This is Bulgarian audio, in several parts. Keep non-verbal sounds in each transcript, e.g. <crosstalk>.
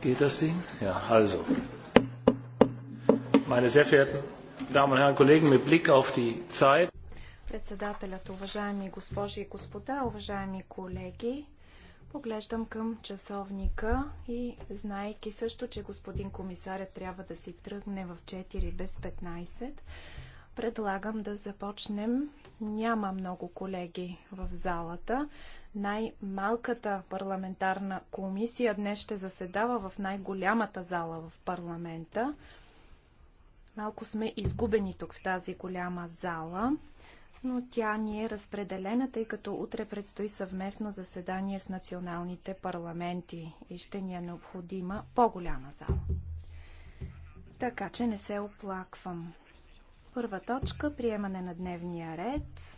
Geht das Ding? Ja, also. Meine sehr verehrten Damen und Herren Kollegen, mit Blick auf die Zeit. Председателят, уважаеми госпожи и господа, уважаеми колеги, поглеждам към часовника и знайки също, че господин комисарят трябва да си тръгне в 4 без 15, Предлагам да започнем. Няма много колеги в залата. Най-малката парламентарна комисия днес ще заседава в най-голямата зала в парламента. Малко сме изгубени тук в тази голяма зала, но тя ни е разпределена, тъй като утре предстои съвместно заседание с националните парламенти и ще ни е необходима по-голяма зала. Така че не се оплаквам. Първа точка – приемане на дневния ред.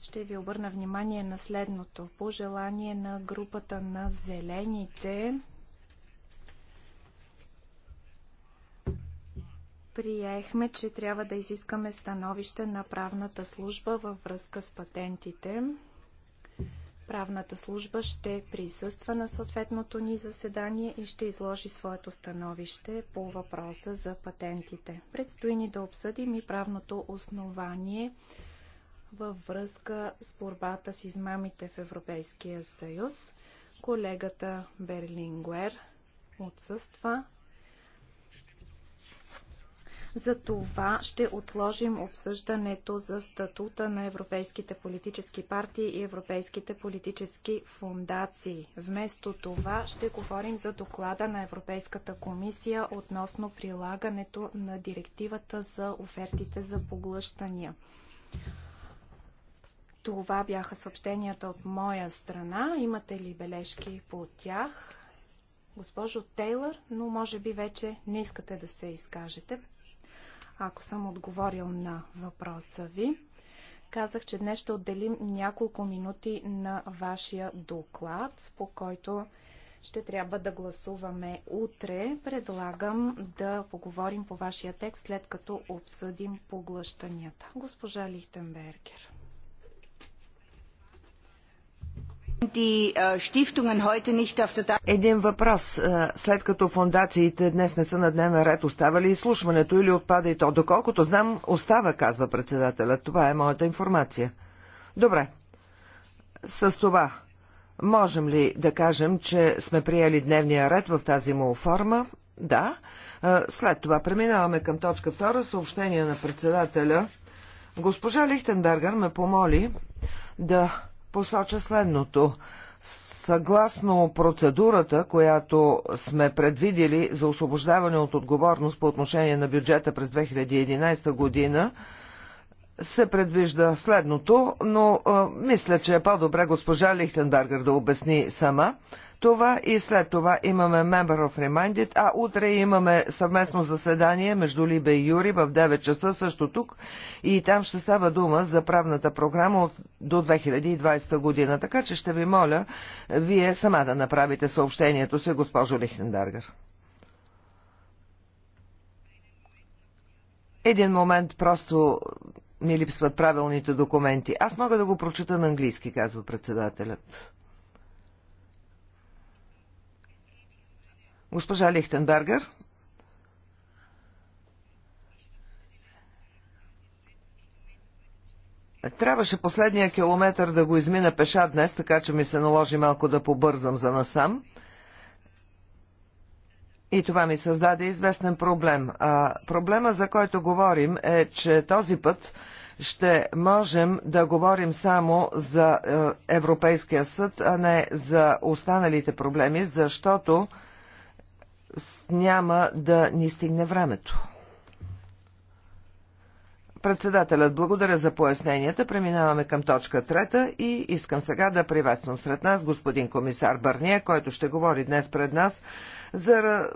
Ще ви обърна внимание на следното. По желание на групата на зелените приехме, че трябва да изискаме становище на правната служба във връзка с патентите. Правната служба ще присъства на съответното ни заседание и ще изложи своето становище по въпроса за патентите. Предстои ни да обсъдим и правното основание във връзка с борбата с измамите в Европейския съюз. Колегата Берлингуер отсъства. За това ще отложим обсъждането за статута на европейските политически партии и европейските политически фундации. Вместо това ще говорим за доклада на Европейската комисия относно прилагането на директивата за офертите за поглъщания. Това бяха съобщенията от моя страна. Имате ли бележки по тях? Госпожо Тейлър, но може би вече не искате да се изкажете ако съм отговорил на въпроса ви. Казах, че днес ще отделим няколко минути на вашия доклад, по който ще трябва да гласуваме утре. Предлагам да поговорим по вашия текст, след като обсъдим поглъщанията. Госпожа Лихтенбергер. Äh, Един въпрос. Е, след като фундациите днес не са на дневен ред, остава ли изслушването или отпада и то? Доколкото знам, остава, казва председателя. Това е моята информация. Добре. С това можем ли да кажем, че сме приели дневния ред в тази му форма? Да. Е, след това преминаваме към точка втора. Съобщение на председателя. Госпожа Лихтенбергер ме помоли да посоча следното. Съгласно процедурата, която сме предвидели за освобождаване от отговорност по отношение на бюджета през 2011 година, се предвижда следното, но а, мисля, че е по-добре госпожа Лихтенбергер да обясни сама това и след това имаме Member of Reminded, а утре имаме съвместно заседание между Либе и Юри в 9 часа също тук и там ще става дума за правната програма от, до 2020 година. Така че ще ви моля вие сама да направите съобщението си, госпожо Лихтенбергер. Един момент просто ми липсват правилните документи. Аз мога да го прочета на английски, казва председателят. Госпожа Лихтенбергер. Трябваше последния километър да го измина пеша днес, така че ми се наложи малко да побързам за насам. И това ми създаде известен проблем. А проблема, за който говорим, е, че този път ще можем да говорим само за е, Европейския съд, а не за останалите проблеми, защото няма да ни стигне времето. Председателят благодаря за поясненията. Преминаваме към точка трета и искам сега да приветствам сред нас господин комисар Бърния, който ще говори днес пред нас за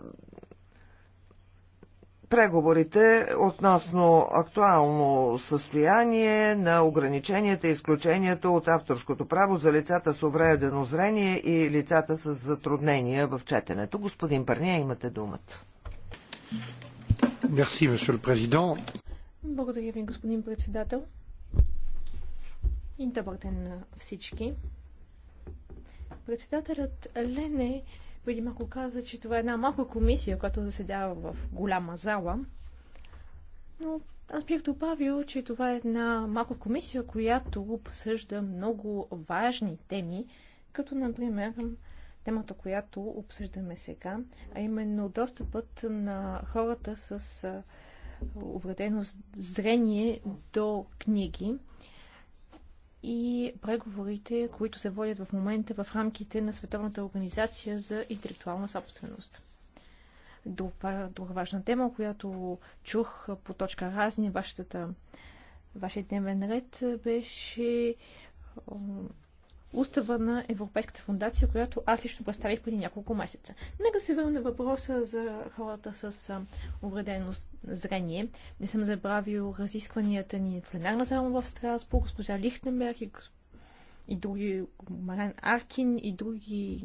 преговорите относно актуално състояние на ограниченията и изключенията от авторското право за лицата с увредено зрение и лицата с затруднения в четенето. Господин Парния, имате думата. Мерси, президент. Благодаря ви, господин председател. И добър ден на всички. Председателят Лене преди малко каза, че това е една малка комисия, която заседава в голяма зала. Но аз бих добавил, че това е една малка комисия, която обсъжда много важни теми, като например темата, която обсъждаме сега, а именно достъпът на хората с увредено зрение до книги и преговорите, които се водят в момента в рамките на Световната организация за интелектуална собственост. Друга, друга важна тема, която чух по точка разни, вашата, вашия дневен ред беше устава на Европейската фундация, която аз лично представих преди няколко месеца. Нека се върна въпроса за хората с увредено зрение. Не съм забравил разискванията ни в пленарна зала в Страсбург, госпожа Лихтенберг и, и други, Маран Аркин и други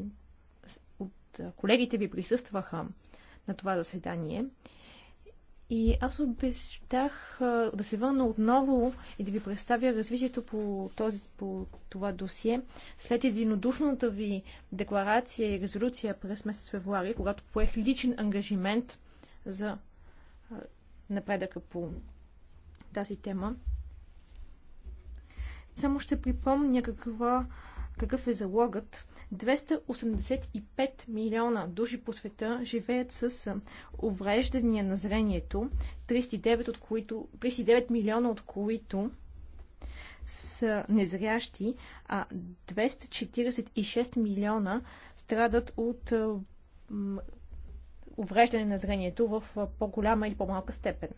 от колегите ви присъстваха на това заседание. И аз обещах да се върна отново и да ви представя развитието по, този, по това досие след единодушната ви декларация и резолюция през месец февруари, когато поех личен ангажимент за напредъка по тази тема. Само ще припомня какъв е залогът 285 милиона души по света живеят с увреждания на зрението, 39, от които, 39 милиона от които са незрящи, а 246 милиона страдат от увреждане на зрението в по-голяма или по-малка степен.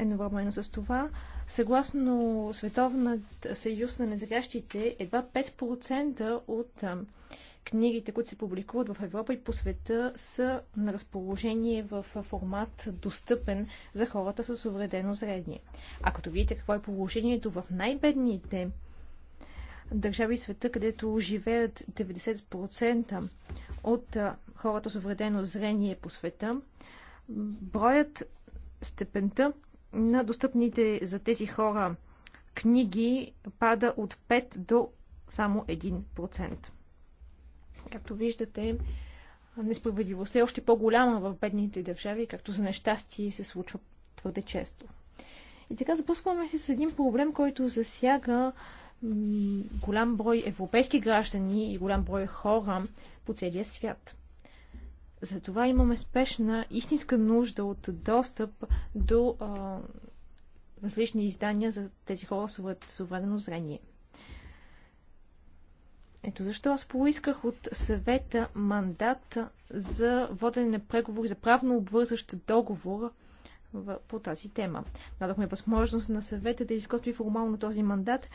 Едновременно с това, съгласно Световният съюз на незрящите, едва 5% от книгите, които се публикуват в Европа и по света, са на разположение в формат достъпен за хората с увредено зрение. А като видите какво е положението в най-бедните държави и света, където живеят 90% от хората с увредено зрение по света, броят степента на достъпните за тези хора книги пада от 5 до само 1%. Както виждате, несправедливостта е още по-голяма в бедните държави, както за нещастие се случва твърде често. И така запускваме се с един проблем, който засяга голям брой европейски граждани и голям брой хора по целия свят. Затова имаме спешна, истинска нужда от достъп до а, различни издания за тези хора с увредено зрение. Ето защо аз поисках от съвета мандат за водене на преговори за правно обвързащ договор по тази тема. Дадохме възможност на съвета да изготви формално този мандат,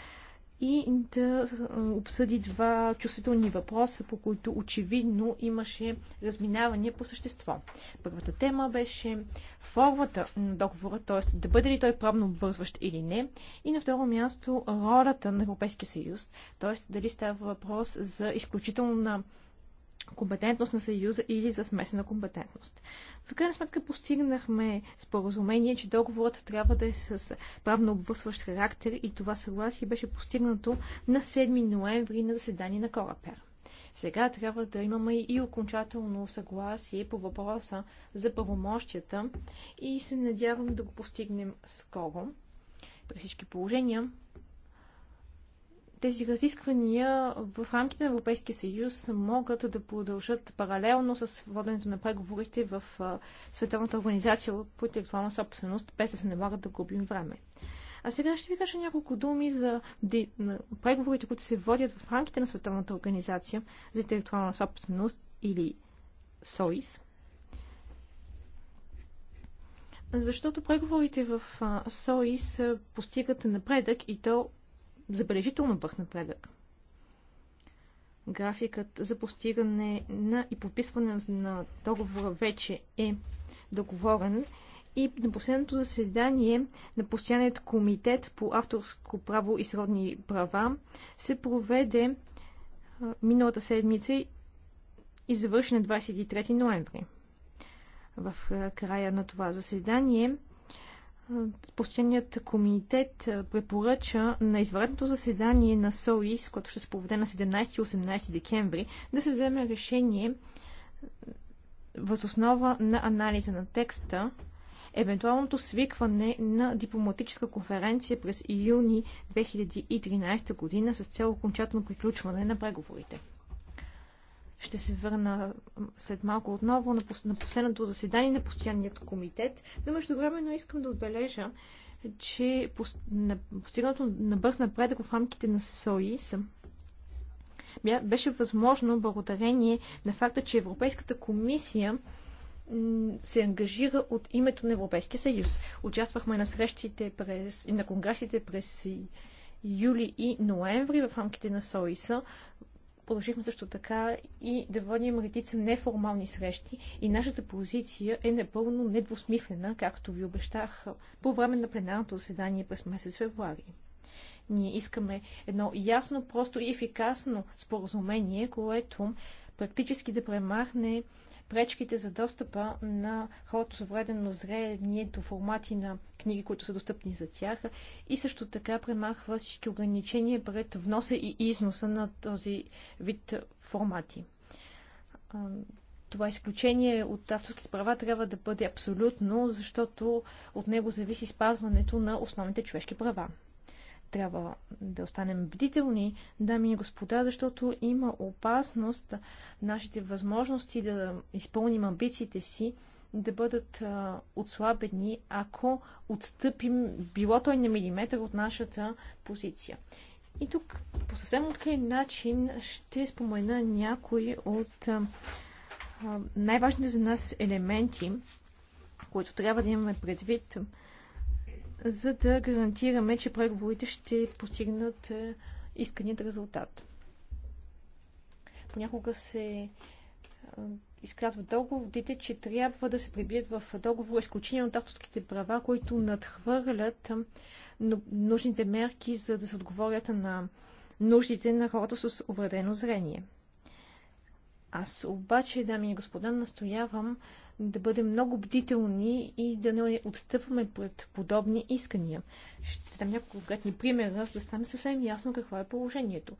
и да обсъди два чувствителни въпроса, по които очевидно имаше разминаване по същество. Първата тема беше формата на договора, т.е. да бъде ли той правно обвързващ или не. И на второ място ролята на Европейския съюз, т.е. дали става въпрос за изключително на компетентност на Съюза или за смесена компетентност. В крайна сметка постигнахме споразумение, че договорът трябва да е с правно обвързващ характер и това съгласие беше постигнато на 7 ноември на заседание на Корапер. Сега трябва да имаме и окончателно съгласие по въпроса за правомощията и се надявам да го постигнем скоро. При всички положения тези разисквания в рамките на Европейския съюз могат да продължат паралелно с воденето на преговорите в Световната организация по интелектуална собственост, без да се налага да губим време. А сега ще ви кажа няколко думи за преговорите, които се водят в рамките на Световната организация за интелектуална собственост или СОИС. Защото преговорите в СОИС постигат напредък и то забележително бърз напредък. Графикът за постигане на и подписване на договора вече е договорен и на последното заседание на постоянният комитет по авторско право и сродни права се проведе миналата седмица и завърши на 23 ноември. В края на това заседание Постоянният комитет препоръча на извънредното заседание на СОИС, което ще се проведе на 17 и 18 декември, да се вземе решение основа на анализа на текста, евентуалното свикване на дипломатическа конференция през юни 2013 година с цел окончателно приключване на преговорите. Ще се върна след малко отново на последното заседание на постоянният комитет, но междувременно искам да отбележа, че на постигнато на бърз напредък в рамките на СОИС беше възможно благодарение на факта, че Европейската комисия се ангажира от името на Европейския съюз. Участвахме на срещите през, и на конгресите през юли и ноември в рамките на СОИСа Продължихме също така и да водим редица неформални срещи и нашата позиция е напълно недвусмислена, както ви обещах по време на пленарното заседание през месец февруари. Ние искаме едно ясно, просто и ефикасно споразумение, което практически да премахне пречките за достъпа на хората с увредено зрение до формати на книги, които са достъпни за тях и също така премахва всички ограничения пред вноса и износа на този вид формати. Това изключение от авторските права трябва да бъде абсолютно, защото от него зависи спазването на основните човешки права. Трябва да останем бдителни, дами и господа, защото има опасност нашите възможности да изпълним амбициите си да бъдат а, отслабени, ако отстъпим било той на милиметър от нашата позиция. И тук по съвсем открит начин ще спомена някои от най-важните за нас елементи, които трябва да имаме предвид за да гарантираме, че преговорите ще постигнат е, исканият резултат. Понякога се е, изказват договорите, че трябва да се прибият в договор изключение от авторските права, които надхвърлят нужните мерки, за да се отговорят на нуждите на хората с увредено зрение. Аз обаче, дами и господа, настоявам да бъдем много бдителни и да не отстъпваме пред подобни искания. Ще дам няколко конкретни примера, за да стане съвсем ясно какво е положението.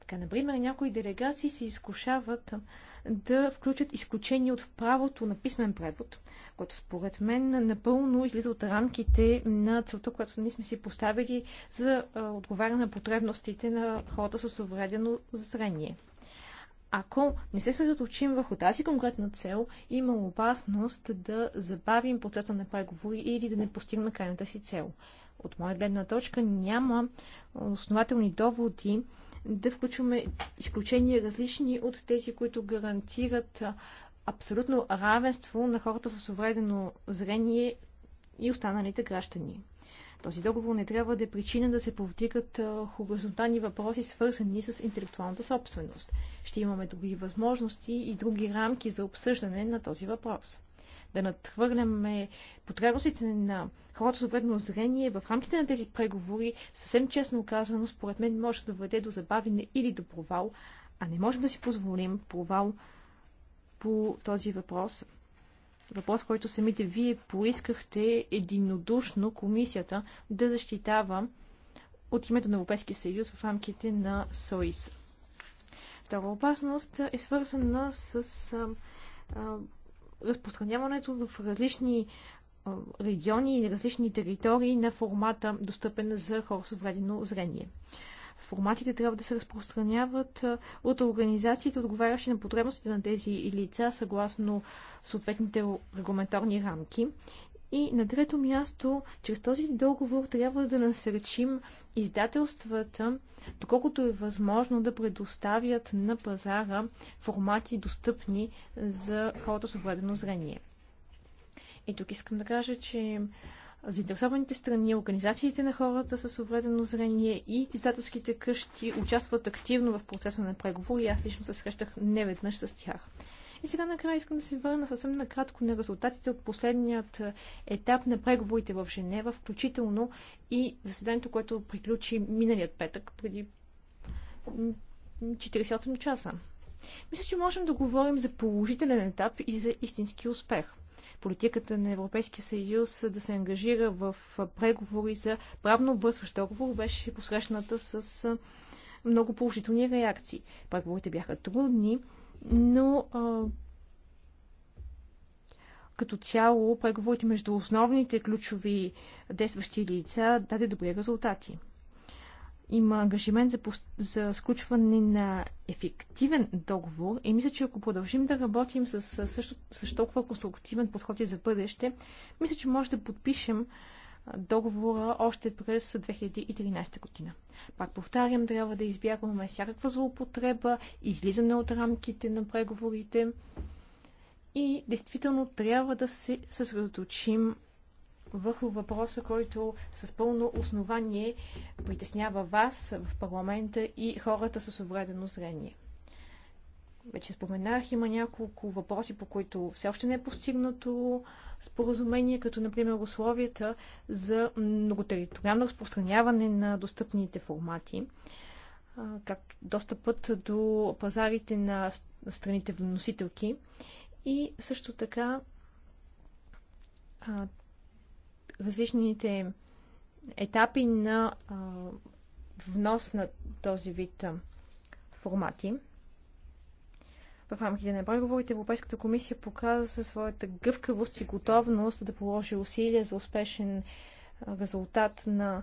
Така, например, някои делегации се изкушават да включат изключение от правото на писмен превод, което според мен напълно излиза от рамките на целта, която ние сме си поставили за отговаряне на потребностите на хората с увредено зрение. Ако не се съсредоточим върху тази конкретна цел, има опасност да забавим процеса на преговори или да не постигнем крайната си цел. От моя гледна точка няма основателни доводи да включваме изключения различни от тези, които гарантират абсолютно равенство на хората с увредено зрение и останалите граждани. Този договор не трябва да е причина да се повдигат хоризонтални въпроси, свързани с интелектуалната собственост. Ще имаме други възможности и други рамки за обсъждане на този въпрос. Да надхвърляме потребностите на хората с увредно зрение в рамките на тези преговори, съвсем честно казано, според мен може да доведе до забавене или до провал, а не можем да си позволим провал по този въпрос – въпрос, който самите вие поискахте единодушно комисията да защитава от името на Европейския съюз в рамките на СОИС. Втора опасност е свързана с а, а, разпространяването в различни а, региони и различни територии на формата достъпен за хора с увредено зрение. Форматите трябва да се разпространяват от организациите, отговарящи на потребностите на тези лица, съгласно съответните регламентарни рамки. И на трето място, чрез този договор трябва да насърчим издателствата, доколкото е възможно да предоставят на пазара формати достъпни за хората с увредено зрение. И тук искам да кажа, че заинтересованите страни, организациите на хората с увредено зрение и издателските къщи участват активно в процеса на преговори. Аз лично се срещах неведнъж с тях. И сега накрая искам да се върна съвсем накратко на резултатите от последният е, етап на преговорите в Женева, включително и заседанието, което приключи миналият петък, преди 48 часа. Мисля, че можем да говорим за положителен етап и за истински успех – политиката на Европейския съюз да се ангажира в преговори за правно обвързващ договор беше посрещната с много положителни реакции. Преговорите бяха трудни, но като цяло преговорите между основните ключови действащи лица даде добри резултати има ангажимент за, за сключване на ефективен договор и мисля, че ако продължим да работим с, също, също, толкова конструктивен подход и за бъдеще, мисля, че може да подпишем договора още през 2013 година. Пак повтарям, трябва да избягваме всякаква злоупотреба, излизане от рамките на преговорите и действително трябва да се съсредоточим върху въпроса, който с пълно основание притеснява вас в парламента и хората с увредено зрение. Вече споменах, има няколко въпроси, по които все още не е постигнато споразумение, като например условията за многотериториално разпространяване на достъпните формати как достъпът до пазарите на страните вносителки и също така различните етапи на а, внос на този вид а, формати. В рамките на преговорите Европейската комисия показа своята гъвкавост и готовност да положи усилия за успешен резултат на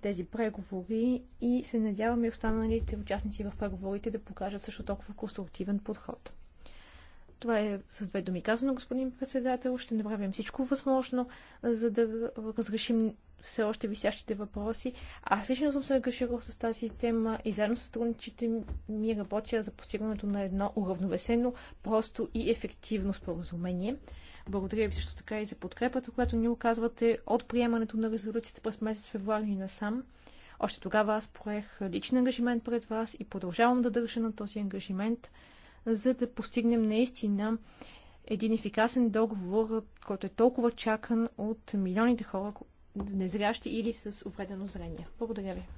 тези преговори и се надяваме и останалите участници в преговорите да покажат също толкова конструктивен подход. Това е с две думи казано, господин председател. Ще направим всичко възможно, за да разрешим все още висящите въпроси. Аз лично съм се ангажирал с тази тема и заедно с сътрудничите ми работя за постигането на едно уравновесено, просто и ефективно споразумение. Благодаря ви също така и за подкрепата, която ни оказвате от приемането на резолюцията през месец февруари насам. Още тогава аз проех личен ангажимент пред вас и продължавам да държа на този ангажимент – за да постигнем наистина един ефикасен договор, който е толкова чакан от милионите хора, незрящи или с увредено зрение. Благодаря ви.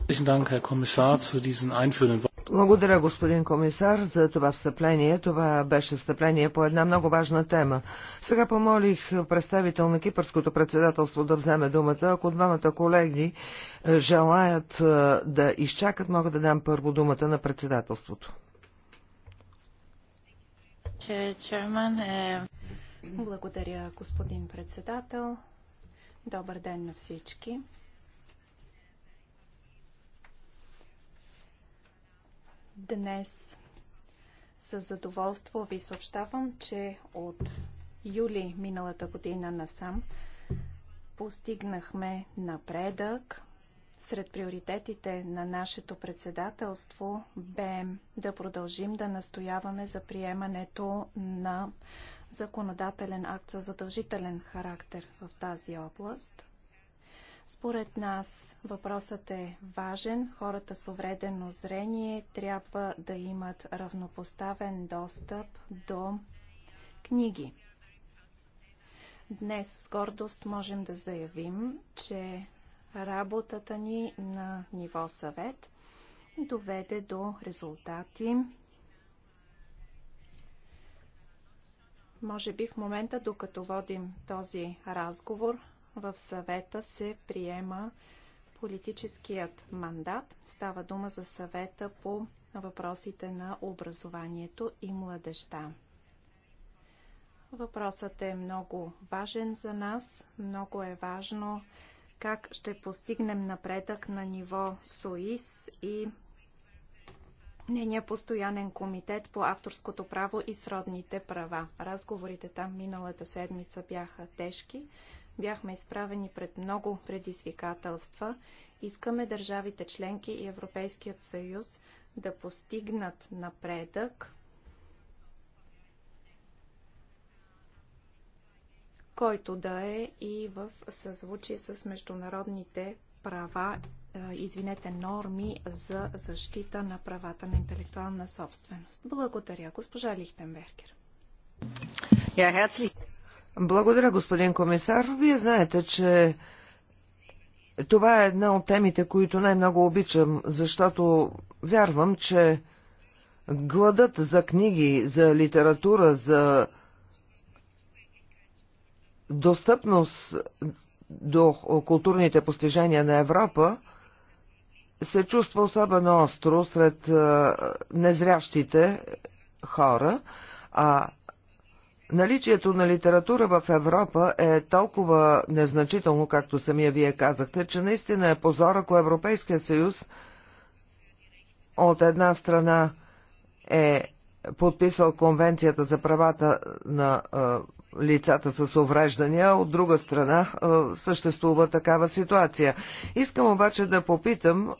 Благодаря, господин комисар, за това встъпление. Това беше встъпление по една много важна тема. Сега помолих представител на Кипърското председателство да вземе думата. Ако двамата колеги е, желаят е, да изчакат, мога да дам първо думата на председателството. Е- Благодаря, господин председател. Добър ден на всички. Днес с задоволство ви съобщавам, че от юли миналата година насам постигнахме напредък сред приоритетите на нашето председателство бе да продължим да настояваме за приемането на законодателен акт за задължителен характер в тази област. Според нас въпросът е важен. Хората с увредено зрение трябва да имат равнопоставен достъп до книги. Днес с гордост можем да заявим, че работата ни на ниво съвет доведе до резултати. Може би в момента, докато водим този разговор, в съвета се приема политическият мандат. Става дума за съвета по въпросите на образованието и младеща. Въпросът е много важен за нас. Много е важно как ще постигнем напредък на ниво СОИС и нейния постоянен комитет по авторското право и сродните права. Разговорите там миналата седмица бяха тежки. Бяхме изправени пред много предизвикателства. Искаме държавите членки и Европейският съюз да постигнат напредък който да е и в съзвучие с международните права, извинете, норми за защита на правата на интелектуална собственост. Благодаря, госпожа Лихтенбергер. Благодаря, господин комисар. Вие знаете, че това е една от темите, които най-много обичам, защото вярвам, че гладът за книги, за литература, за достъпност до културните постижения на Европа се чувства особено остро сред незрящите хора, а Наличието на литература в Европа е толкова незначително, както самия вие казахте, че наистина е позор, ако Европейския съюз от една страна е подписал Конвенцията за правата на лицата с увреждания, от друга страна съществува такава ситуация. Искам обаче да попитам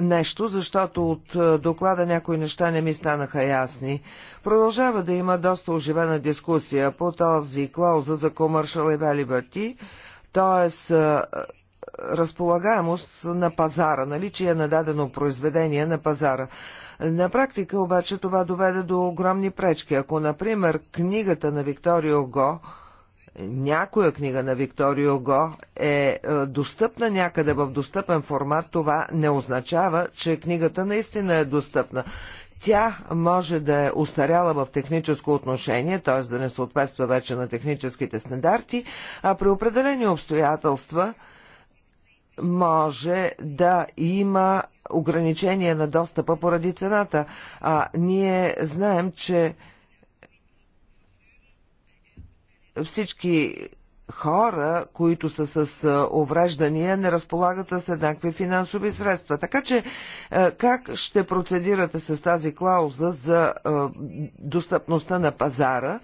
нещо, защото от доклада някои неща не ми станаха ясни. Продължава да има доста оживена дискусия по този клауза за commercial availability, т.е. разполагаемост на пазара, наличие на дадено произведение на пазара. На практика обаче това доведе до огромни пречки. Ако, например, книгата на Викторио Го някоя книга на Викторио Го е, е достъпна някъде в достъпен формат, това не означава, че книгата наистина е достъпна. Тя може да е устаряла в техническо отношение, т.е. да не съответства вече на техническите стандарти, а при определени обстоятелства – може да има ограничение на достъпа поради цената. А ние знаем, че всички хора, които са с увреждания, не разполагат с еднакви финансови средства. Така че как ще процедирате с тази клауза за достъпността на пазара?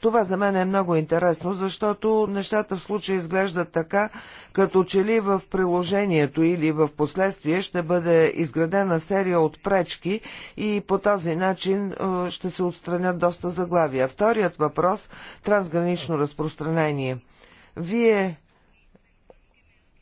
Това за мен е много интересно, защото нещата в случая изглеждат така, като че ли в приложението или в последствие ще бъде изградена серия от пречки и по този начин ще се отстранят доста заглавия. Вторият въпрос – трансгранично разпространение. Вие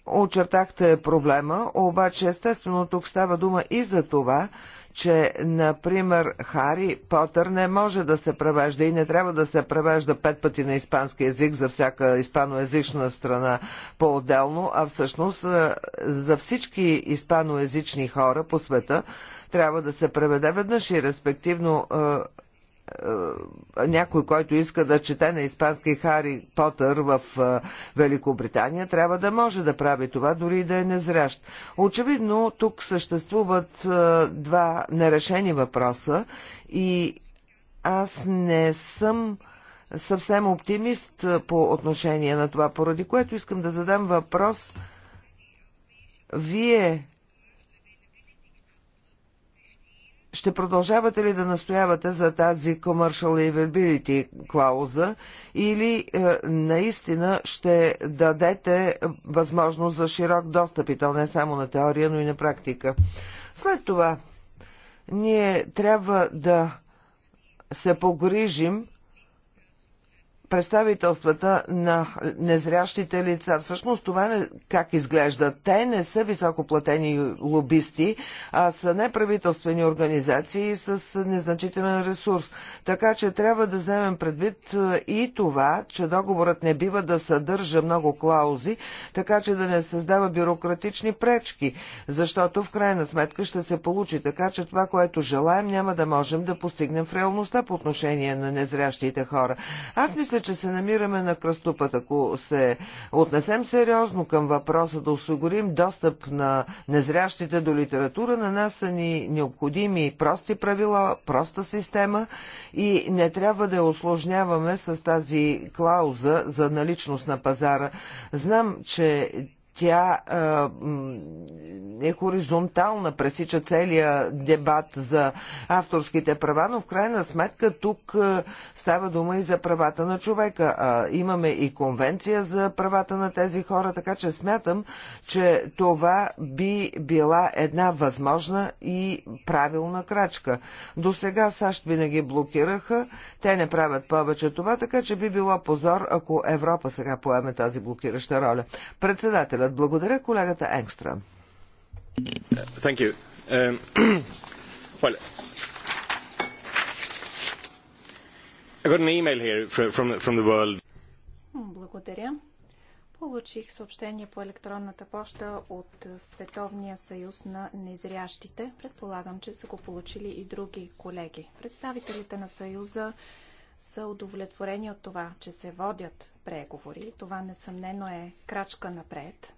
очертахте проблема, обаче естествено тук става дума и за това – че, например, Хари Потър не може да се превежда и не трябва да се превежда пет пъти на испански язик за всяка испаноязична страна по-отделно, а всъщност за всички испаноязични хора по света трябва да се преведе веднъж и респективно е, някой, който иска да чете на испански Хари Потър в е, Великобритания, трябва да може да прави това, дори и да е незрящ. Очевидно, тук съществуват е, два нерешени въпроса и аз не съм съвсем оптимист по отношение на това, поради което искам да задам въпрос. Вие ще продължавате ли да настоявате за тази commercial availability клауза или е, наистина ще дадете възможност за широк достъп и то не само на теория, но и на практика? След това ние трябва да се погрижим представителствата на незрящите лица. Всъщност това не, как изглежда? Те не са високоплатени лобисти, а са неправителствени организации с незначителен ресурс. Така че трябва да вземем предвид е, и това, че договорът не бива да съдържа много клаузи, така че да не създава бюрократични пречки, защото в крайна сметка ще се получи така, че това, което желаем, няма да можем да постигнем в реалността по отношение на незрящите хора. Аз мисля, че се намираме на кръстопът, ако се отнесем сериозно към въпроса да осигурим достъп на незрящите до литература, на нас са ни необходими прости правила, проста система и не трябва да я осложняваме с тази клауза за наличност на пазара. Знам, че тя е, хоризонтална, пресича целия дебат за авторските права, но в крайна сметка тук става дума и за правата на човека. Имаме и конвенция за правата на тези хора, така че смятам, че това би била една възможна и правилна крачка. До сега САЩ винаги блокираха, те не правят повече това, така че би било позор, ако Европа сега поеме тази блокираща роля. Председателя благодаря колегата Благодаря. Получих съобщение по електронната поща от Световния съюз на незрящите. Предполагам, че са го получили и други колеги. Представителите на съюза са удовлетворени от това, че се водят преговори. Това несъмнено е крачка напред.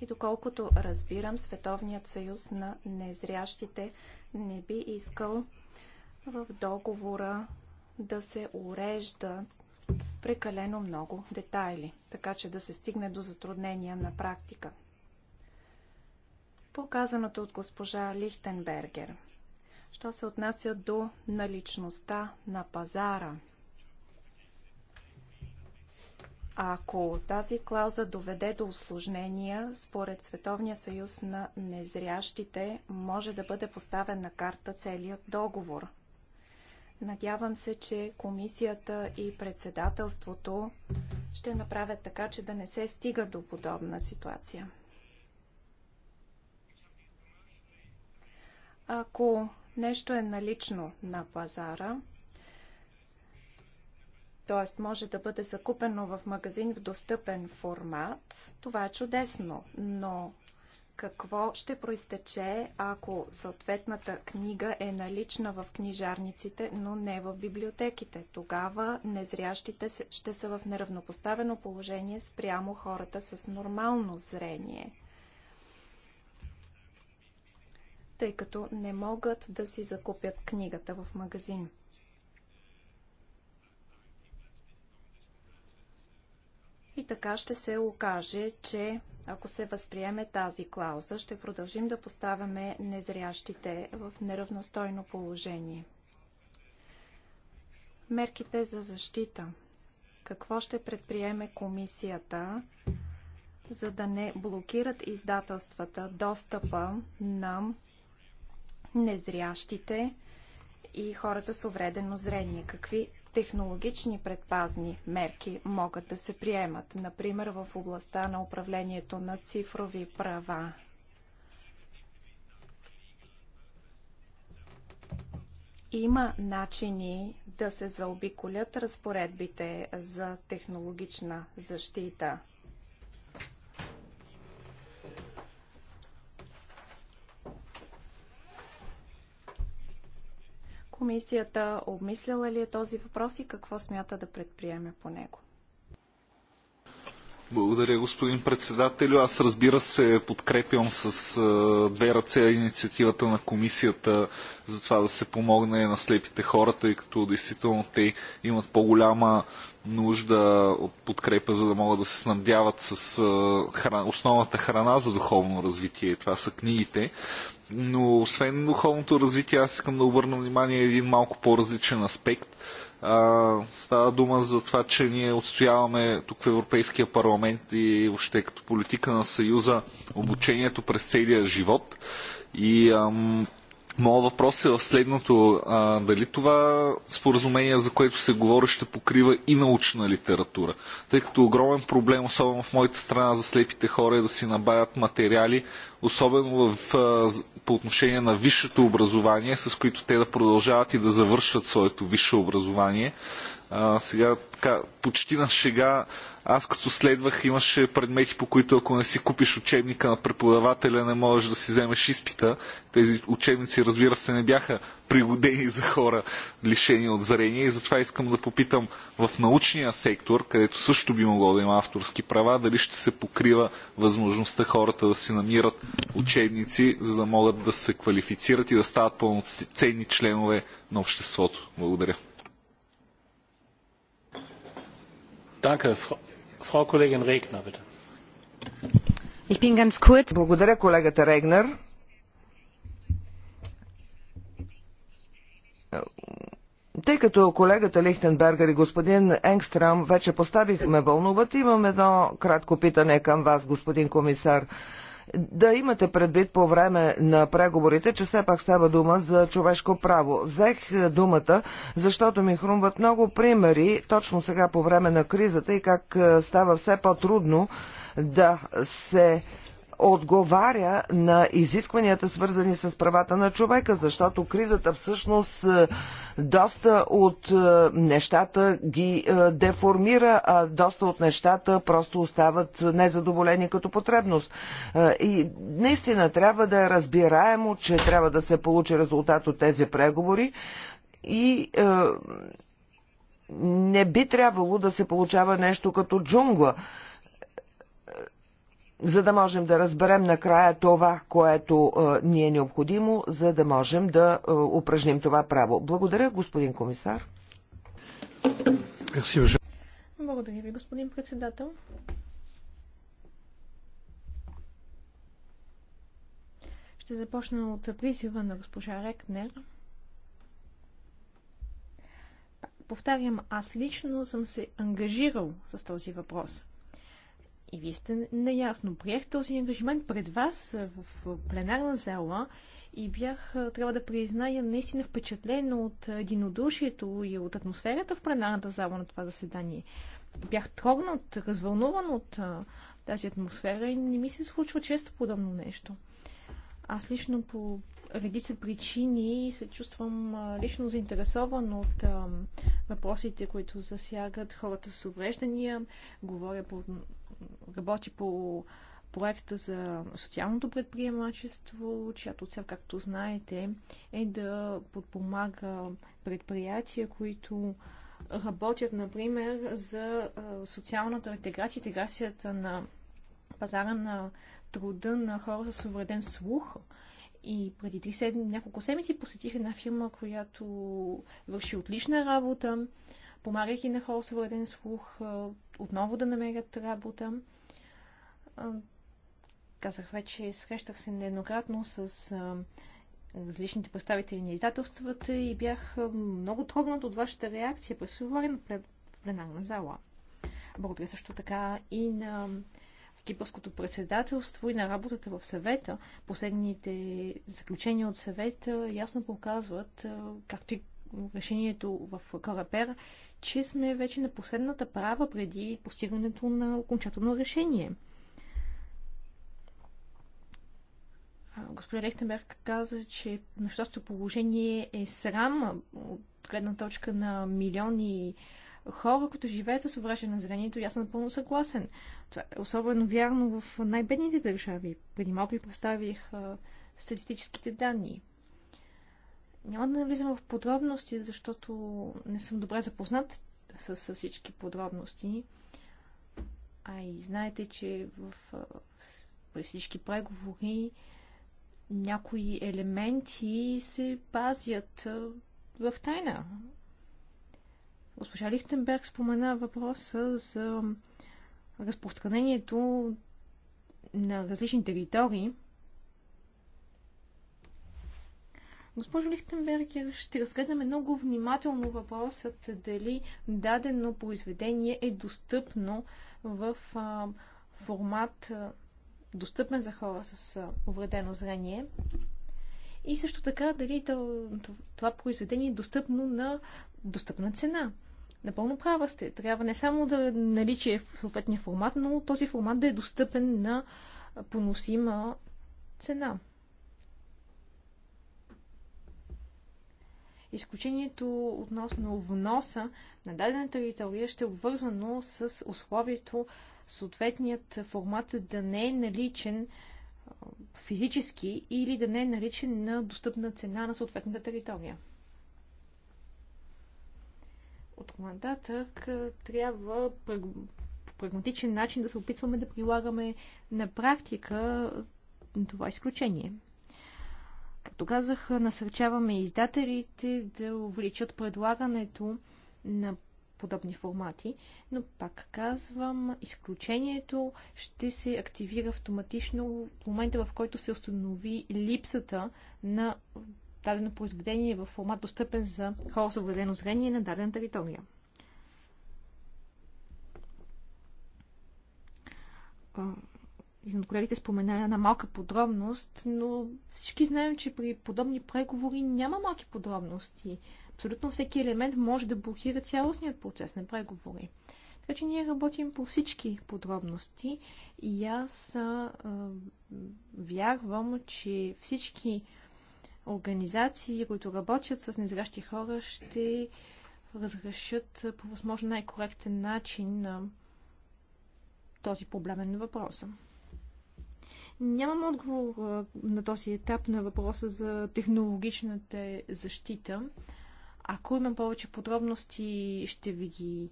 И доколкото разбирам, Световният съюз на незрящите не би искал в договора да се урежда прекалено много детайли, така че да се стигне до затруднения на практика. Показаното от госпожа Лихтенбергер – Що се отнася до наличността на пазара, ако тази клауза доведе до осложнения, според Световния съюз на незрящите, може да бъде поставен на карта целият договор. Надявам се, че комисията и председателството ще направят така, че да не се стига до подобна ситуация. Ако нещо е налично на пазара, т.е. може да бъде закупено в магазин в достъпен формат, това е чудесно, но какво ще проистече, ако съответната книга е налична в книжарниците, но не в библиотеките. Тогава незрящите ще са в неравнопоставено положение спрямо хората с нормално зрение. тъй като не могат да си закупят книгата в магазин. И така ще се окаже, че ако се възприеме тази клауза, ще продължим да поставяме незрящите в неравностойно положение. Мерките за защита. Какво ще предприеме комисията, за да не блокират издателствата достъпа на незрящите и хората с увредено зрение? Какви технологични предпазни мерки могат да се приемат, например в областта на управлението на цифрови права? Има начини да се заобиколят разпоредбите за технологична защита. Комисията обмисляла ли е този въпрос и какво смята да предприеме по него? Благодаря, господин председателю. Аз разбира се подкрепям с две ръце инициативата на комисията за това да се помогне на слепите хората, тъй като действително те имат по-голяма нужда от подкрепа, за да могат да се снабдяват с храна, основната храна за духовно развитие. Това са книгите. Но освен духовното развитие, аз искам да обърна внимание един малко по-различен аспект. А, става дума за това, че ние отстояваме тук в Европейския парламент и въобще като политика на Съюза обучението през целия живот. И ам, Моят въпрос е в следното. А, дали това споразумение, за което се говори, ще покрива и научна литература? Тъй като огромен проблем, особено в моята страна, за слепите хора е да си набавят материали, особено в, а, по отношение на висшето образование, с които те да продължават и да завършват своето висше образование. А, сега така, почти на шега аз като следвах имаше предмети, по които ако не си купиш учебника на преподавателя, не можеш да си вземеш изпита. Тези учебници, разбира се, не бяха пригодени за хора лишени от зрение и затова искам да попитам в научния сектор, където също би могло да има авторски права, дали ще се покрива възможността хората да си намират учебници, за да могат да се квалифицират и да стават пълноценни членове на обществото. Благодаря. Danke, благодаря, колегата Регнер. Тъй като колегата Лихтенбергер и господин енгстрм вече поставихме вълнуват, имам едно кратко питане към вас, господин комисар да имате предвид по време на преговорите, че все пак става дума за човешко право. Взех е, думата, защото ми хрумват много примери точно сега по време на кризата и как е, става все по-трудно да се отговаря на изискванията, свързани с правата на човека, защото кризата всъщност е, доста от е, нещата ги е, деформира, а доста от нещата просто остават незадоволени като потребност. Е, и наистина трябва да е разбираемо, че трябва да се получи резултат от тези преговори и не би трябвало да се получава нещо като джунгла за да можем да разберем накрая това, което е, ни е необходимо, за да можем да е, упражним това право. Благодаря, господин комисар. Благодаря ви, господин председател. Ще започна от призива на госпожа Рекнер. Повтарям, аз лично съм се ангажирал с този въпрос. И вие сте наясно. Приех този ангажимент пред вас в пленарна зала и бях, трябва да призная, наистина впечатлен от единодушието и от атмосферата в пленарната зала на това заседание. Бях трогнат, развълнуван от тази атмосфера и не ми се случва често подобно нещо. Аз лично по редица причини се чувствам лично заинтересован от въпросите, които засягат хората с увреждания. Говоря по, работи по проекта за социалното предприемачество, чиято цел, както знаете, е да подпомага предприятия, които работят, например, за социалната интеграция, интеграцията на пазара на труда на хора с увреден слух, и преди три седми, няколко седмици посетих една фирма, която върши отлична работа, помагайки на хора с вреден слух отново да намерят работа. Казах вече, срещах се нееднократно с различните представители на издателствата и бях много трогнат от вашата реакция през февруари на пленарна зала. Благодаря също така и на кипърското председателство и на работата в съвета, последните заключения от съвета ясно показват, както и решението в Карапер, че сме вече на последната права преди постигането на окончателно решение. Господин Рехтенберг каза, че нашето положение е срам от гледна точка на милиони хора, които живеят с увреждане на зрението, аз съм напълно съгласен. Това е особено вярно в най-бедните държави. Преди малко ви представих а, статистическите данни. Няма да навлизам в подробности, защото не съм добре запознат с, с всички подробности. А и знаете, че в, в, при всички преговори някои елементи се пазят в тайна Госпожа Лихтенберг спомена въпроса за разпространението на различни територии. Госпожо Лихтенберг, ще разгледаме много внимателно въпросът дали дадено произведение е достъпно в формат достъпен за хора с увредено зрение. И също така дали това произведение е достъпно на достъпна цена. Напълно права сте. Трябва не само да наличие в съответния формат, но този формат да е достъпен на поносима цена. Изключението относно вноса на дадена територия ще е обвързано с условието съответният формат да не е наличен физически или да не е наличен на достъпна цена на съответната територия. От нататък трябва по прагматичен начин да се опитваме да прилагаме на практика това изключение. Както казах, насърчаваме издателите да увеличат предлагането на подобни формати, но пак казвам, изключението ще се активира автоматично в момента, в който се установи липсата на дадено произведение в формат достъпен за хора с увредено зрение на дадена територия. Един от колегите спомена една малка подробност, но всички знаем, че при подобни преговори няма малки подробности. Абсолютно всеки елемент може да блокира цялостният процес на преговори. Така че ние работим по всички подробности и аз а, а, вярвам, че всички организации, които работят с незрящи хора, ще разрешат по възможно най-коректен начин на този проблемен въпрос. Нямам отговор на този етап на въпроса за технологичната защита. Ако имам повече подробности, ще ви ги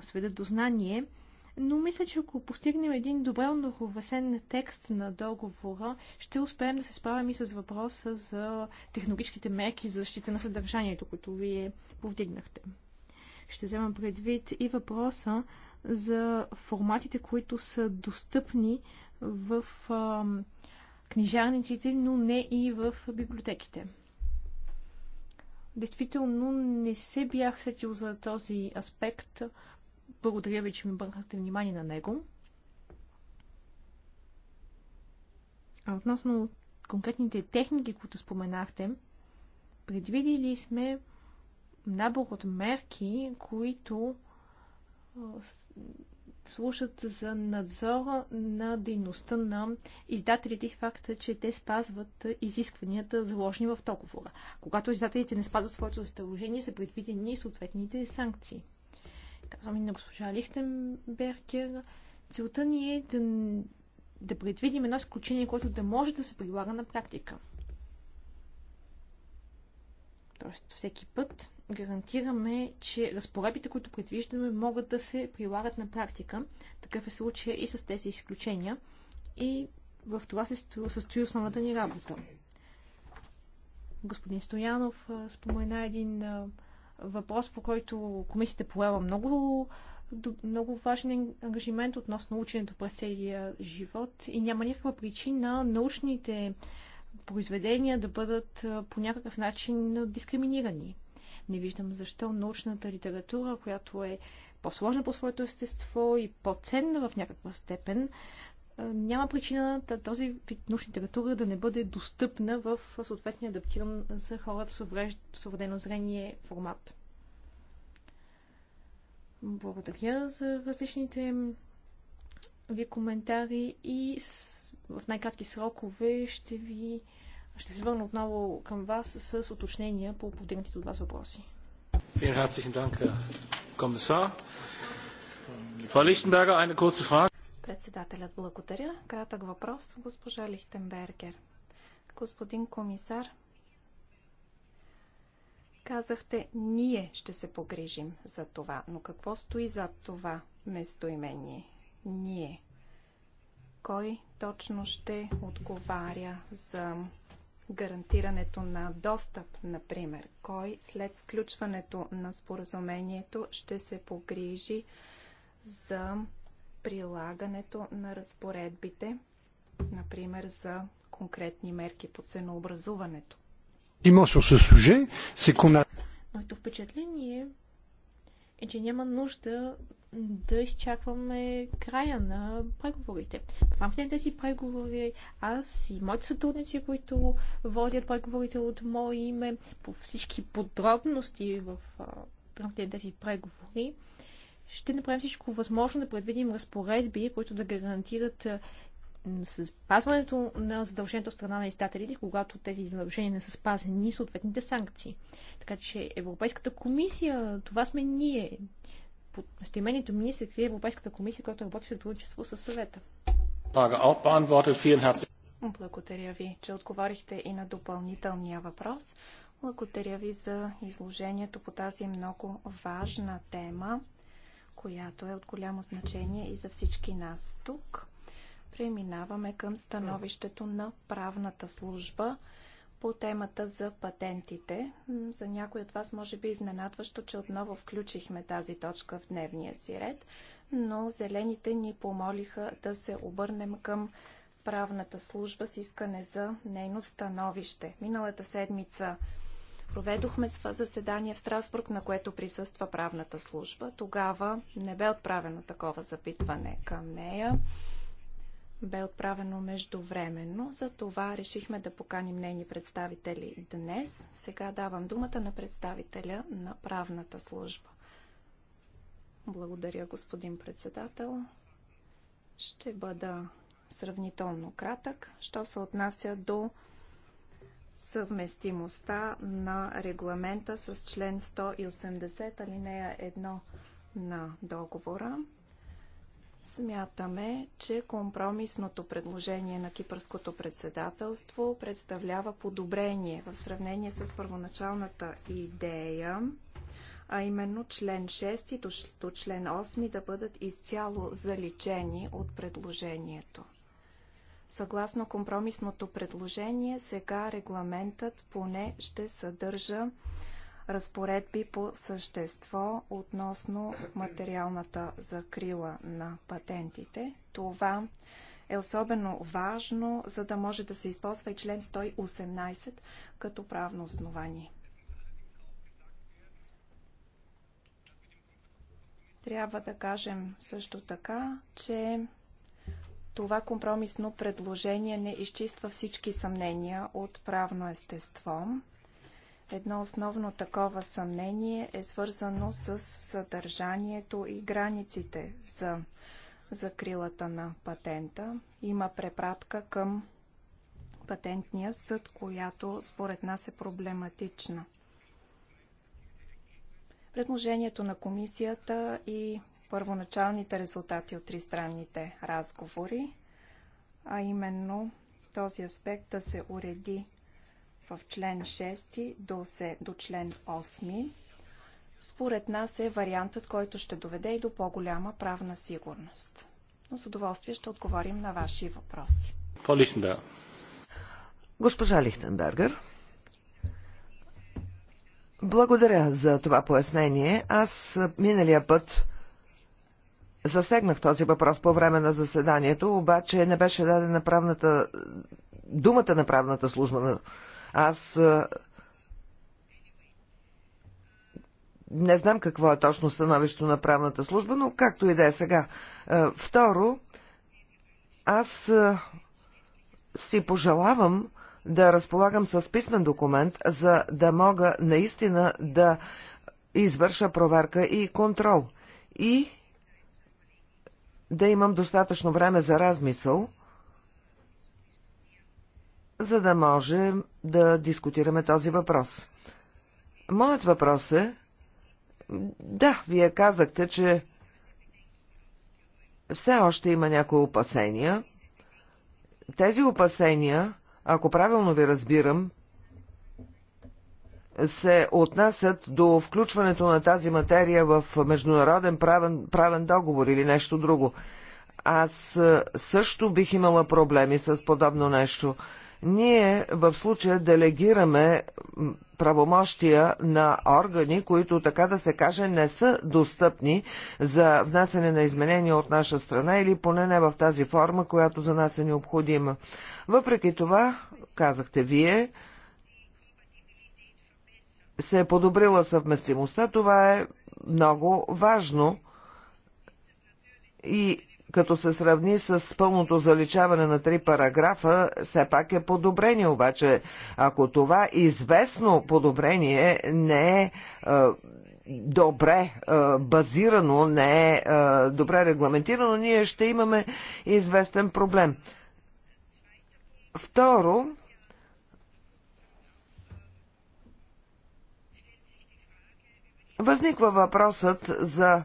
сведа до знание но мисля, че ако постигнем един добре уравновесен текст на договора, ще успеем да се справим и с въпроса за технологичките мерки за защита на съдържанието, което вие повдигнахте. Ще взема предвид и въпроса за форматите, които са достъпни в а, книжарниците, но не и в библиотеките. Действително не се бях сетил за този аспект, благодаря ви, че ми бърнахте внимание на него. А относно конкретните техники, които споменахте, предвидили сме набор от мерки, които слушат за надзора на дейността на издателите и факта, че те спазват изискванията, заложени в договора. Когато издателите не спазват своето задължение, са предвидени съответните санкции казвам и на госпожа Лихтенбергер, целта ни е да, да предвидим едно изключение, което да може да се прилага на практика. Тоест, всеки път гарантираме, че разпоредбите, които предвиждаме, могат да се прилагат на практика. Такъв е случай и с тези изключения. И в това се състои основната ни работа. Господин Стоянов спомена един въпрос, по който комисията поява много, много важен ангажимент относно ученето през целия живот и няма никаква причина научните произведения да бъдат по някакъв начин дискриминирани. Не виждам защо научната литература, която е по-сложна по своето естество и по-ценна в някаква степен, е, няма причина този вид научна литература да не бъде достъпна в съответния адаптиран за хората с увредено зрение формат. Благодаря за различните ви коментари и в най-кратки срокове ще ви ще се върна отново към вас с уточнения по повдигнатите от вас въпроси. Vielen herzlichen Dank, Herr Kommissar. Frau Lichtenberger, Председателят благодаря. Кратък въпрос, госпожа Лихтенбергер. Господин комисар, казахте, ние ще се погрижим за това. Но какво стои за това местоимение? Ние. Кой точно ще отговаря за гарантирането на достъп, например? Кой след сключването на споразумението ще се погрижи за прилагането на разпоредбите, например за конкретни мерки по ценообразуването. Моето впечатление е, че няма нужда да изчакваме края на преговорите. В рамките на тези преговори аз и моите сътрудници, които водят преговорите от мое име по всички подробности в рамките на тези преговори, ще направим всичко възможно да предвидим разпоредби, които да гарантират с спазването на задължението от страна на издателите, когато тези задължения не са спазени, съответните санкции. Така че Европейската комисия, това сме ние. Под стоимението ми се крие Европейската комисия, която работи в сътрудничество с съвета. Благодаря ви, че отговорихте и на допълнителния въпрос. Благодаря ви за изложението по тази много важна тема която е от голямо значение и за всички нас тук. Преминаваме към становището на правната служба по темата за патентите. За някои от вас може би изненадващо, че отново включихме тази точка в дневния си ред, но зелените ни помолиха да се обърнем към правната служба с искане за нейно становище. Миналата седмица Проведохме заседание в Страсбург, на което присъства правната служба. Тогава не бе отправено такова запитване към нея. Бе отправено междувременно. За това решихме да поканим нейни представители днес. Сега давам думата на представителя на правната служба. Благодаря, господин председател. Ще бъда сравнително кратък, що се отнася до съвместимостта на регламента с член 180 алинея 1 на договора. Смятаме, че компромисното предложение на кипърското председателство представлява подобрение в сравнение с първоначалната идея, а именно член 6 до член 8 да бъдат изцяло заличени от предложението. Съгласно компромисното предложение, сега регламентът поне ще съдържа разпоредби по същество относно материалната закрила на патентите. Това е особено важно, за да може да се използва и член 118 като правно основание. Трябва да кажем също така, че това компромисно предложение не изчиства всички съмнения от правно естество. Едно основно такова съмнение е свързано с съдържанието и границите за закрилата на патента. Има препратка към патентния съд, която според нас е проблематична. Предложението на комисията и първоначалните резултати от тристранните разговори, а именно този аспект да се уреди в член 6 до, се, до член 8, според нас е вариантът, който ще доведе и до по-голяма правна сигурност. Но с удоволствие ще отговорим на ваши въпроси. по Госпожа Лихтенбергер. Благодаря за това пояснение. Аз миналия път Засегнах този въпрос по време на заседанието, обаче не беше дадена правната, думата на правната служба. Аз не знам какво е точно становището на правната служба, но както и да е сега. Второ, аз си пожелавам да разполагам с писмен документ, за да мога наистина да извърша проверка и контрол. И да имам достатъчно време за размисъл, за да може да дискутираме този въпрос. Моят въпрос е, да, вие казахте, че все още има някои опасения. Тези опасения, ако правилно ви разбирам, се отнасят до включването на тази материя в международен правен, правен договор или нещо друго. Аз е, също бих имала проблеми с подобно нещо. Ние в случая делегираме правомощия на органи, които така да се каже не са достъпни за внасяне на изменения от наша страна или поне не в тази форма, която за нас е необходима. Въпреки това, казахте вие, се е подобрила съвместимостта. Това е много важно и като се сравни с пълното заличаване на три параграфа, все пак е подобрение. Обаче, ако това известно подобрение не е, е добре е, базирано, не е, е добре регламентирано, ние ще имаме известен проблем. Второ, Възниква въпросът за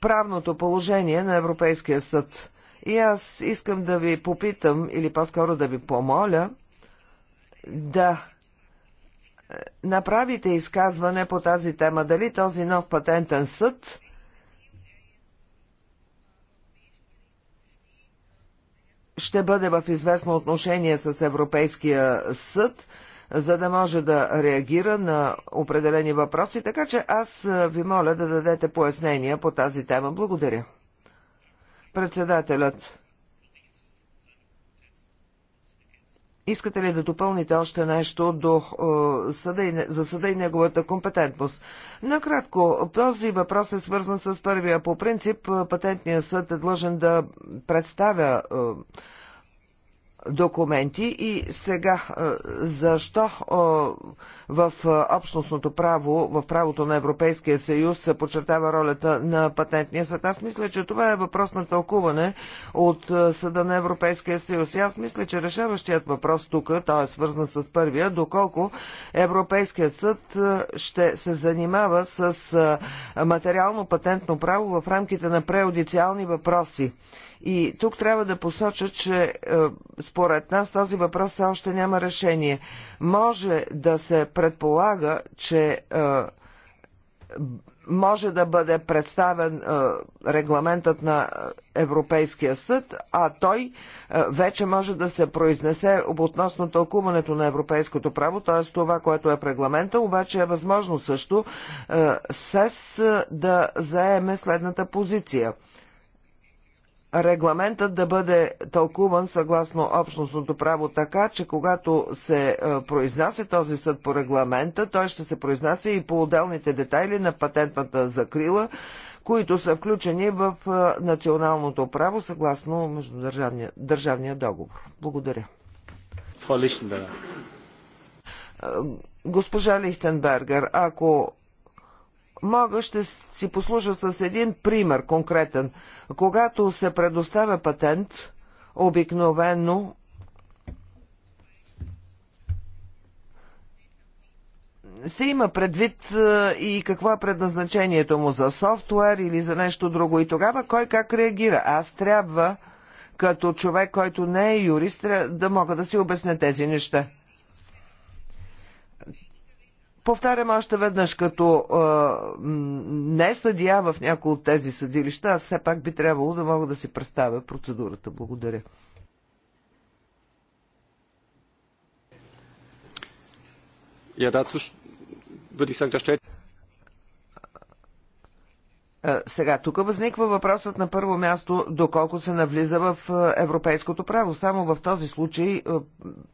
правното положение на Европейския съд. И аз искам да ви попитам, или по-скоро да ви помоля, да е, направите изказване по тази тема. Дали този нов патентен съд ще бъде в известно отношение с Европейския съд – за да може да реагира на определени въпроси. Така че аз ви моля да дадете пояснения по тази тема. Благодаря. Председателят. Искате ли да допълните още нещо до, е, съда и, за съда и неговата компетентност? Накратко, този въпрос е свързан с първия. По принцип, патентният съд е длъжен да представя е, документи и сега е, защо е, в е, общностното право, в правото на Европейския съюз се подчертава ролята на патентния съд. Аз мисля, че това е въпрос на тълкуване от съда на Европейския съюз. И аз мисля, че решаващият въпрос тук, той е свързан с първия, доколко Европейският съд ще се занимава с материално патентно право в рамките на преодициални въпроси. И тук трябва да посоча, че е, според нас този въпрос все още няма решение. Може да се предполага, че е, може да бъде представен е, регламентът на Европейския съд, а той вече може да се произнесе относно тълкуването на европейското право, т.е. това, което е в регламента, обаче е възможно също СЕС да заеме следната позиция – регламентът да бъде тълкуван съгласно общностното право така, че когато се е, произнася този съд по регламента, той ще се произнася и по отделните детайли на патентната закрила, които са включени в е, националното право съгласно междудържавния държавния договор. Благодаря. Е, госпожа Лихтенбергер, ако мога, ще си послужа с един пример конкретен. Когато се предоставя патент, обикновено се има предвид е, и какво е предназначението му за софтуер или за нещо друго. И тогава кой как реагира? Аз трябва, като човек, който не е юрист, да мога да си обясня тези неща. Повтарям още веднъж, като а, не съдия в някои от тези съдилища, аз все пак би трябвало да мога да си представя процедурата. Благодаря. Я dazu würde ich sagen, da stellt сега, тук възниква въпросът на първо място, доколко се навлиза в европейското право. Само в този случай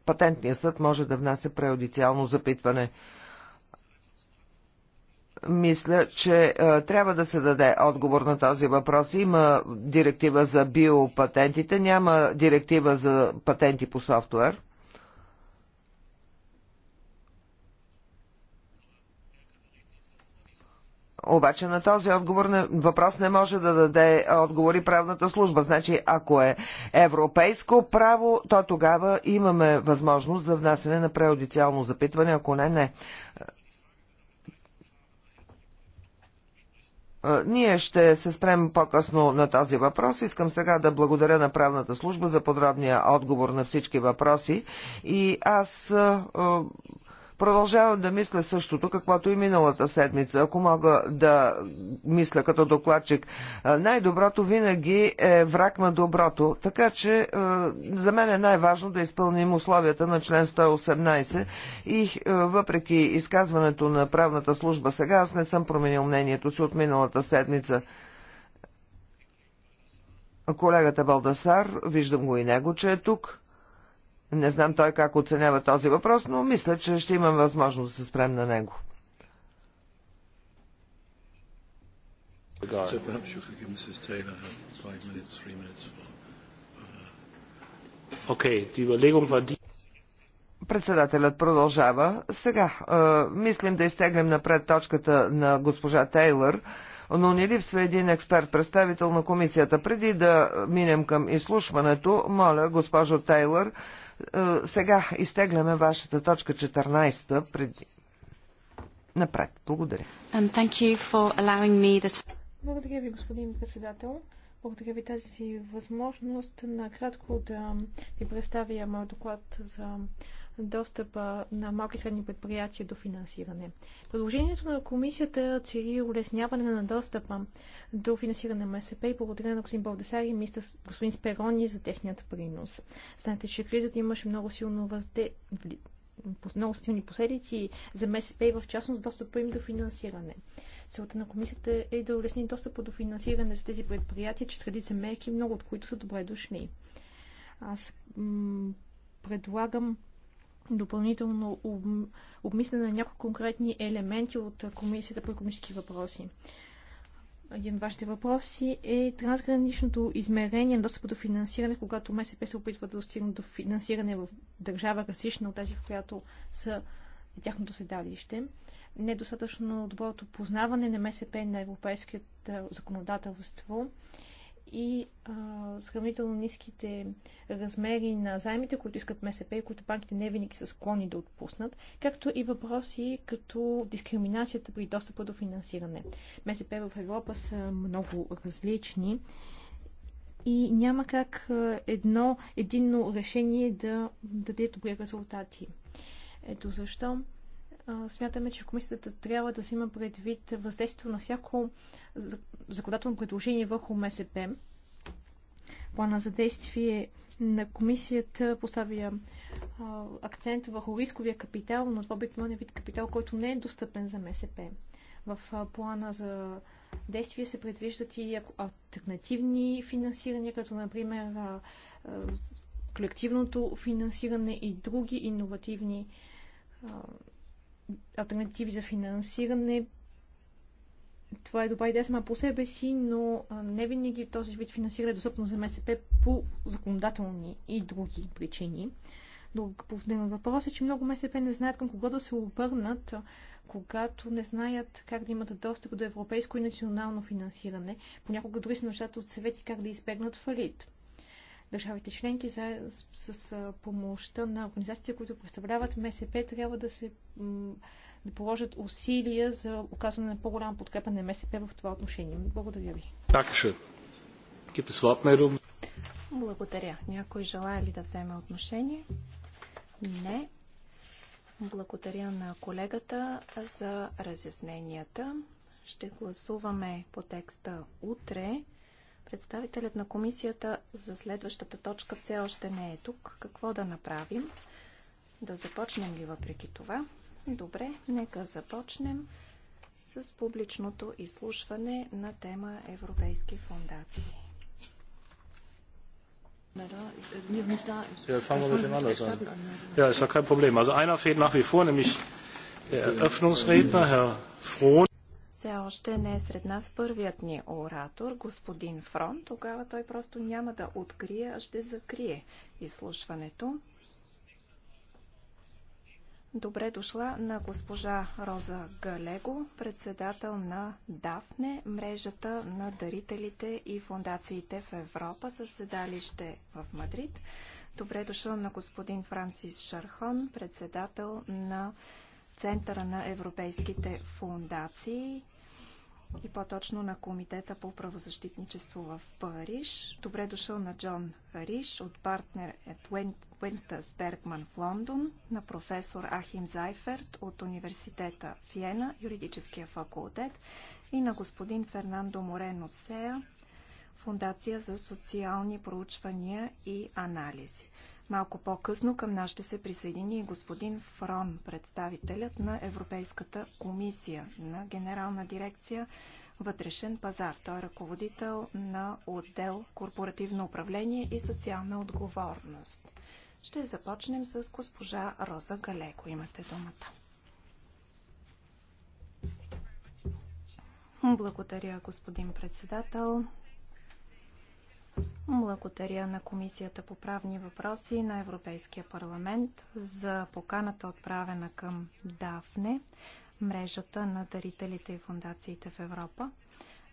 патентният съд може да внася преодициално запитване мисля, че а, трябва да се даде отговор на този въпрос. Има директива за биопатентите, няма директива за патенти по софтуер. Обаче на този отговор не, въпрос не може да даде отговори правната служба. Значи, ако е европейско право, то тогава имаме възможност за внасяне на преодициално запитване, ако не, не. Ние ще се спрем по-късно на този въпрос. Искам сега да благодаря на правната служба за подробния отговор на всички въпроси. И аз Продължавам да мисля същото, каквото и миналата седмица. Ако мога да мисля като докладчик, най-доброто винаги е враг на доброто. Така че за мен е най-важно да изпълним условията на член 118 и е, въпреки изказването на правната служба сега, аз не съм променил мнението си от миналата седмица. Колегата Балдасар, виждам го и него, че е тук. Не знам той как оценява този въпрос, но мисля, че ще имам възможност да се спрем на него. Uh, okay, die Überlegung war die. Председателят продължава. Сега а, мислим да изтеглим напред точката на госпожа Тейлър, но ни липсва един експерт, представител на комисията. Преди да минем към изслушването, моля, госпожо Тейлър, а, сега изтегляме вашата точка 14 преди... напред. Благодаря. Um, the... Благодаря ви, господин председател. Благодаря ви тази възможност накратко да ви представя моят доклад за достъпа на малки и средни предприятия до финансиране. Предложението на комисията цели улесняване на достъпа до финансиране на МСП и благодаря на господин Балдесар и мистер господин Сперони за техният принос. Знаете, че кризата имаше много силно възде... много силни последици за МСП и в частност достъпа им до финансиране. Целта на комисията е да улесни достъпа до финансиране за тези предприятия, че средица мерки, много от които са добре дошли. Аз предлагам допълнително обмислене на някои конкретни елементи от Комисията по економически въпроси. Един от вашите въпроси е трансграничното измерение на достъпа до финансиране, когато МСП се опитва да достигне до финансиране в държава различна от тази, в която са е тяхното седалище. Недостатъчно доброто познаване на МСП на европейското законодателство и а, сравнително ниските размери на заемите, които искат МСП и които банките не винаги са склонни да отпуснат, както и въпроси като дискриминацията при достъпа до финансиране. МСП в Европа са много различни и няма как едно единно решение да даде добри резултати. Ето защо смятаме, че в комисията трябва да се има предвид въздействието на всяко законодателно предложение върху МСП. Плана за действие на комисията поставя акцент върху рисковия капитал, но това е вид капитал, който не е достъпен за МСП. В плана за действие се предвиждат и альтернативни финансирания, като например колективното финансиране и други иновативни альтернативи за финансиране. Това е добра идея сама по себе си, но не винаги този вид финансиране е достъпно за МСП по законодателни и други причини. Друг повдигнат въпрос е, че много МСП не знаят към кого да се обърнат, когато не знаят как да имат достъп до европейско и национално финансиране. Понякога дори се нуждат от съвети как да избегнат фалит държавите членки за, с, с помощта на организациите, които представляват МСП, трябва да се да положат усилия за оказване на по-голяма подкрепа на МСП в това отношение. Благодаря ви. Благодаря. Някой желая ли да вземе отношение? Не. Благодаря на колегата за разясненията. Ще гласуваме по текста утре. Представителят на комисията за следващата точка все още не е тук. Какво да направим? Да започнем ли въпреки това? Добре, нека започнем с публичното изслушване на тема Европейски фундации. Ja, fangen wir mit dem anderen an. Ja, ist ja kein Problem. Also einer fehlt nach wie vor, nämlich der Eröffnungsredner, Herr Frohn все още не е сред нас първият ни оратор, господин Фрон, тогава той просто няма да открие, а ще закрие изслушването. Добре дошла на госпожа Роза Галего, председател на ДАФНЕ, мрежата на дарителите и фундациите в Европа със седалище в Мадрид. Добре дошъл на господин Франсис Шархон, председател на Центъра на европейските фундации и по-точно на Комитета по правозащитничество в Париж. Добре дошъл на Джон Риш от партнер е Пуентас Бергман в Лондон, на професор Ахим Зайферт от университета в Йена, юридическия факултет и на господин Фернандо Морено Сея, Фундация за социални проучвания и анализи. Малко по-късно към нас ще се присъедини и господин Фрон, представителят на Европейската комисия на Генерална дирекция Вътрешен пазар. Той е ръководител на отдел Корпоративно управление и социална отговорност. Ще започнем с госпожа Роза Галеко. Имате думата. Благодаря, господин председател. Благодаря на Комисията по правни въпроси на Европейския парламент за поканата отправена към ДАФНЕ, мрежата на дарителите и фундациите в Европа,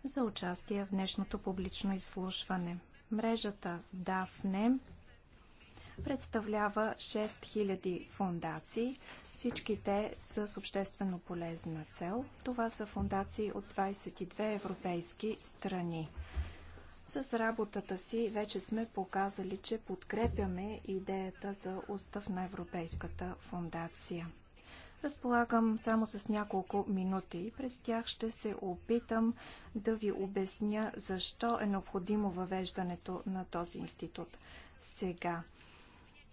за участие в днешното публично изслушване. Мрежата ДАФНЕ представлява 6000 фундации. Всички те са с обществено полезна цел. Това са фундации от 22 европейски страни – с работата си вече сме показали, че подкрепяме идеята за устав на Европейската фундация. Разполагам само с няколко минути и през тях ще се опитам да ви обясня защо е необходимо въвеждането на този институт сега.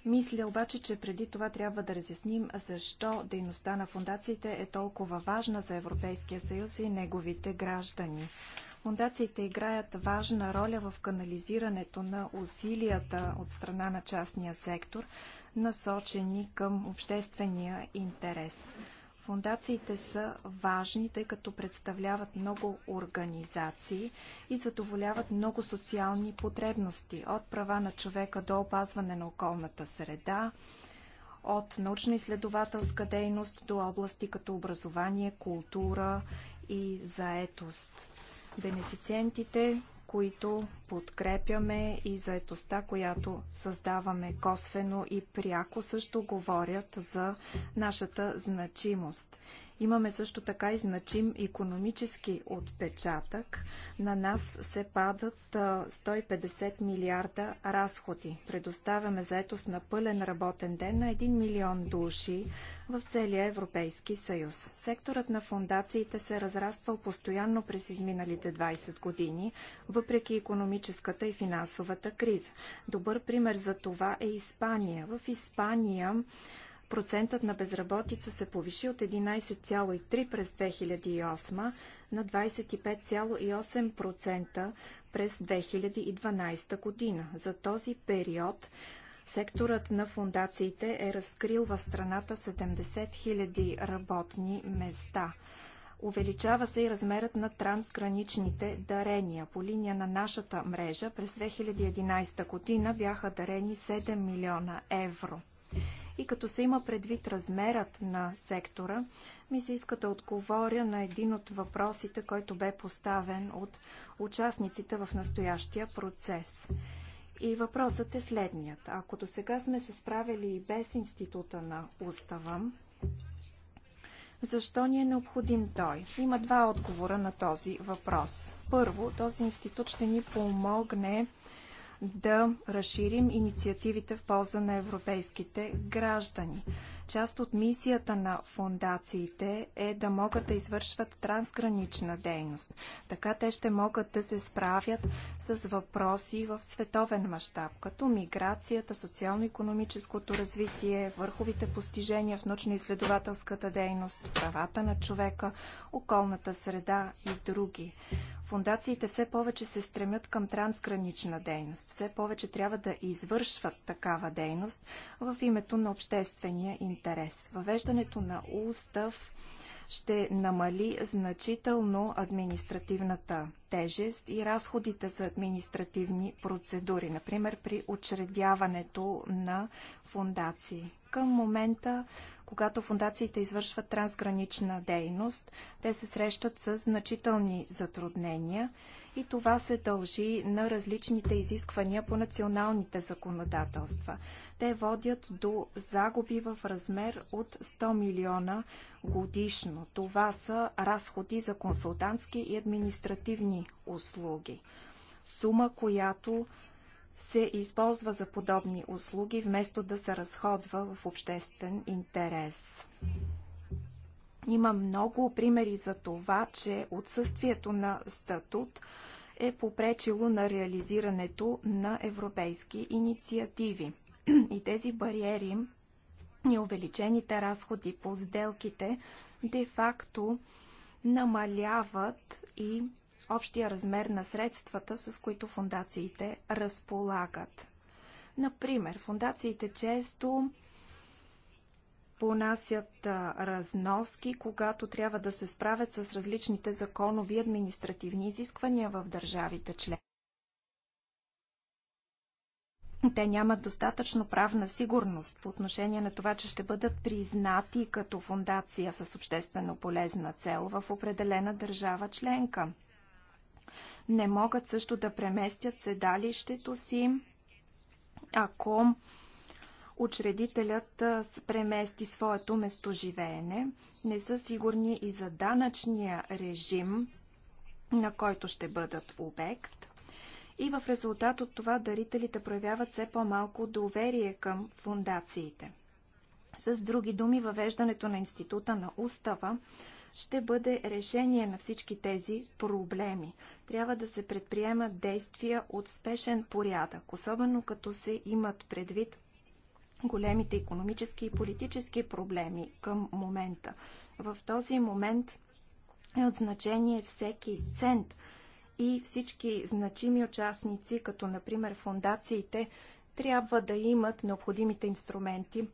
Мисля обаче, че преди това трябва да разясним защо дейността на фундациите е толкова важна за Европейския съюз и неговите граждани. Фундациите играят важна роля в канализирането на усилията от страна на частния сектор, насочени към обществения интерес. Фундациите са важни, тъй като представляват много организации и задоволяват много социални потребности, от права на човека до опазване на околната среда, от научно-изследователска дейност до области като образование, култура и заетост бенефициентите, които подкрепяме и заетостта, която създаваме косвено и пряко, също говорят за нашата значимост. Имаме също така и значим економически отпечатък. На нас се падат 150 милиарда разходи. Предоставяме заетост на пълен работен ден на 1 милион души в целия Европейски съюз. Секторът на фундациите се е разраствал постоянно през изминалите 20 години, въпреки економическата и финансовата криза. Добър пример за това е Испания. В Испания процентът на безработица се повиши от 11,3 през 2008 на 25,8% през 2012 година. За този период секторът на фундациите е разкрил в страната 70 000 работни места. Увеличава се и размерът на трансграничните дарения. По линия на нашата мрежа през 2011 година бяха дарени 7 милиона евро. И като се има предвид размерът на сектора, ми се иска да отговоря на един от въпросите, който бе поставен от участниците в настоящия процес. И въпросът е следният. Ако до сега сме се справили и без института на устава, защо ни е необходим той? Има два отговора на този въпрос. Първо, този институт ще ни помогне да разширим инициативите в полза на европейските граждани. Част от мисията на фундациите е да могат да извършват трансгранична дейност. Така те ще могат да се справят с въпроси в световен мащаб, като миграцията, социално-економическото развитие, върховите постижения в научно-изследователската дейност, правата на човека, околната среда и други. Фундациите все повече се стремят към трансгранична дейност. Все повече трябва да извършват такава дейност в името на обществения интерес. Въвеждането на устав ще намали значително административната тежест и разходите за административни процедури, например при учредяването на фундации. Към момента когато фундациите извършват трансгранична дейност, те се срещат с значителни затруднения и това се дължи на различните изисквания по националните законодателства. Те водят до загуби в размер от 100 милиона годишно. Това са разходи за консултантски и административни услуги. Сума, която се използва за подобни услуги, вместо да се разходва в обществен интерес. Има много примери за това, че отсъствието на статут е попречило на реализирането на европейски инициативи. <clears throat> И тези бариери и увеличените разходи по сделките де-факто намаляват и общия размер на средствата, с които фундациите разполагат. Например, фундациите често понасят разноски, когато трябва да се справят с различните законови и административни изисквания в държавите член. Те нямат достатъчно правна сигурност по отношение на това, че ще бъдат признати като фундация с обществено полезна цел в определена държава членка. Не могат също да преместят седалището си, ако учредителят премести своето местоживеене. Не са сигурни и за данъчния режим, на който ще бъдат обект. И в резултат от това дарителите проявяват все по-малко доверие към фундациите. С други думи, въвеждането на института на устава ще бъде решение на всички тези проблеми. Трябва да се предприемат действия от спешен порядък, особено като се имат предвид големите економически и политически проблеми към момента. В този момент е от значение всеки цент и всички значими участници, като например фундациите, трябва да имат необходимите инструменти,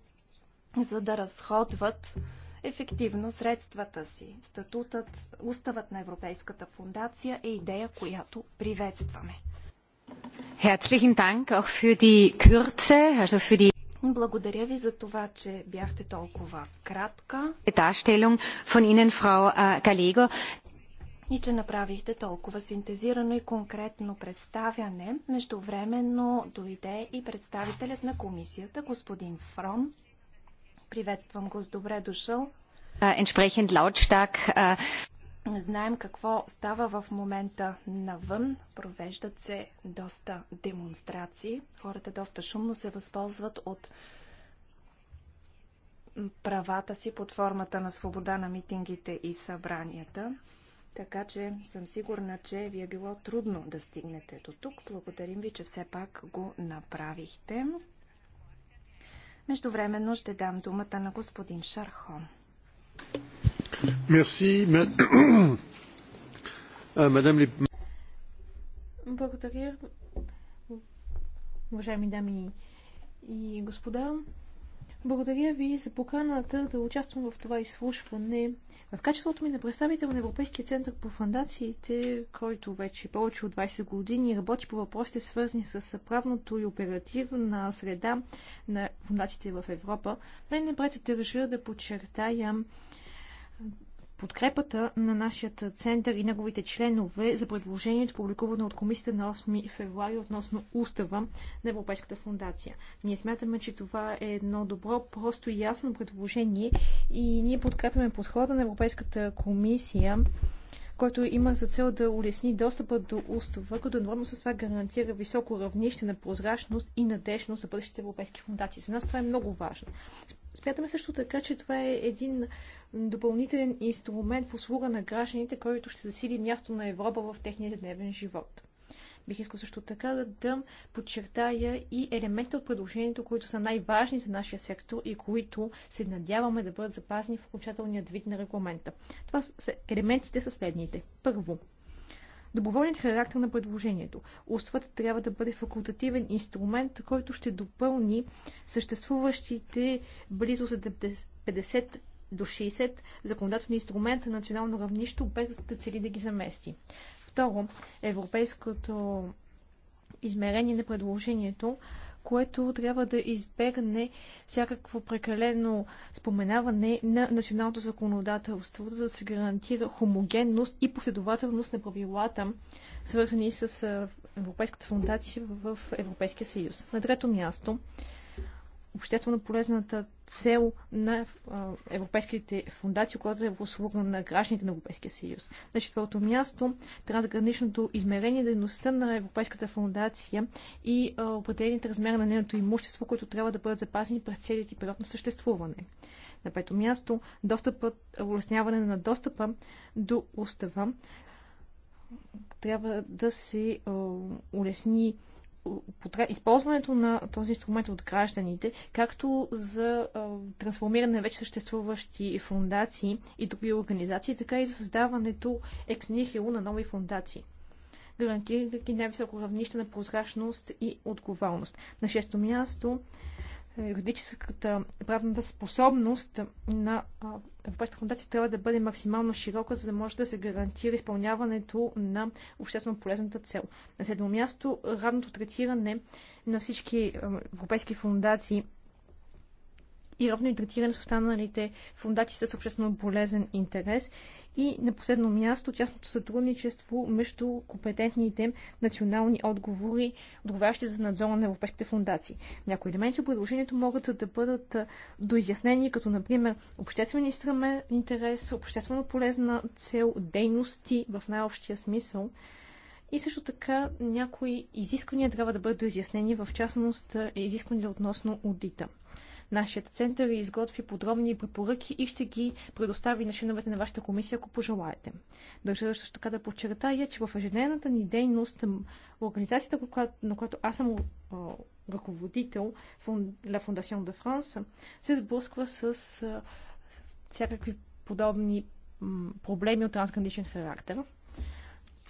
за да разходват ефективно средствата си. Статутът, уставът на Европейската фундация е идея, която приветстваме. Herzlichen Dank auch für die Kürze, also für die благодаря ви за това, че бяхте толкова кратка. Darstellung von Ihnen, Frau Gallego. И че направихте толкова синтезирано и конкретно представяне. Междувременно дойде и представителят на комисията, господин Фрон. Приветствам го с добре дошъл. Entsprechend lautstark. Знаем какво става в момента навън. Провеждат се доста демонстрации. Хората доста шумно се възползват от правата си под формата на свобода на митингите и събранията. Така че съм сигурна, че ви е било трудно да стигнете до тук. Благодарим ви, че все пак го направихте. Междувременно ще дам думата на господин Шархон. Мерси, <coughs> мадам Благодаря, уважаеми дами и господа. Благодаря ви за поканата да участвам в това изслушване. В качеството ми на представител на Европейския център по фундациите, който вече повече от 20 години работи по въпросите свързани с правното и оперативна среда на фундациите в Европа, най-напред държа да подчертая подкрепата на нашия център и неговите членове за предложението, публикувано от комисията на 8 февруари относно устава на Европейската фундация. Ние смятаме, че това е едно добро, просто и ясно предложение и ние подкрепяме подхода на Европейската комисия който има за цел да улесни достъпа до устава, като едновременно с това гарантира високо равнище на прозрачност и надежност за бъдещите европейски фундации. За нас това е много важно. Смятаме също така, че това е един допълнителен инструмент в услуга на гражданите, който ще засили място на Европа в техния дневен живот. Бих искал също така да, да подчертая и елемента от предложението, които са най-важни за нашия сектор и които се надяваме да бъдат запазени в окончателният вид на регламента. Това са елементите са следните. Първо, Доброволният характер на предложението. Уствата трябва да бъде факултативен инструмент, който ще допълни съществуващите близо за 50 до 60 законодателни инструмента на национално равнище, без да цели да ги замести. Второ, европейското измерение на предложението, което трябва да избегне всякакво прекалено споменаване на националното законодателство, за да се гарантира хомогенност и последователност на правилата, свързани с Европейската фундация в Европейския съюз. На трето място, обществено полезната цел на европейските фундации, която е в услуга на гражданите на Европейския съюз. На четвърто място, трансграничното измерение дейността на Европейската фундация и определените размера на нейното имущество, които трябва да бъдат запазени през целият и период на съществуване. На пето място, достъпът, улесняване на достъпа до устава трябва да се улесни използването на този инструмент от гражданите, както за трансформиране на вече съществуващи фундации и други организации, така и за създаването екснихило на нови фундации гарантирайки най-високо равнище на прозрачност и отговорност. На шесто място, е, юридическата правната способност на Европейската фундация трябва да бъде максимално широка, за да може да се гарантира изпълняването на обществено полезната цел. На седмо място, равното третиране на всички европейски фундации и ровно и третиране с останалите фундации с обществено болезен интерес. И на последно място, тясното сътрудничество между компетентните национални отговори, отговарящи за надзора на европейските фундации. Някои елементи от предложението могат да бъдат доизяснени, като например обществен интерес, обществено полезна цел, дейности в най-общия смисъл. И също така някои изисквания трябва да бъдат доизяснени, в частност изисквания относно аудита. Нашият център изготви подробни препоръки и ще ги предостави на членовете на вашата комисия, ако пожелаете. Държа също така да подчертая, че в ежедневната ни дейност организацията, на която аз съм ръководител, La Fondation de France, се сблъсква с всякакви подобни проблеми от трансграничен характер.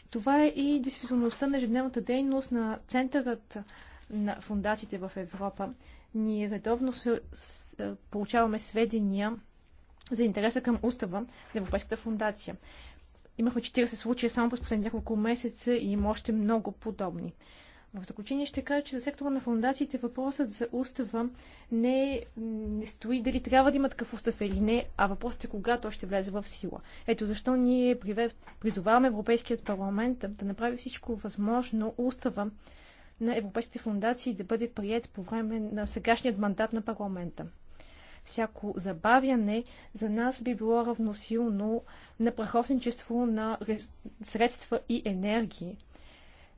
Това е и действителността на ежедневната дейност на центърът на фундациите в Европа. Ние редовно получаваме сведения за интереса към устава на Европейската фундация. Имахме 40 случая само през последните няколко месеца и има още много подобни. В заключение ще кажа, че за сектора на фундациите въпросът за устава не, не стои дали трябва да има такъв устав или не, а въпросът е кога той ще влезе в сила. Ето защо ние призоваваме Европейският парламент да направи всичко възможно устава на европейските фундации да бъде прият по време на сегашният мандат на парламента. Всяко забавяне за нас би било равносилно на прахосничество на средства и енергии.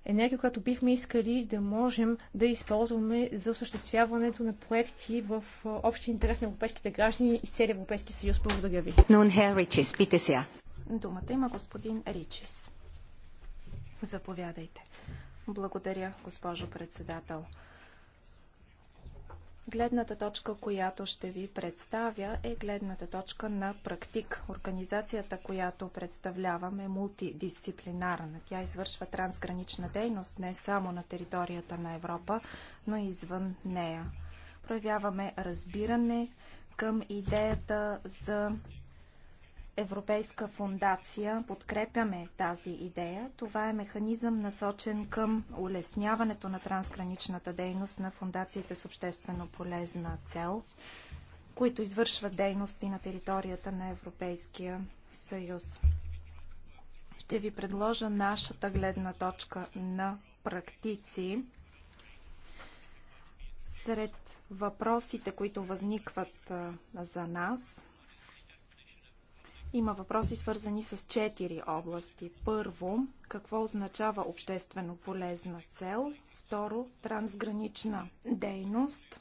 Енергия, която бихме искали да можем да използваме за осъществяването на проекти в общи интерес на европейските граждани и целия Европейски съюз. Благодаря ви. Думата има господин Ричис. Заповядайте. Благодаря, госпожо председател. Гледната точка, която ще ви представя, е гледната точка на практик. Организацията, която представлявам е мултидисциплинарна. Тя извършва трансгранична дейност не само на територията на Европа, но и извън нея. Проявяваме разбиране към идеята за европейска фундация подкрепяме тази идея. Това е механизъм насочен към улесняването на трансграничната дейност на фундациите с обществено полезна цел, които извършват дейности на територията на Европейския съюз. Ще ви предложа нашата гледна точка на практици сред въпросите, които възникват за нас, има въпроси свързани с четири области. Първо, какво означава обществено полезна цел? Второ, трансгранична дейност.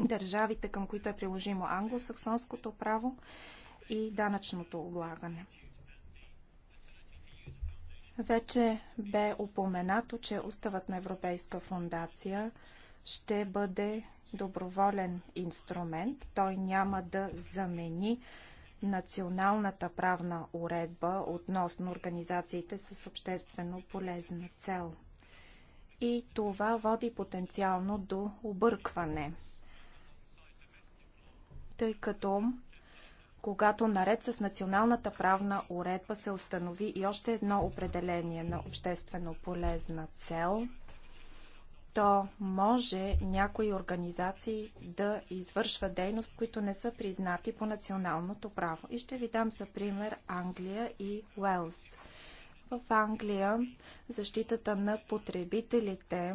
Държавите, към които е приложимо англосаксонското право и данъчното облагане. Вече бе упоменато, че Уставът на Европейска фундация ще бъде доброволен инструмент. Той няма да замени националната правна уредба относно организациите с обществено полезна цел. И това води потенциално до объркване, тъй като когато наред с националната правна уредба се установи и още едно определение на обществено полезна цел – то може някои организации да извършват дейност, които не са признати по националното право. И ще ви дам за пример Англия и Уелс. В Англия защитата на потребителите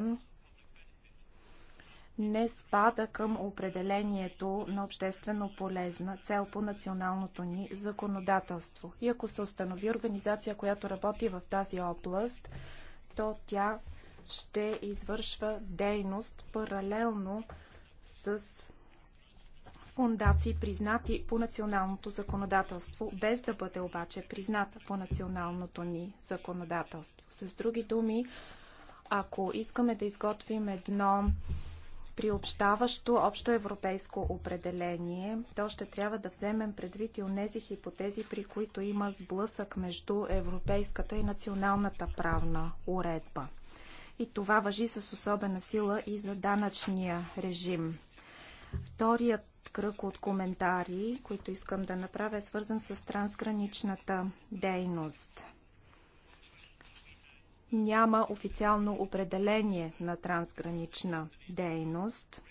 не спада към определението на обществено полезна цел по националното ни законодателство. И ако се установи организация, която работи в тази област, то тя ще извършва дейност паралелно с фундации, признати по националното законодателство, без да бъде обаче призната по националното ни законодателство. С други думи, ако искаме да изготвим едно приобщаващо общо европейско определение, то ще трябва да вземем предвид и онези хипотези, при които има сблъсък между европейската и националната правна уредба. И това въжи с особена сила и за данъчния режим. Вторият кръг от коментари, които искам да направя, е свързан с трансграничната дейност. Няма официално определение на трансгранична дейност.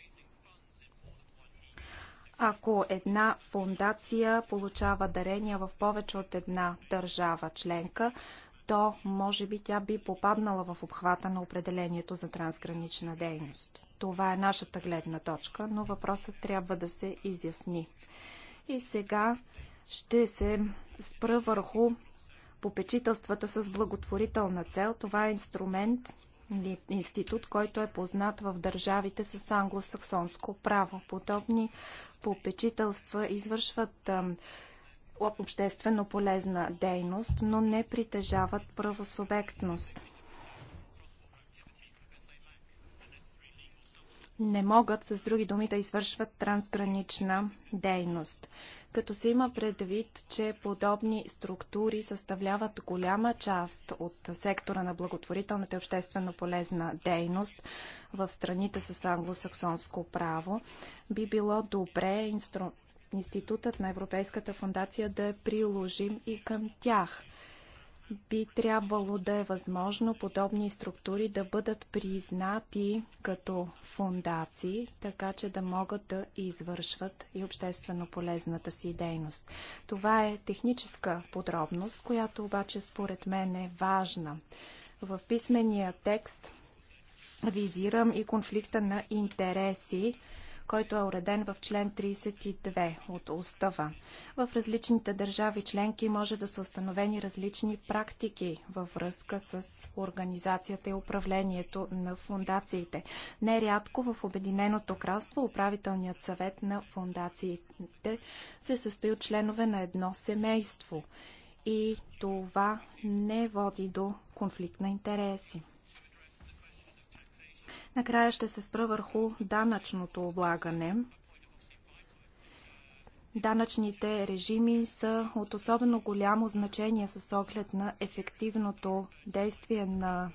Ако една фундация получава дарения в повече от една държава членка, то може би тя би попаднала в обхвата на определението за трансгранична дейност. Това е нашата гледна точка, но въпросът трябва да се изясни. И сега ще се спра върху попечителствата с благотворителна цел. Това е инструмент или институт, който е познат в държавите с англосаксонско право. Подобни попечителства извършват обществено полезна дейност, но не притежават правосубектност. Не могат, с други думи, да извършват трансгранична дейност. Като се има предвид, че подобни структури съставляват голяма част от сектора на благотворителната и обществено полезна дейност в страните с англосаксонско право, би било добре инстру институтът на Европейската фундация да е приложим и към тях. Би трябвало да е възможно подобни структури да бъдат признати като фундации, така че да могат да извършват и обществено полезната си дейност. Това е техническа подробност, която обаче според мен е важна. В писмения текст визирам и конфликта на интереси, който е уреден в член 32 от Устава. В различните държави членки може да са установени различни практики във връзка с организацията и управлението на фундациите. Нерядко в Обединеното кралство управителният съвет на фундациите се състои от членове на едно семейство и това не води до конфликт на интереси. Накрая ще се спра върху данъчното облагане. Данъчните режими са от особено голямо значение с оглед на ефективното действие на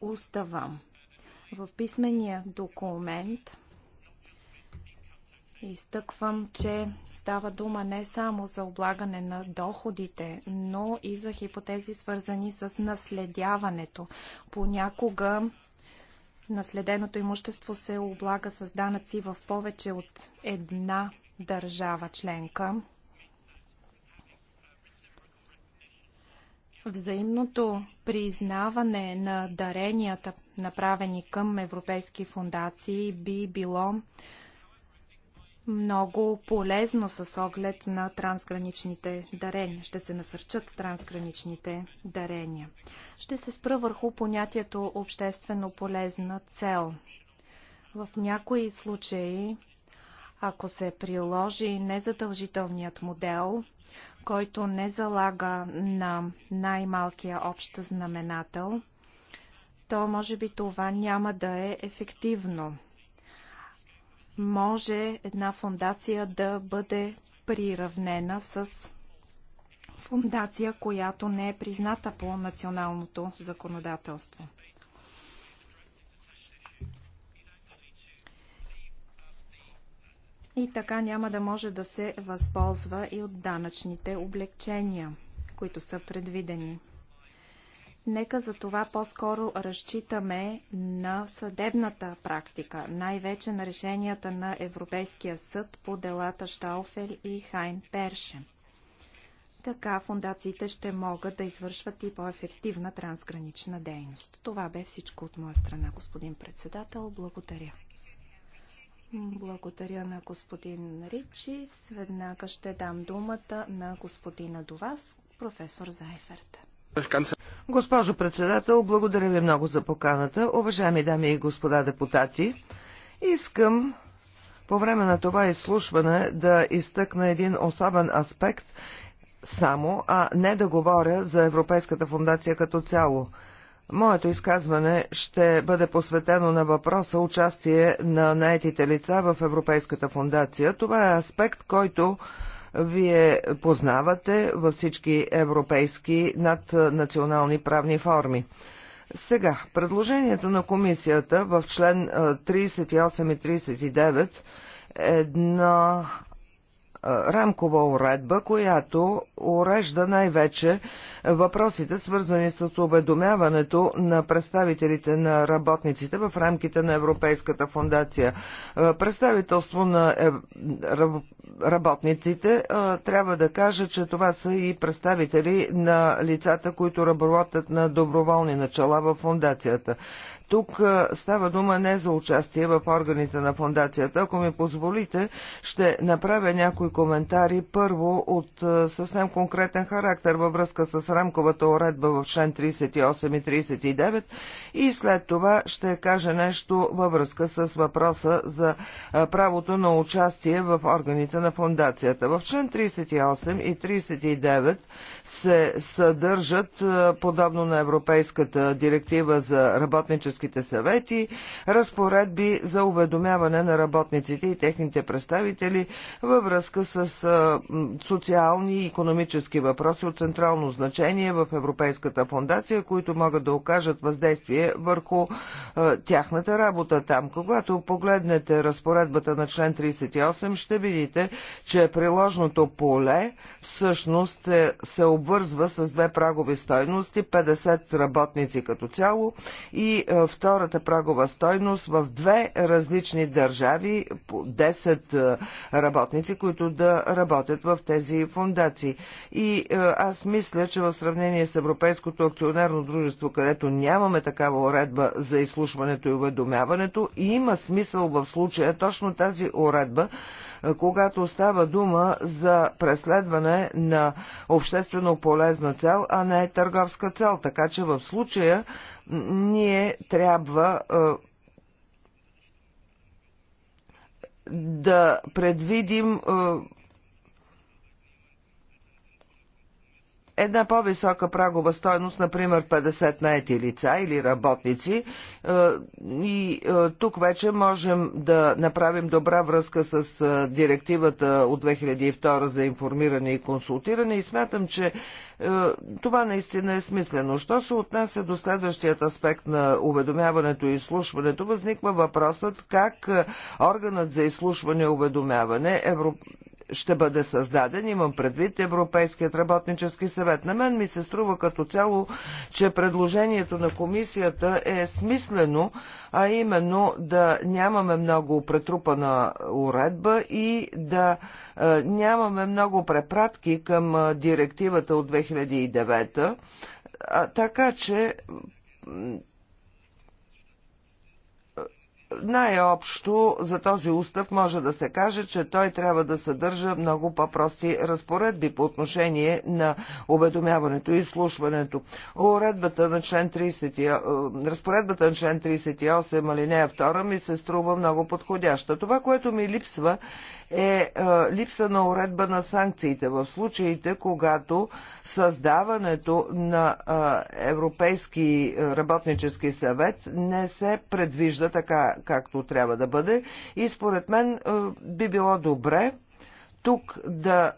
устава. В писмения документ изтъквам, че става дума не само за облагане на доходите, но и за хипотези свързани с наследяването. Понякога наследеното имущество се облага с данъци в повече от една държава членка. Взаимното признаване на даренията, направени към европейски фундации, би било много полезно с оглед на трансграничните дарения. Ще се насърчат трансграничните дарения. Ще се спра върху понятието обществено полезна цел. В някои случаи, ако се приложи незадължителният модел, който не залага на най-малкия общ знаменател, то може би това няма да е ефективно може една фундация да бъде приравнена с фундация, която не е призната по националното законодателство. И така няма да може да се възползва и от данъчните облегчения, които са предвидени. Нека за това по-скоро разчитаме на съдебната практика, най-вече на решенията на Европейския съд по делата Штауфер и Хайн Перше. Така фундациите ще могат да извършват и по-ефективна трансгранична дейност. Това бе всичко от моя страна, господин председател. Благодаря. Благодаря на господин Ричи. Веднага ще дам думата на господина до вас, професор Зайферт. Госпожо председател, благодаря ви много за поканата. Уважаеми дами и господа депутати, искам по време на това изслушване да изтъкна един особен аспект само, а не да говоря за Европейската фундация като цяло. Моето изказване ще бъде посветено на въпроса участие на наетите лица в Европейската фундация. Това е аспект, който вие познавате във всички европейски наднационални правни форми. Сега, предложението на комисията в член 38 и 39 е една рамкова уредба, която урежда най-вече въпросите, свързани с уведомяването на представителите на работниците в рамките на Европейската фундация. Е, представителство на е, работниците е, трябва да кажа, че това са и представители на лицата, които работят на доброволни начала в фундацията. Тук става дума не за участие в органите на фундацията. Ако ми позволите, ще направя някои коментари. Първо от съвсем конкретен характер във връзка с рамковата уредба в член 38 и 39 и след това ще кажа нещо във връзка с въпроса за правото на участие в органите на фундацията. В член 38 и 39 се съдържат, подобно на Европейската директива за работническите съвети, разпоредби за уведомяване на работниците и техните представители във връзка с социални и економически въпроси от централно значение в Европейската фундация, които могат да окажат въздействие въздействие върху е, тяхната работа там. Когато погледнете разпоредбата на член 38, ще видите, че приложното поле всъщност е, се обвързва с две прагови стойности, 50 работници като цяло и е, втората прагова стойност в две различни държави, 10 е, работници, които да работят в тези фундации. И е, аз мисля, че в сравнение с Европейското акционерно дружество, където нямаме такава такава уредба за изслушването и уведомяването и има смисъл в случая точно тази уредба, когато става дума за преследване на обществено полезна цел, а не търговска цел. Така че в случая ние трябва да предвидим една по-висока прагова стойност, например 50 наети лица или работници. Е, и е, тук вече можем да направим добра връзка с е, директивата от 2002 за информиране и консултиране и смятам, че това наистина е смислено. Що се отнася до следващият аспект на уведомяването и изслушването, възниква въпросът как органът за изслушване и уведомяване, Европ ще бъде създаден. Имам предвид Европейският работнически съвет. На мен ми се струва като цяло, че предложението на комисията е смислено, а именно да нямаме много претрупана уредба и да е, нямаме много препратки към е, директивата от 2009. А, така че най-общо за този устав може да се каже, че той трябва да съдържа много по-прости разпоредби по отношение на уведомяването и слушването. Уредбата на член 30, е, разпоредбата на член 38 алинея 2 ми се струва много подходяща. Това, което ми липсва е, е липса на уредба на санкциите в случаите, когато създаването на е, Европейски работнически съвет не се предвижда така, както трябва да бъде. И според мен е, би било добре тук да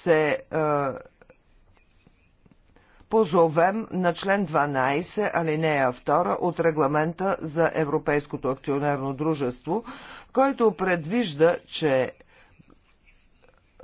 се позовем на член 12, алинея 2 от регламента за Европейското акционерно дружество, който предвижда, че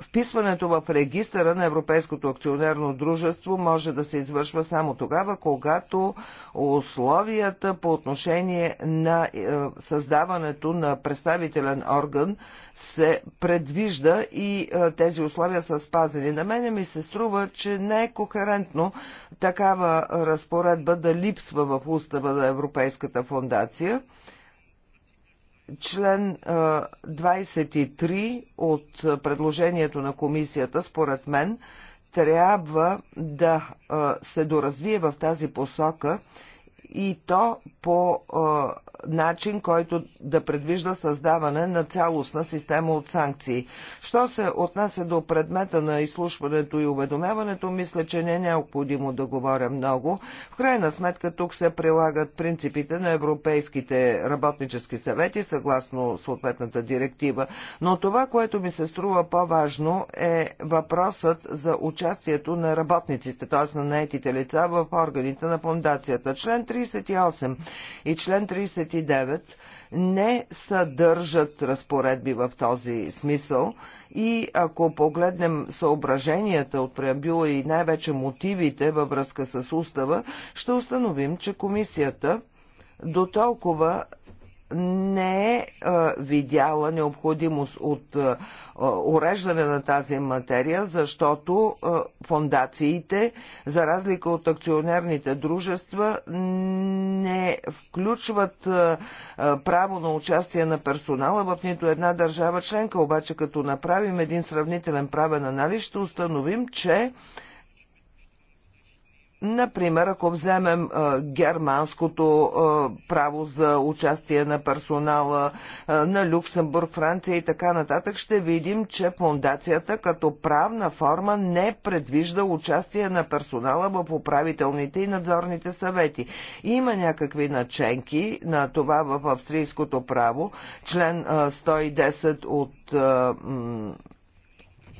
Вписването в регистъра на Европейското акционерно дружество може да се извършва само тогава, когато условията по отношение на е, създаването на представителен орган се предвижда и е, тези условия са спазени. На мене ми се струва, че не е кохерентно такава разпоредба да липсва в устава на Европейската фундация. Член 23 от предложението на комисията, според мен, трябва да се доразвие в тази посока и то по а, начин, който да предвижда създаване на цялостна система от санкции. Що се отнася до предмета на изслушването и уведомяването, мисля, че не е необходимо да говоря много. В крайна сметка тук се прилагат принципите на европейските работнически съвети, съгласно съответната директива. Но това, което ми се струва по-важно е въпросът за участието на работниците, т.е. на наетите лица в органите на фундацията. Член 38 и член 39 не съдържат разпоредби в този смисъл и ако погледнем съображенията от преамбюла и най-вече мотивите във връзка с устава, ще установим, че комисията до толкова не е, е видяла необходимост от е, е, уреждане на тази материя, защото фондациите, за разлика от акционерните дружества, не включват право на участие на персонала в нито една държава членка. Обаче, като направим един сравнителен правен анализ, ще установим, че Например, ако вземем а, германското а, право за участие на персонала а, на Люксембург, Франция и така нататък, ще видим, че фундацията като правна форма не предвижда участие на персонала в управителните и надзорните съвети. Има някакви наченки на това в австрийското право, член 110 от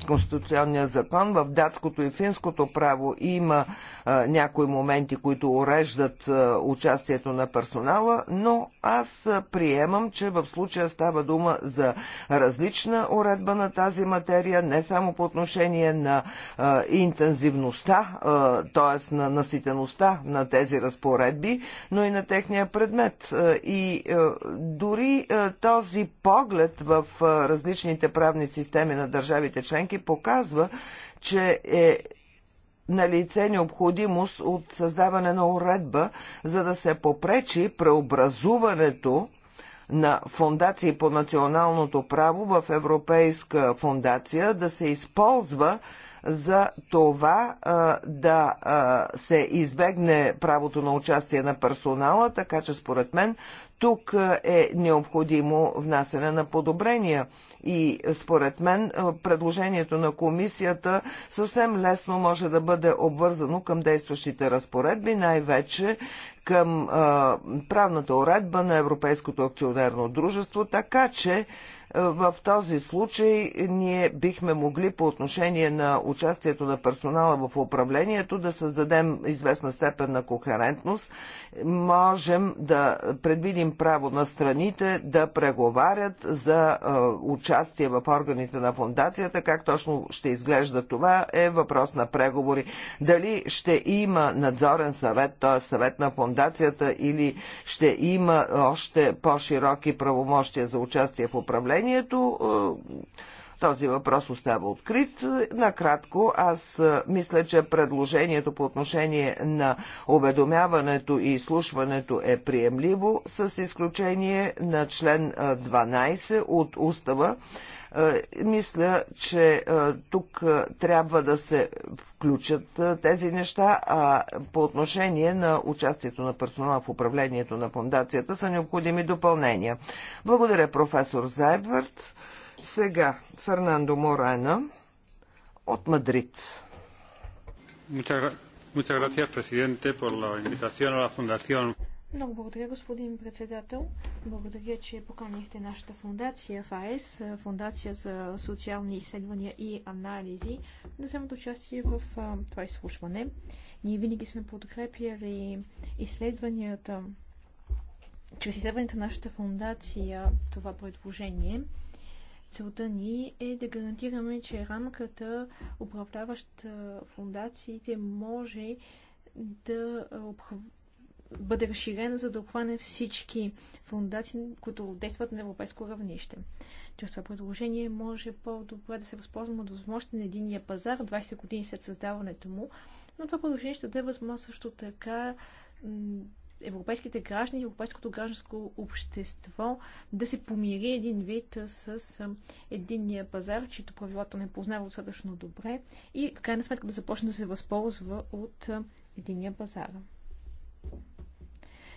Конституционния закон, в датското и финското право има някои моменти, които уреждат участието на персонала, но аз приемам, че в случая става дума за различна уредба на тази материя, не само по отношение на интензивността, т.е. на наситеността на тези разпоредби, но и на техния предмет. И дори този поглед в различните правни системи на държавите членки показва, че е на лице необходимост от създаване на уредба, за да се попречи преобразуването на фундации по националното право в Европейска фундация да се използва за това а, да а, се избегне правото на участие на персонала, така че според мен тук е необходимо внасяне на подобрения и според мен предложението на комисията съвсем лесно може да бъде обвързано към действащите разпоредби, най-вече към а, правната уредба на Европейското акционерно дружество, така че в този случай ние бихме могли по отношение на участието на персонала в управлението да създадем известна степен на кохерентност можем да предвидим право на страните да преговарят за участие в органите на фундацията. Как точно ще изглежда това е въпрос на преговори. Дали ще има надзорен съвет, т.е. съвет на фундацията или ще има още по-широки правомощия за участие в управлението този въпрос остава открит. Накратко, аз мисля, че предложението по отношение на уведомяването и изслушването е приемливо, с изключение на член 12 от устава. Мисля, че тук трябва да се включат тези неща, а по отношение на участието на персонала в управлението на фундацията са необходими допълнения. Благодаря професор Зайберт. Сега Фернандо Морена от Мадрид. Много благодаря, господин председател. Благодаря, че поканихте нашата фундация ФАЕС, фундация за социални изследвания и анализи, да вземат участие в това изслушване. Ние винаги сме подкрепяли изследванията, чрез изследванията на нашата фундация това предложение. Целта ни е да гарантираме, че рамката, управляваща фундациите, може да бъде разширена, за да обхване всички фундации, които действат на европейско равнище. Чрез това предложение може по-добре да се възползваме от възможности на единия пазар 20 години след създаването му, но това предложение ще даде възможност също така европейските граждани, европейското гражданско общество да се помири един вид с единния пазар, чието правилата не познава достатъчно добре и в крайна сметка да започне да се възползва от единния пазар.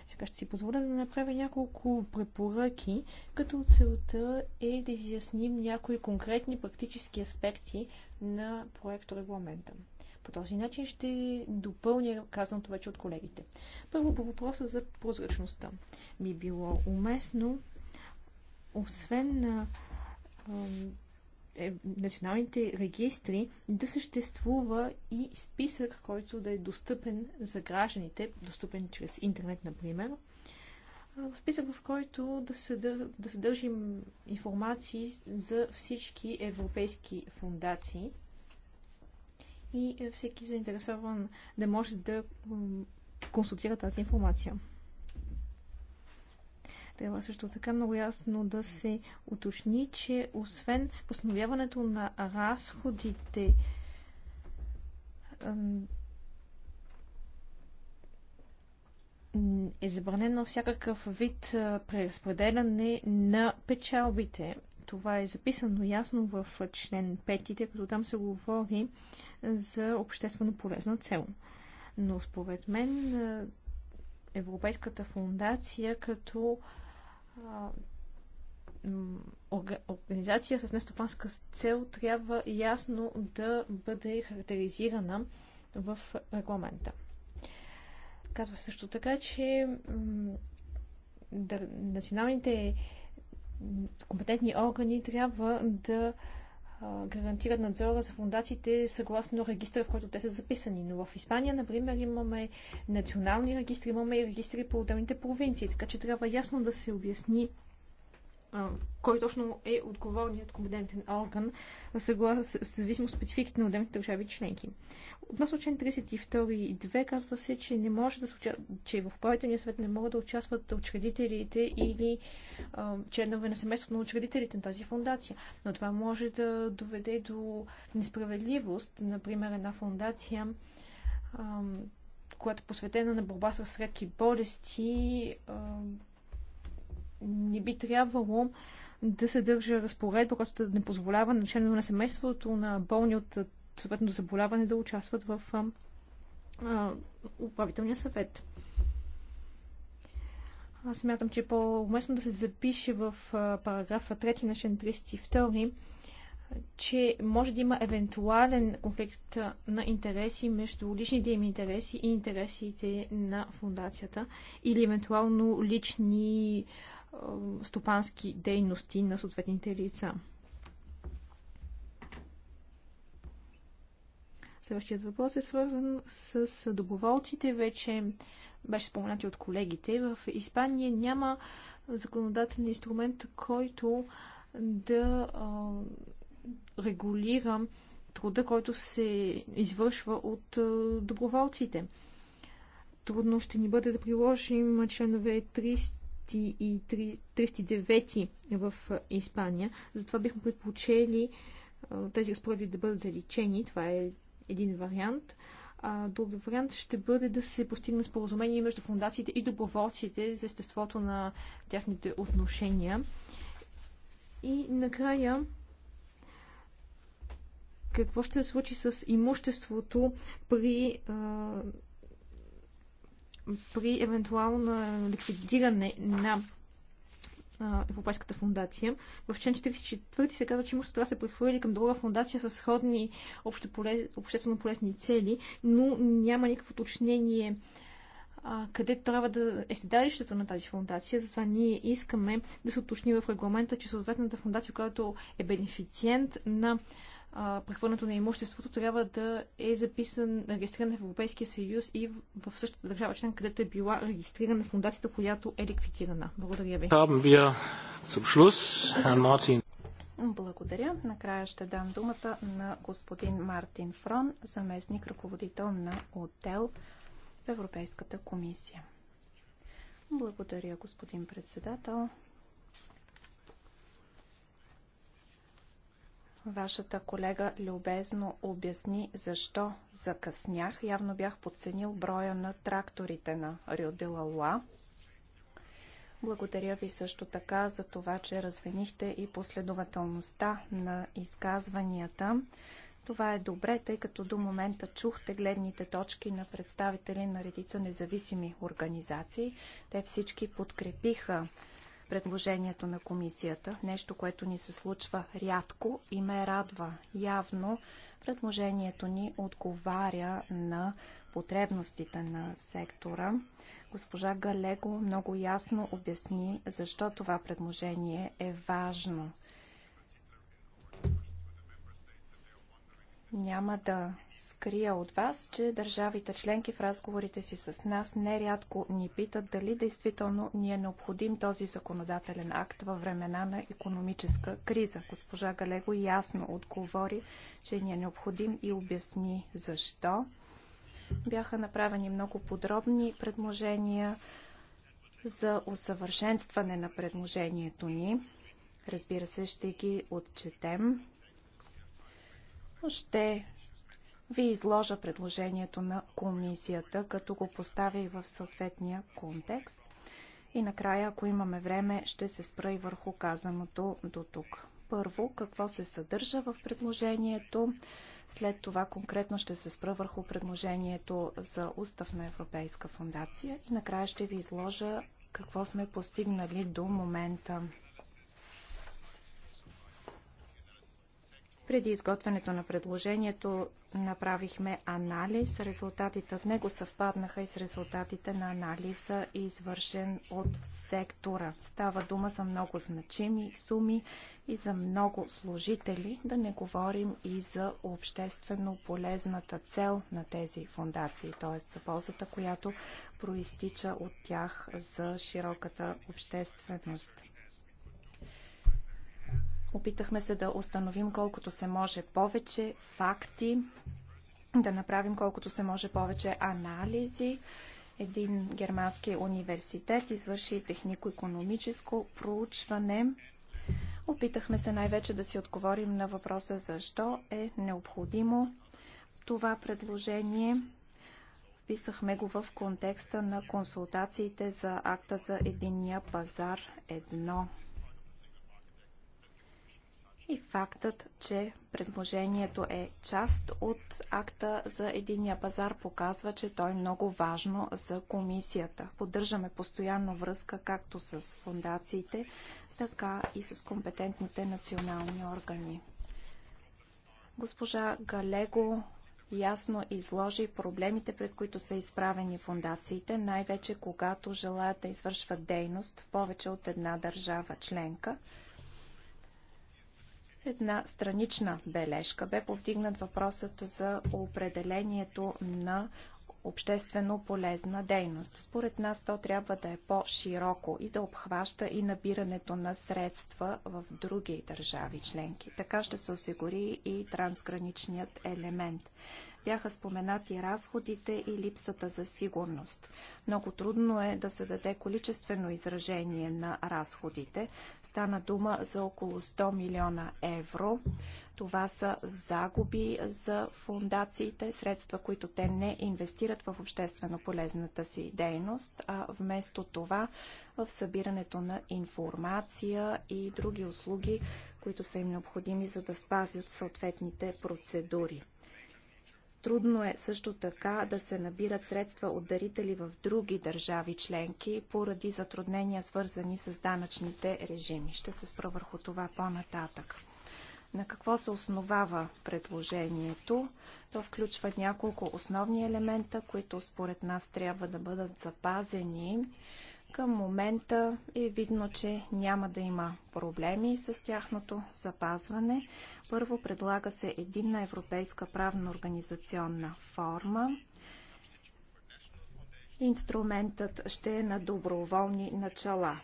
Сега ще си позволя да направя няколко препоръки, като целта е да изясним някои конкретни практически аспекти на проекторегламента. регламента. По този начин ще допълня казаното вече от колегите. Първо по въпроса за прозрачността. Би било уместно, освен на е, националните регистри, да съществува и списък, който да е достъпен за гражданите, достъпен чрез интернет, например, списък, в който да, съдър... да съдържим информации за всички европейски фундации, и всеки заинтересован да може да консултира тази информация. Трябва също така много ясно да се уточни, че освен постановяването на разходите, е забранено всякакъв вид преразпределяне на печалбите. Това е записано ясно в член 5, тъй като там се говори за обществено полезна цел. Но според мен Европейската фундация като организация с нестопанска цел трябва ясно да бъде характеризирана в регламента. Казва също така, че националните компетентни органи трябва да гарантират надзора за фундациите съгласно регистъра, в който те са записани. Но в Испания, например, имаме национални регистри, имаме и регистри по отделните провинции, така че трябва ясно да се обясни кой точно е отговорният компетентен орган, съгласно зависимо от спецификите на отделните държави членки. Относно член 32 и 2 казва се, че не може да се уча... че в управителния съвет не могат да участват учредителите или а, членове на семейството на учредителите на тази фундация. Но това може да доведе до несправедливост. Например, една фундация а, която е посветена на борба с редки болести, а, не би трябвало да съдържа разпоредба, която да не позволява на членове на семейството на болни от съответното заболяване да участват в а, управителния съвет. Аз смятам, че е по-уместно да се запише в параграфа 3 на член 32, че може да има евентуален конфликт на интереси между личните им интереси и интересите на фундацията или евентуално лични а, стопански дейности на съответните лица. Следващият въпрос е свързан с доброволците Вече беше споменати от колегите. В Испания няма законодателен инструмент, който да а, регулира труда, който се извършва от а, доброволците. Трудно ще ни бъде да приложим членове 300 и 39 в е, Испания. Затова бихме предпочели тези разпоредби да бъдат заличени. Това е един вариант. А, друг вариант ще бъде да се постигне споразумение между фундациите и доброволците за естеството на тяхните отношения. И накрая, какво ще се случи с имуществото при а, при евентуално ликвидиране на Европейската фундация. В член 44 се казва, че имуществото се прехвърли към друга фундация с сходни обществено полезни цели, но няма никакво уточнение къде трябва да е седалището на тази фундация. Затова ние искаме да се уточни в регламента, че съответната фундация, която е бенефициент на прехвърлянето на имуществото трябва да е записан, регистриран в Европейския съюз и в същата държава член, където е била регистрирана фундацията, която е ликвидирана. Благодаря ви. Благодаря. Накрая ще дам думата на господин Мартин Фрон, заместник ръководител на отдел в Европейската комисия. Благодаря, господин председател. Вашата колега любезно обясни защо закъснях. Явно бях подценил броя на тракторите на Рио де Луа. Благодаря ви също така за това, че развенихте и последователността на изказванията. Това е добре, тъй като до момента чухте гледните точки на представители на редица независими организации. Те всички подкрепиха предложението на комисията. Нещо, което ни се случва рядко и ме радва. Явно предложението ни отговаря на потребностите на сектора. Госпожа Галего много ясно обясни защо това предложение е важно – Няма да скрия от вас, че държавите членки в разговорите си с нас нерядко ни питат дали действително ни е необходим този законодателен акт във времена на економическа криза. Госпожа Галего ясно отговори, че ни е необходим и обясни защо. Бяха направени много подробни предложения за усъвършенстване на предложението ни. Разбира се, ще ги отчетем. Ще ви изложа предложението на комисията, като го поставя и в съответния контекст. И накрая, ако имаме време, ще се спра и върху казаното до тук. Първо, какво се съдържа в предложението. След това конкретно ще се спра върху предложението за устав на Европейска фундация. И накрая ще ви изложа какво сме постигнали до момента. Преди изготвянето на предложението направихме анализ. Резултатите от него съвпаднаха и с резултатите на анализа, извършен от сектора. Става дума за много значими суми и за много служители, да не говорим и за обществено полезната цел на тези фундации, т.е. за ползата, която проистича от тях за широката общественост. Опитахме се да установим колкото се може повече факти, да направим колкото се може повече анализи. Един германски университет извърши технико-економическо проучване. Опитахме се най-вече да си отговорим на въпроса защо е необходимо това предложение. Вписахме го в контекста на консултациите за акта за единния пазар 1 и фактът, че предложението е част от акта за единния пазар показва, че той е много важно за комисията. Поддържаме постоянно връзка както с фундациите, така и с компетентните национални органи. Госпожа Галего ясно изложи проблемите, пред които са изправени фундациите, най-вече когато желаят да извършват дейност в повече от една държава членка – една странична бележка. Бе повдигнат въпросът за определението на обществено полезна дейност. Според нас то трябва да е по-широко и да обхваща и набирането на средства в други държави членки. Така ще се осигури и трансграничният елемент. Бяха споменати разходите и липсата за сигурност. Много трудно е да се даде количествено изражение на разходите. Стана дума за около 100 милиона евро. Това са загуби за фундациите, средства, които те не инвестират в обществено полезната си дейност, а вместо това в събирането на информация и други услуги, които са им необходими, за да спазят съответните процедури. Трудно е също така да се набират средства от дарители в други държави членки поради затруднения, свързани с данъчните режими. Ще се спра върху това по-нататък. На какво се основава предложението? То включва няколко основни елемента, които според нас трябва да бъдат запазени към момента е видно, че няма да има проблеми с тяхното запазване. Първо предлага се единна европейска правна организационна форма. Инструментът ще е на доброволни начала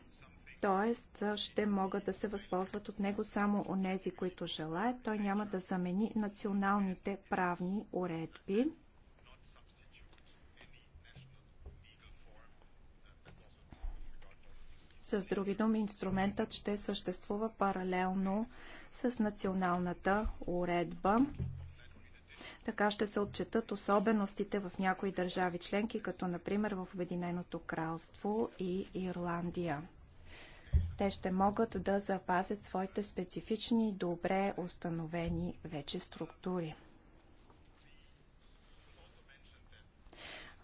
т.е. ще могат да се възползват от него само онези, които желаят. Той няма да замени националните правни уредби. С други думи, инструментът ще съществува паралелно с националната уредба. Така ще се отчетат особеностите в някои държави членки, като например в Обединеното кралство и Ирландия. Те ще могат да запазят своите специфични, добре установени вече структури.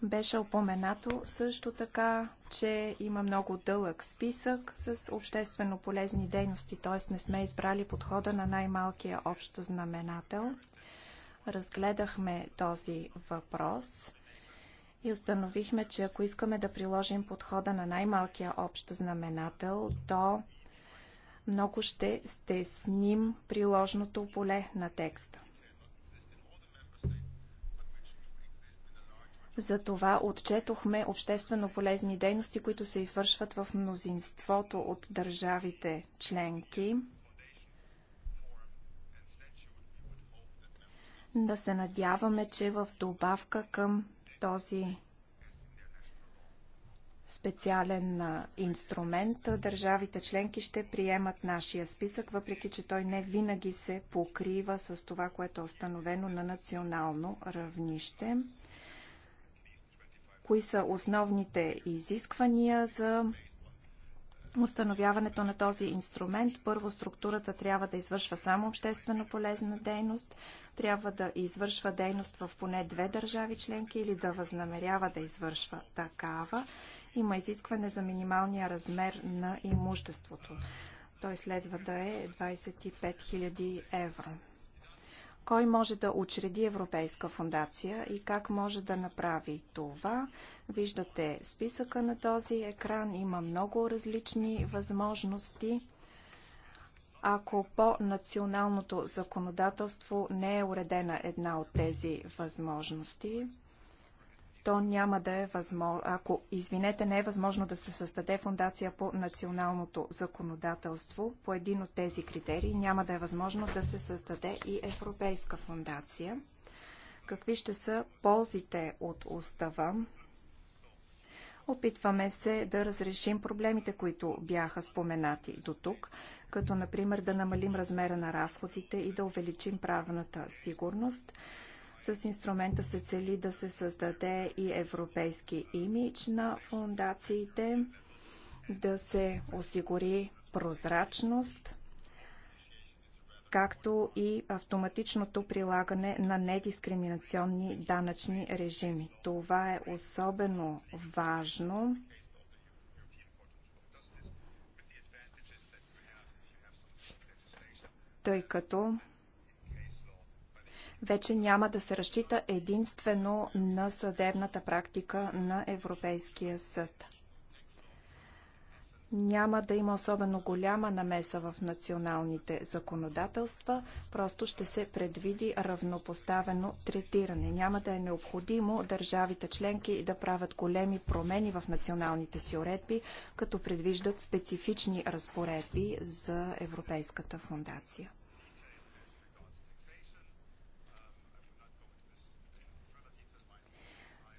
Беше опоменато също така, че има много дълъг списък с обществено полезни дейности, т.е. не сме избрали подхода на най-малкия общ знаменател. Разгледахме този въпрос и установихме, че ако искаме да приложим подхода на най-малкия общ знаменател, то много ще стесним приложното поле на текста. Затова отчетохме обществено полезни дейности, които се извършват в мнозинството от държавите членки. Да се надяваме, че в добавка към този специален инструмент, държавите членки ще приемат нашия списък, въпреки че той не винаги се покрива с това, което е установено на национално равнище кои са основните изисквания за установяването на този инструмент. Първо, структурата трябва да извършва само обществено полезна дейност, трябва да извършва дейност в поне две държави членки или да възнамерява да извършва такава. Има изискване за минималния размер на имуществото. Той следва да е 25 000 евро. Кой може да учреди Европейска фундация и как може да направи това? Виждате списъка на този екран. Има много различни възможности. Ако по националното законодателство не е уредена една от тези възможности, то няма да е възможно, ако, извинете, не е възможно да се създаде фундация по националното законодателство, по един от тези критерии няма да е възможно да се създаде и Европейска фундация. Какви ще са ползите от устава? Опитваме се да разрешим проблемите, които бяха споменати до тук, като например да намалим размера на разходите и да увеличим правната сигурност – с инструмента се цели да се създаде и европейски имидж на фундациите, да се осигури прозрачност, както и автоматичното прилагане на недискриминационни данъчни режими. Това е особено важно тъй като вече няма да се разчита единствено на съдебната практика на Европейския съд. Няма да има особено голяма намеса в националните законодателства, просто ще се предвиди равнопоставено третиране. Няма да е необходимо държавите членки да правят големи промени в националните си уредби, като предвиждат специфични разпоредби за Европейската фундация.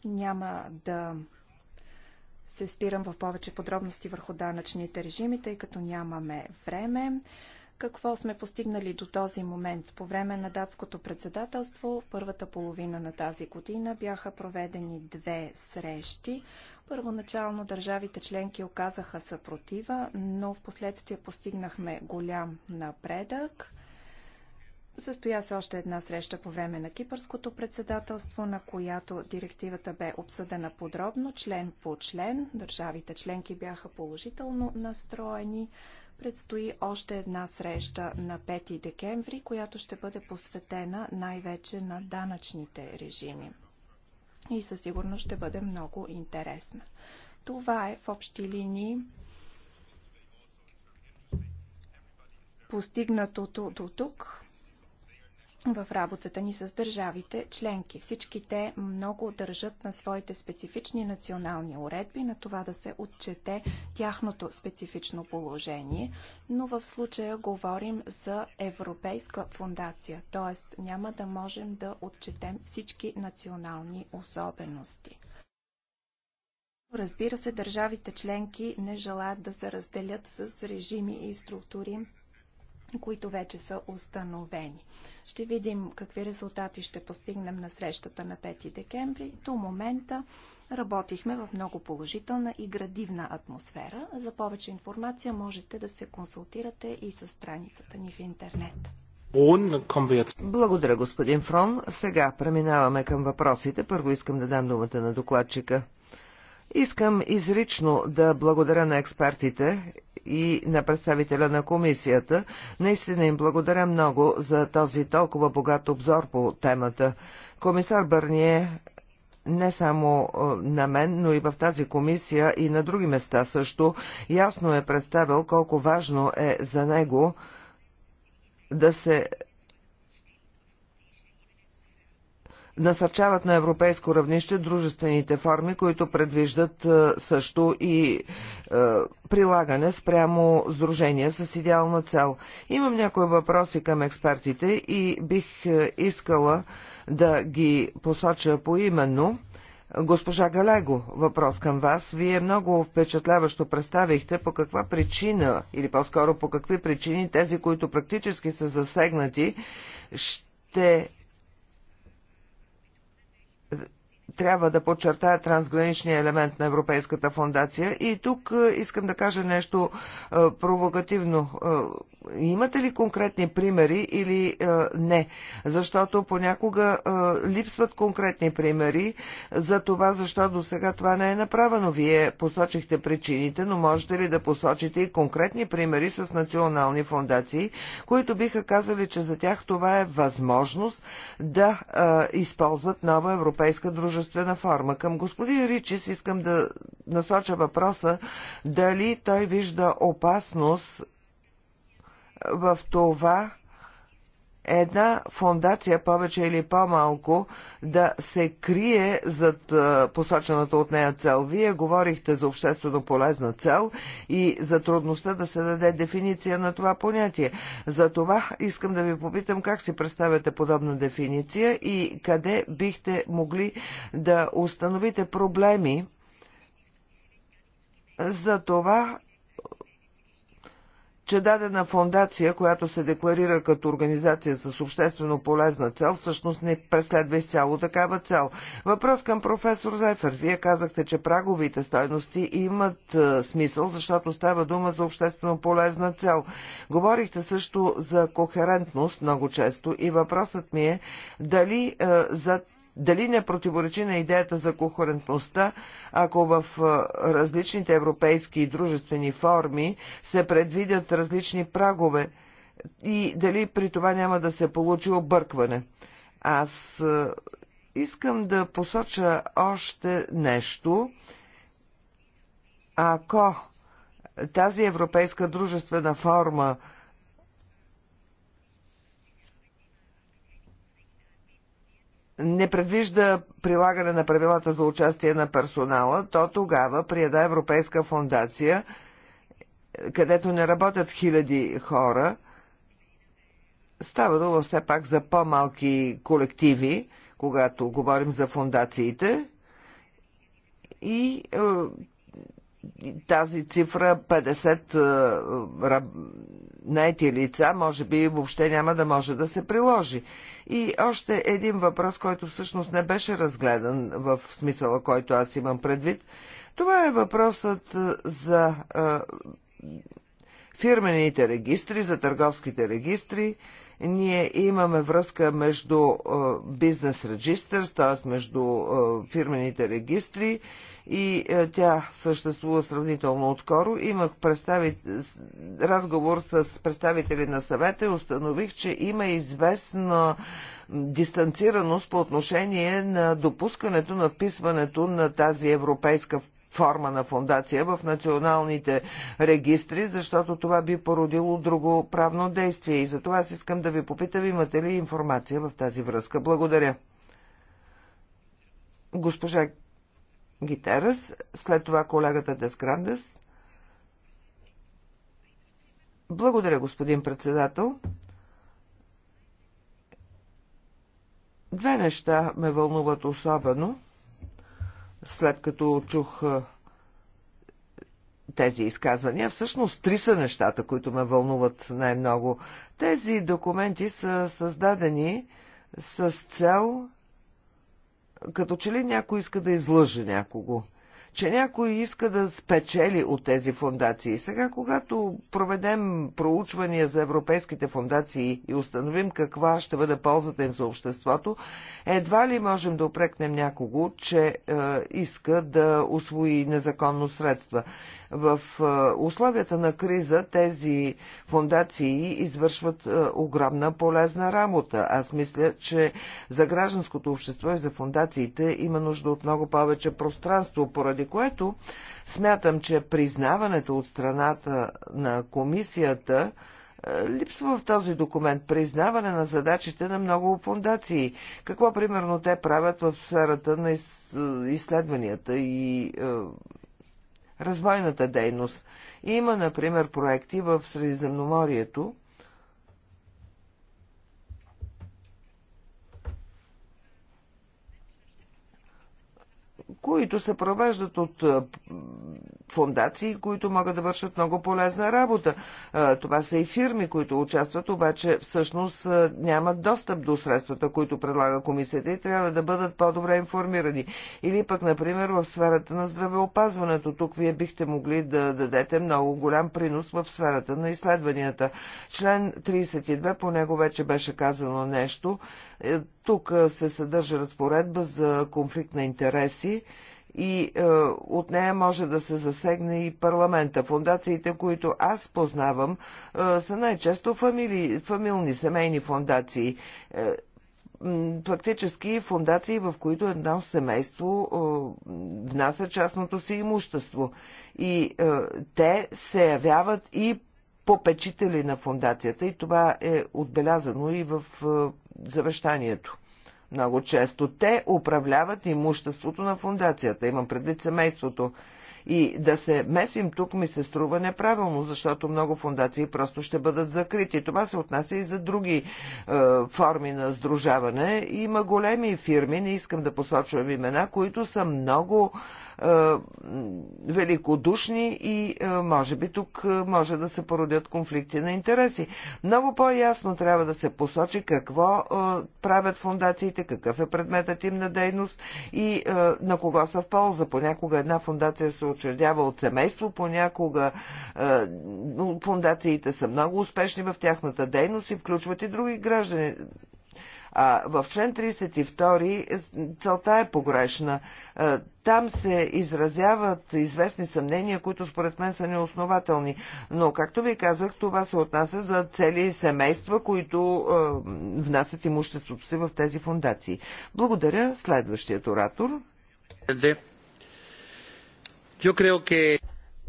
Няма да се спирам в повече подробности върху данъчните режими, тъй като нямаме време. Какво сме постигнали до този момент? По време на датското председателство, в първата половина на тази година, бяха проведени две срещи. Първоначално държавите членки оказаха съпротива, но в последствие постигнахме голям напредък. Състоя се още една среща по време на кипърското председателство, на която директивата бе обсъдена подробно, член по член. Държавите членки бяха положително настроени. Предстои още една среща на 5 декември, която ще бъде посветена най-вече на данъчните режими. И със сигурност ще бъде много интересна. Това е в общи линии постигнатото до тук в работата ни с държавите членки. Всички те много държат на своите специфични национални уредби, на това да се отчете тяхното специфично положение, но в случая говорим за Европейска фундация, т.е. няма да можем да отчетем всички национални особености. Разбира се, държавите членки не желаят да се разделят с режими и структури които вече са установени. Ще видим какви резултати ще постигнем на срещата на 5 декември. До момента работихме в много положителна и градивна атмосфера. За повече информация можете да се консултирате и с страницата ни в интернет. Благодаря, господин Фрон. Сега преминаваме към въпросите. Първо искам да дам думата на докладчика. Искам изрично да благодаря на експертите и на представителя на комисията. Наистина им благодаря много за този толкова богат обзор по темата. Комисар Бърние не само е, на мен, но и в тази комисия и на други места също ясно е представил колко важно е за него да се насърчават на европейско равнище дружествените форми, които предвиждат е, също и е, прилагане спрямо сдружения с идеална цел. Имам някои въпроси към експертите и бих е, искала да ги посоча поименно. Госпожа Галего, въпрос към вас. Вие много впечатляващо представихте по каква причина, или по-скоро по какви причини тези, които практически са засегнати, ще трябва да подчертая трансграничния елемент на Европейската фундация. И тук е, искам да кажа нещо е, провокативно. Е, Имате ли конкретни примери или а, не? Защото понякога а, липсват конкретни примери за това, защо до сега това не е направено. Вие посочихте причините, но можете ли да посочите и конкретни примери с национални фундации, които биха казали, че за тях това е възможност да а, използват нова европейска дружествена форма. Към господин Ричис искам да насоча въпроса дали той вижда опасност в това една фундация повече или по-малко да се крие зад посочената от нея цел. Вие говорихте за обществено полезна цел и за трудността да се даде дефиниция на това понятие. За това искам да ви попитам как си представяте подобна дефиниция и къде бихте могли да установите проблеми за това че дадена фондация, която се декларира като организация с обществено полезна цел, всъщност не преследва изцяло такава цел. Въпрос към професор Зайфер. Вие казахте, че праговите стойности имат е, смисъл, защото става дума за обществено полезна цел. Говорихте също за кохерентност много често и въпросът ми е дали е, зад дали не противоречи на идеята за кохорентността, ако в различните европейски и дружествени форми се предвидят различни прагове и дали при това няма да се получи объркване. Аз искам да посоча още нещо. Ако тази европейска дружествена форма не предвижда прилагане на правилата за участие на персонала, то тогава при една европейска фундация, където не работят хиляди хора, става дума все пак за по-малки колективи, когато говорим за фундациите. И е, тази цифра 50 е, наети лица, може би въобще няма да може да се приложи. И още един въпрос, който всъщност не беше разгледан в смисъла, който аз имам предвид. Това е въпросът е, за е, фирмените регистри, за търговските регистри. Ние имаме връзка между бизнес регистър, т.е. между фирмените регистри и е, тя съществува сравнително отскоро. Имах разговор с представители на съвета и установих, че има известна дистанцираност по отношение на допускането на вписването на тази европейска форма на фундация в националните регистри, защото това би породило друго правно действие. И за това аз искам да ви попитам, имате ли информация в тази връзка. Благодаря. Госпожа Гитерас, след това колегата Десграндес. Благодаря, господин председател. Две неща ме вълнуват особено, след като чух тези изказвания. Всъщност три са нещата, които ме вълнуват най-много. Тези документи са създадени с цел като че ли някой иска да излъже някого, че някой иска да спечели от тези фундации. Сега, когато проведем проучвания за европейските фундации и установим каква ще бъде ползата им за обществото, едва ли можем да опрекнем някого, че е, иска да освои незаконно средства. В условията на криза тези фундации извършват огромна полезна работа. Аз мисля, че за гражданското общество и за фундациите има нужда от много повече пространство, поради което смятам, че признаването от страната на комисията липсва в този документ признаване на задачите на много фундации. Какво примерно те правят в сферата на изследванията и развойната дейност. Има, например, проекти в Средиземноморието, които се провеждат от фундации, които могат да вършат много полезна работа. Това са и фирми, които участват, обаче всъщност нямат достъп до средствата, които предлага комисията и трябва да бъдат по-добре информирани. Или пък, например, в сферата на здравеопазването. Тук вие бихте могли да дадете много голям принос в сферата на изследванията. Член 32, по него вече беше казано нещо. Е, тук се съдържа разпоредба за конфликт на интереси и е, от нея може да се засегне и парламента. Фундациите, които аз познавам, е, са най-често фамили, фамилни семейни фундации. Е, фактически фундации, в които едно семейство е, внася частното си имущество. И е, те се явяват и попечители на фундацията и това е отбелязано и в е, завещанието много често. Те управляват имуществото на фундацията, имам предвид семейството. И да се месим тук ми се струва неправилно, защото много фундации просто ще бъдат закрити. Това се отнася и за други е, форми на сдружаване. Има големи фирми, не искам да посочвам имена, които са много е, е, великодушни и е, може би тук е, може да се породят конфликти на интереси. Много по-ясно трябва да се посочи какво правят фундациите, какъв е предметът им на дейност и на кого са в полза. Понякога една фундация се учредява от семейство, понякога фундациите са много успешни в тяхната дейност и включват и други граждани. А в член 32 е, целта е погрешна. Там се изразяват известни съмнения, които според мен са неоснователни. Но, както ви казах, това се отнася за цели семейства, които е, внасят имуществото си в тези фундации. Благодаря. Следващият оратор.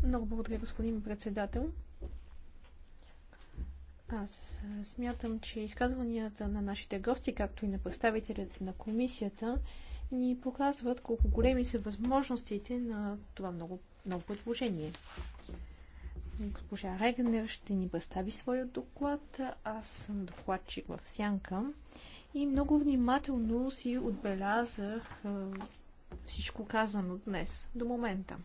Много благодаря, господин председател. Аз смятам, че изказванията на нашите гости, както и на представителите на комисията, ни показват колко големи са възможностите на това много, много предложение. Госпожа Регнер ще ни представи своя доклад. Аз съм докладчик в Сянка и много внимателно си отбелязах всичко казано днес, до момента.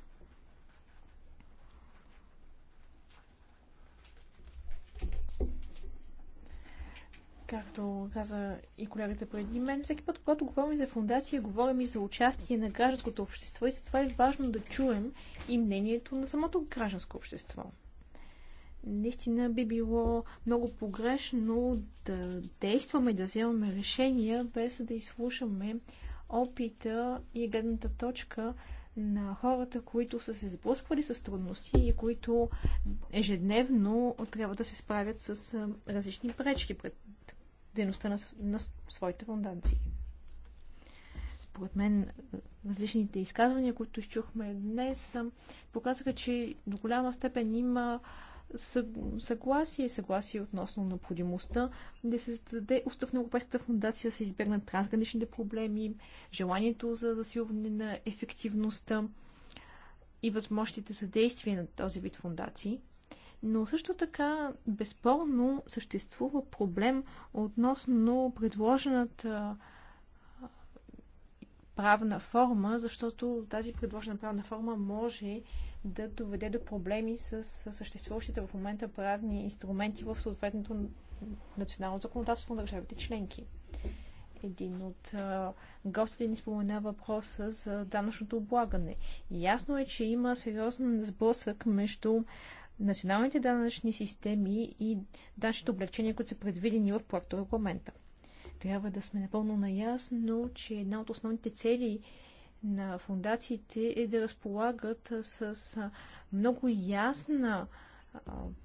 Както каза и колегата преди мен, всеки път, когато говорим за фундация, говорим и за участие на гражданското общество и затова е важно да чуем и мнението на самото гражданско общество. Наистина би било много погрешно да действаме, да вземаме решения, без да изслушаме опита и гледната точка на хората, които са се сблъсквали с трудности и които ежедневно трябва да се справят с различни пречки пред дейността на, на своите фундации. Според мен различните изказвания, които чухме днес, показаха, че до голяма степен има съгласие и съгласие относно необходимостта да се създаде устав на Европейската фундация, да се избегнат трансграничните проблеми, желанието за засилване на ефективността и възможностите за действие на този вид фундации. Но също така, безспорно, съществува проблем относно предложената правна форма, защото тази предложена правна форма може да доведе до проблеми с съществуващите в момента правни инструменти в съответното национално законодателство на държавите членки. Един от гостите ни спомена въпроса за данъчното облагане. Ясно е, че има сериозен сблъсък между националните данъчни системи и данъчните облегчения, които са предвидени в проекта регламента. Трябва да сме напълно наясно, че една от основните цели на фундациите е да разполагат с много ясна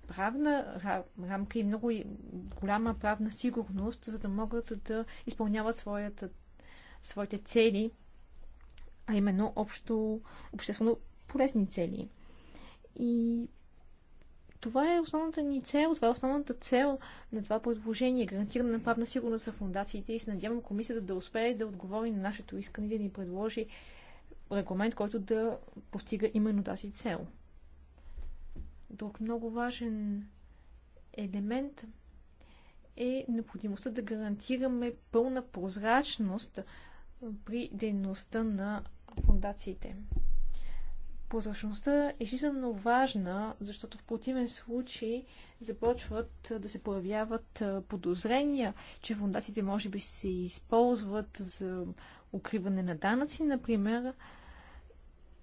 правна рамка и много голяма правна сигурност, за да могат да изпълняват своята, своите цели, а именно общо, обществено полезни цели. И това е основната ни цел, това е основната цел на това предложение, гарантиране на правна сигурност за фундациите и се надявам комисията да успее да отговори на нашето искане да ни предложи регламент, който да постига именно тази цел. Друг много важен елемент е необходимостта да гарантираме пълна прозрачност при дейността на фундациите. Прозрачността е жизненно важна, защото в противен случай започват да се появяват подозрения, че фундациите може би се използват за укриване на данъци, например,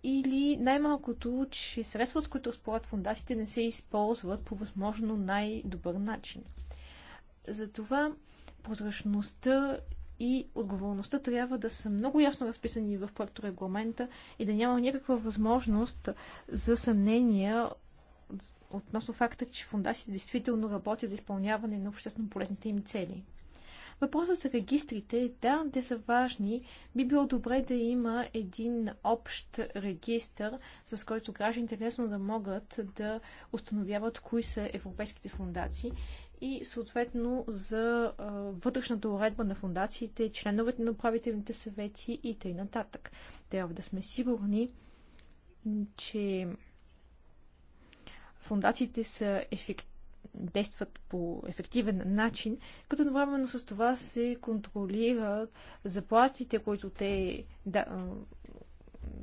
или най-малкото, че средствата, с които разполагат фундациите, не се използват по възможно най-добър начин. Затова прозрачността и отговорността трябва да са много ясно разписани в регламента и да няма никаква възможност за съмнения относно факта, че фундациите действително работят за изпълняване на обществено полезните им цели. Въпросът за регистрите, да, те са важни. Би било добре да има един общ регистр, с който гражданите лесно да могат да установяват кои са европейските фундации и съответно за а, вътрешната уредба на фундациите, членовете на управителните съвети и т.н. Трябва да сме сигурни, че фундациите са ефик... действат по ефективен начин, като едновременно с това се контролира заплатите, които те да,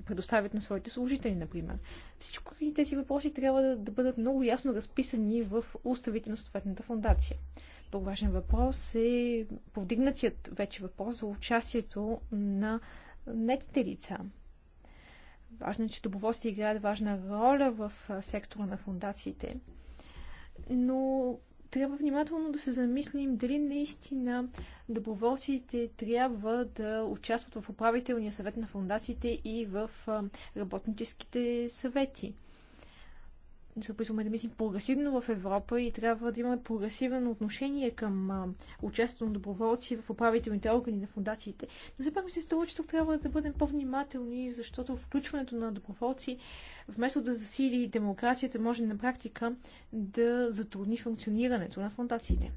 предоставят на своите служители, например. Всичко и тези въпроси трябва да, да бъдат много ясно разписани в уставите на съответната фундация. Друг важен въпрос е повдигнатият вече въпрос за участието на нетите лица. Важно е, че доброволците играят важна роля в сектора на фундациите, но трябва внимателно да се замислим дали наистина доброволците трябва да участват в управителния съвет на фундациите и в работническите съвети се опитваме да мислим прогресивно в Европа и трябва да имаме прогресивно отношение към участието на доброволци в управителните органи на фундациите. Но все пак ми се струва, че тук трябва да бъдем по-внимателни, защото включването на доброволци, вместо да засили демокрацията, може на практика да затрудни функционирането на фундациите.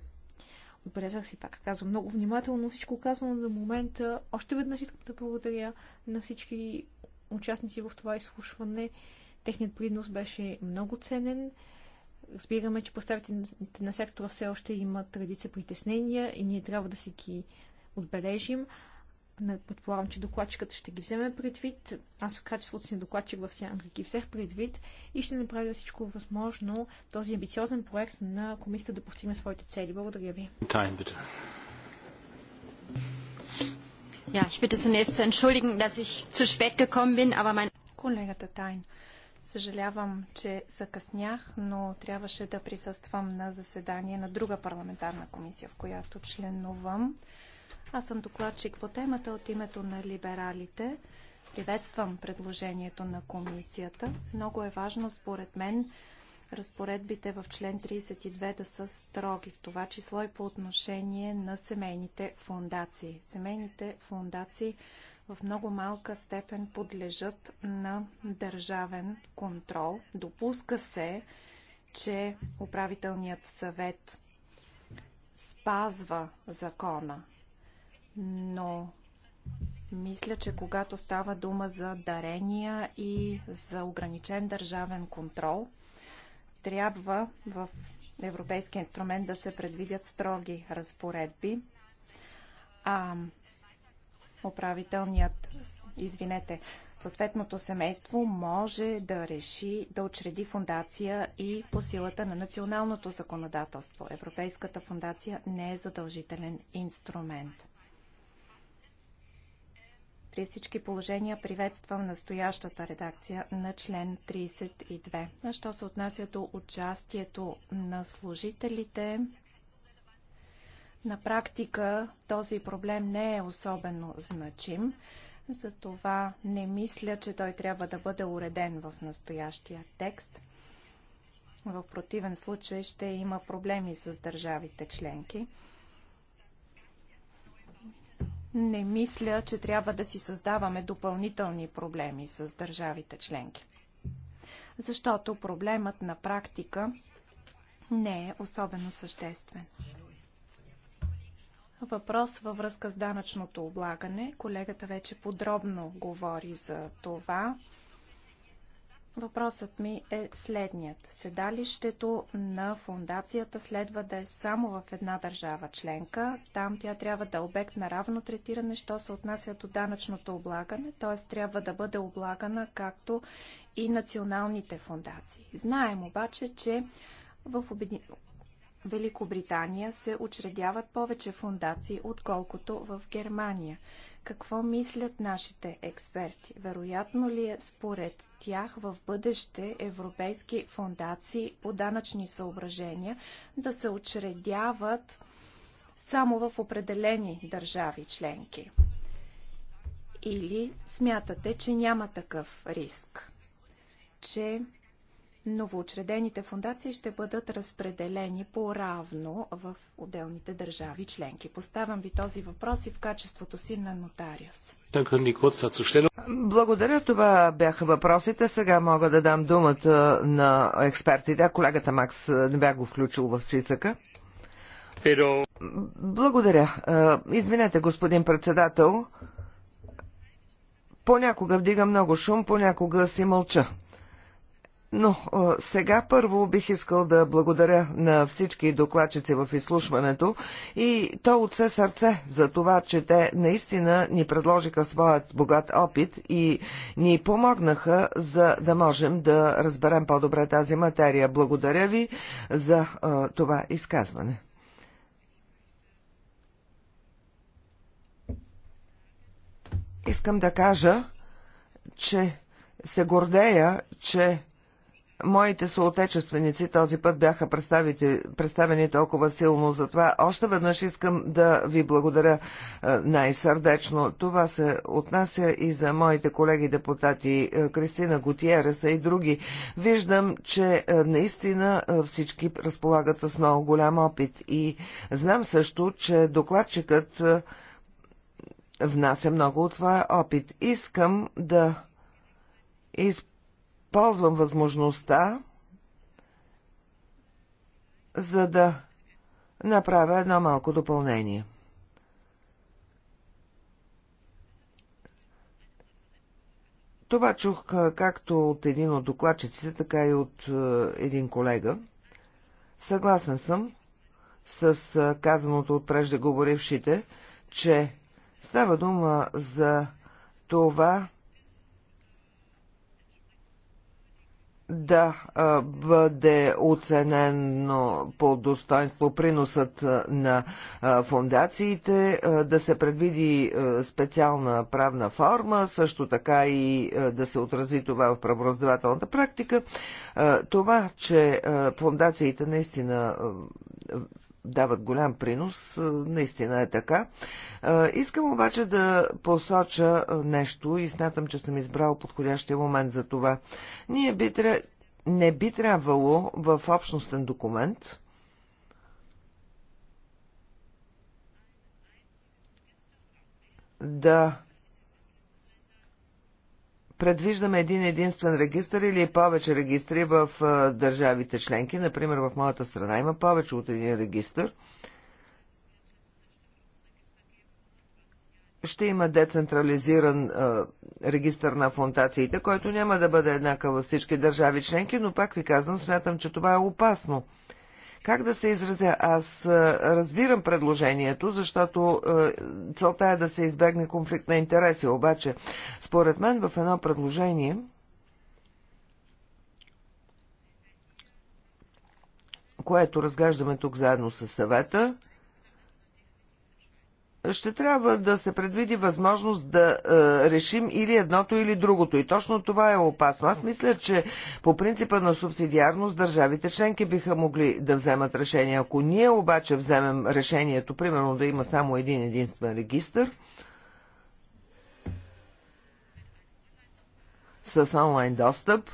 Отбелязах си пак, казвам много внимателно всичко казано до момента. Още веднъж искам да благодаря на всички участници в това изслушване. Техният принос беше много ценен. Разбираме, че представителите на сектора все още имат традиция притеснения и ние трябва да си ги отбележим. Предполагам, че докладчиката ще ги вземе предвид. Аз в качеството си докладчик в Сянка ги взех предвид и ще направя всичко възможно този амбициозен проект на комисията да постигне своите цели. Благодаря ви. Ja, ich bitte zunächst zu entschuldigen, dass ich zu spät gekommen bin, aber mein... Колегата Тайн. Съжалявам, че закъснях, но трябваше да присъствам на заседание на друга парламентарна комисия, в която членувам. Аз съм докладчик по темата от името на либералите. Приветствам предложението на комисията. Много е важно, според мен, разпоредбите в член 32 да са строги, в това число и по отношение на семейните фундации. Семейните фундации в много малка степен подлежат на държавен контрол. Допуска се, че управителният съвет спазва закона, но мисля, че когато става дума за дарения и за ограничен държавен контрол, трябва в Европейския инструмент да се предвидят строги разпоредби. А управителният, извинете, съответното семейство може да реши да учреди фундация и по силата на националното законодателство. Европейската фундация не е задължителен инструмент. При всички положения приветствам настоящата редакция на член 32. На що се отнася до участието на служителите, на практика този проблем не е особено значим, затова не мисля, че той трябва да бъде уреден в настоящия текст. В противен случай ще има проблеми с държавите членки. Не мисля, че трябва да си създаваме допълнителни проблеми с държавите членки. Защото проблемът на практика не е особено съществен. Въпрос във връзка с данъчното облагане. Колегата вече подробно говори за това. Въпросът ми е следният. Седалището на фундацията следва да е само в една държава членка. Там тя трябва да е обект на равно третиране, що се отнася до данъчното облагане, т.е. трябва да бъде облагана както и националните фундации. Знаем обаче, че в Великобритания се учредяват повече фундации, отколкото в Германия. Какво мислят нашите експерти? Вероятно ли е според тях в бъдеще европейски фундации по данъчни съображения да се учредяват само в определени държави членки? Или смятате, че няма такъв риск? Че новоочредените фундации ще бъдат разпределени по-равно в отделните държави членки. Поставям ви този въпрос и в качеството си на нотариус. Благодаря, това бяха въпросите. Сега мога да дам думата на експертите. Колегата Макс не бях го включил в списъка. Благодаря. Извинете, господин председател. Понякога вдига много шум, понякога си мълча. Но сега първо бих искал да благодаря на всички докладчици в изслушването и то от все сърце за това, че те наистина ни предложиха своят богат опит и ни помогнаха за да можем да разберем по-добре тази материя. Благодаря ви за а, това изказване. Искам да кажа, че се гордея, че моите съотечественици този път бяха представени толкова силно. Затова още веднъж искам да ви благодаря е, най-сърдечно. Това се отнася и за моите колеги депутати е, Кристина Готиереса и други. Виждам, че е, наистина всички разполагат с много голям опит и знам също, че докладчикът внася много от своя опит. Искам да изпълня ползвам възможността, за да направя едно малко допълнение. Това чух както от един от докладчиците, така и от един колега. Съгласен съм с казаното от преждеговорившите, че става дума за това да бъде оценен по достоинство приносът на фундациите, да се предвиди специална правна форма, също така и да се отрази това в правораздавателната практика. Това, че фундациите наистина дават голям принос. Е, наистина е така. Е, искам обаче да посоча е, нещо и смятам, че съм избрал подходящия момент за това. Ние би, не би трябвало в общностен документ да предвиждаме един единствен регистр или повече регистри в държавите членки. Например, в моята страна има повече от един регистр. ще има децентрализиран е, регистър на фундациите, който няма да бъде еднакъв във всички държави членки, но пак ви казвам, смятам, че това е опасно. Как да се изразя? Аз разбирам предложението, защото целта е да се избегне конфликт на интереси, обаче според мен в едно предложение което разглеждаме тук заедно с съвета, ще трябва да се предвиди възможност да е, решим или едното или другото. И точно това е опасно. Аз мисля, че по принципа на субсидиарност държавите членки биха могли да вземат решение. Ако ние обаче вземем решението, примерно да има само един единствен регистр с онлайн достъп,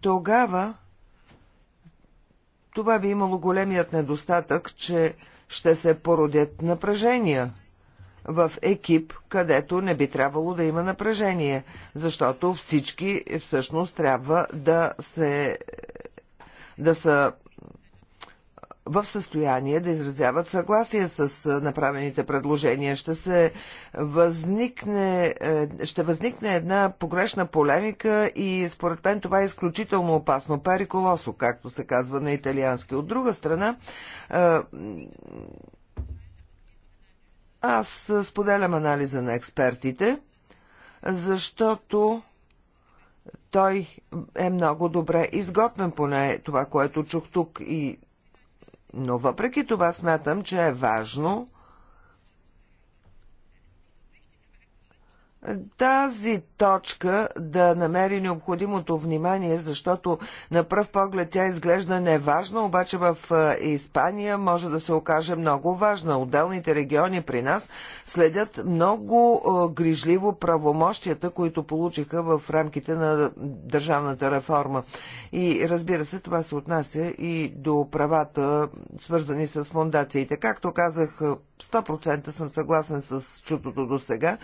тогава това би имало големият недостатък, че ще се породят напрежения в екип, където не би трябвало да има напрежение, защото всички всъщност трябва да се да са в състояние да изразяват съгласие с направените предложения. Ще се възникне, е, ще възникне една погрешна полемика и според мен това е изключително опасно. Периколосо, както се казва на италиански. От друга страна, е, аз споделям анализа на експертите, защото той е много добре изготвен, поне това, което чух тук и но въпреки това смятам, че е важно тази точка да намери необходимото внимание, защото на пръв поглед тя изглежда неважна, обаче в Испания може да се окаже много важна. Отделните региони при нас следят много грижливо правомощията, които получиха в рамките на държавната реформа. И разбира се, това се отнася и до правата, свързани с фундациите. Както казах, 100% съм съгласен с чутото до сега.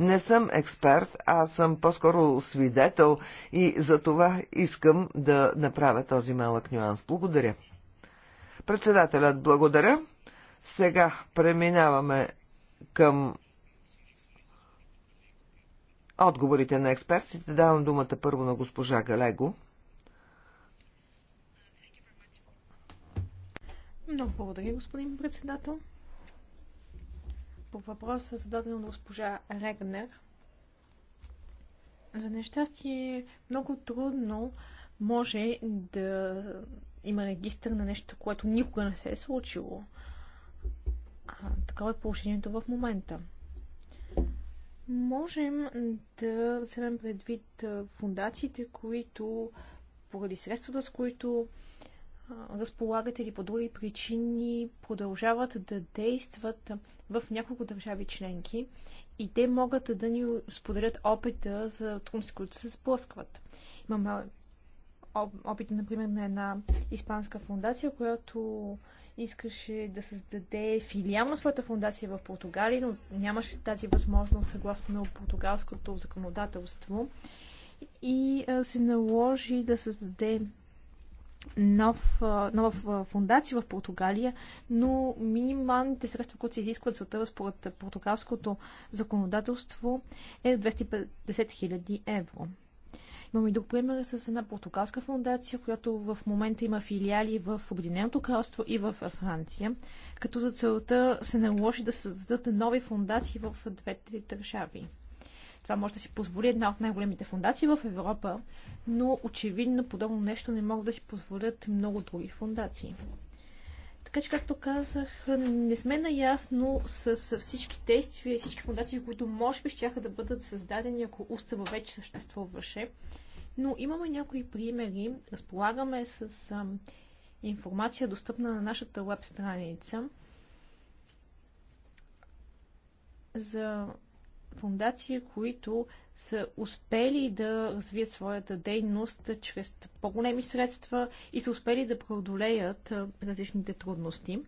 Не съм експерт, аз съм по-скоро свидетел и за това искам да направя този малък нюанс. Благодаря. Председателят, благодаря. Сега преминаваме към отговорите на експертите. Давам думата първо на госпожа Галего. Много благодаря, господин председател. По въпроса, зададен от госпожа Регнер, за нещастие, много трудно може да има регистър на нещо, което никога не се е случило. А, такова е положението в момента. Можем да вземем предвид фундациите, които поради средствата, с които разполагат или по други причини продължават да действат в няколко държави членки и те могат да ни споделят опита за трудности, които се сблъскват. Имаме опита, например, на една испанска фундация, която искаше да създаде филиал на своята фундация в Португалия, но нямаше тази възможност съгласно на португалското законодателство и се наложи да създаде нов, нова фундация в Португалия, но минималните средства, които се изискват за това според португалското законодателство е 250 000 евро. Имам и друг пример с една португалска фундация, която в момента има филиали в Обединеното кралство и в Франция, като за целта се наложи да създадат нови фундации в двете държави. Това може да си позволи една от най-големите фундации в Европа, но очевидно подобно нещо не могат да си позволят много други фундации. Така че, както казах, не сме наясно с, всички действия и всички фундации, които може би ще да бъдат създадени, ако устава вече съществуваше. Но имаме някои примери, разполагаме с а, информация, достъпна на нашата веб страница за фундации, които са успели да развият своята дейност чрез по-големи средства и са успели да преодолеят различните трудности.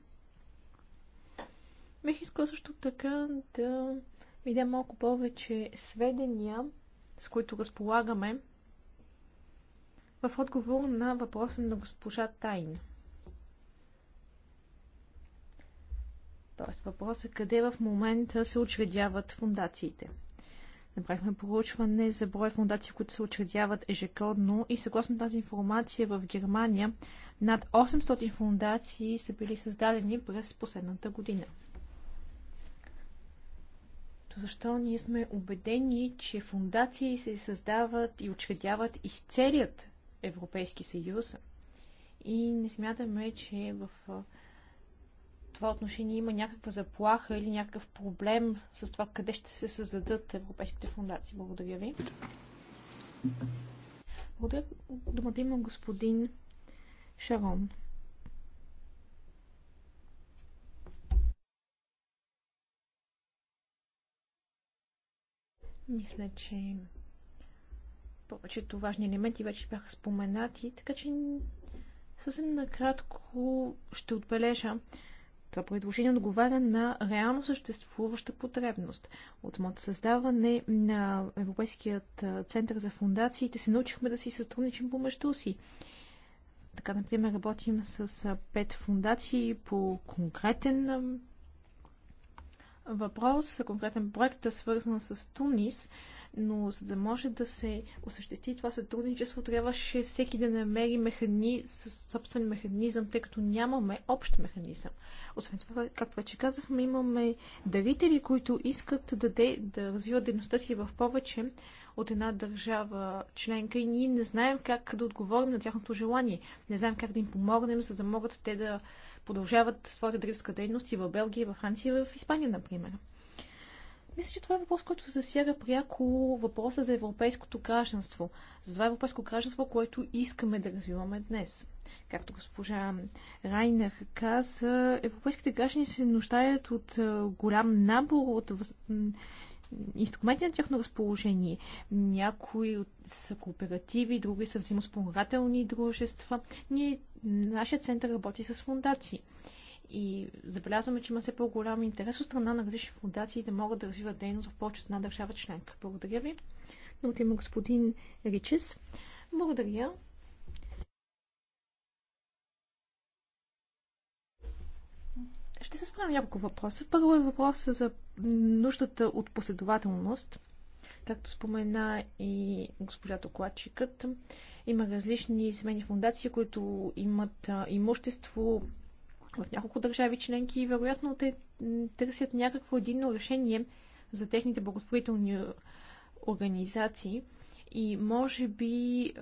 Бих искал също така да ви дам малко повече сведения, с които разполагаме в отговор на въпроса на госпожа Тайн. Тоест въпросът е къде в момента се учредяват фундациите. Направихме проучване за брой фундации, които се учредяват ежегодно и съгласно тази информация в Германия над 800 фундации са били създадени през последната година. То защо ние сме убедени, че фундации се създават и учредяват из целият Европейски съюз и не смятаме, че в това отношение има някаква заплаха или някакъв проблем с това къде ще се създадат европейските фундации. Благодаря ви. Благодаря. Думата има господин Шарон. Мисля, че повечето важни елементи вече бяха споменати, така че съвсем накратко ще отбележа, това предложение отговаря на реално съществуваща потребност. От моето създаване на Европейският център за фундациите се научихме да си сътрудничим помежду си. Така, например, работим с пет фундации по конкретен въпрос, конкретен проект, свързан с Тунис но за да може да се осъществи това сътрудничество, трябваше всеки да намери механи... собствен механизъм, тъй като нямаме общ механизъм. Освен това, както вече казахме, имаме дарители, които искат да, де... да развиват дейността си в повече от една държава членка и ние не знаем как да отговорим на тяхното желание. Не знаем как да им помогнем, за да могат те да продължават своята дарителска дейност и в Белгия, и в Франция, и в Испания, например. Мисля, че това е въпрос, който засяга пряко въпроса за европейското гражданство. За това е европейско гражданство, което искаме да развиваме днес. Както госпожа Райнер каза, европейските граждани се нуждаят от голям набор от инструменти на тяхно разположение. Някои са кооперативи, други са взаимоспомагателни дружества. Ние, нашия център работи с фундации. И забелязваме, че има все по-голям интерес от страна на различни фундации да могат да развиват дейност в повече една държава членка. Благодаря ви. Но има господин Ричес. Благодаря. Ще се спомням няколко въпроса. Първо е въпрос за нуждата от последователност. Както спомена и госпожа Токладчикът, има различни семейни фундации, които имат имущество, в няколко държави членки и вероятно те търсят някакво единно решение за техните благотворителни организации и може би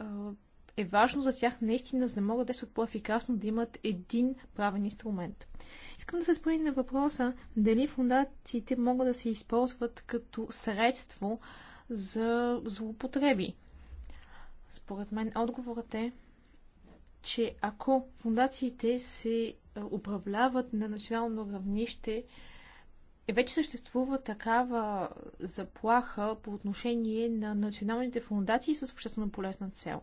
е важно за тях наистина, за да могат да действат по-ефикасно, да имат един правен инструмент. Искам да се спомня на въпроса дали фундациите могат да се използват като средство за злоупотреби. Според мен отговорът е, че ако фундациите се управляват на национално равнище, вече съществува такава заплаха по отношение на националните фундации с обществено полезна цел.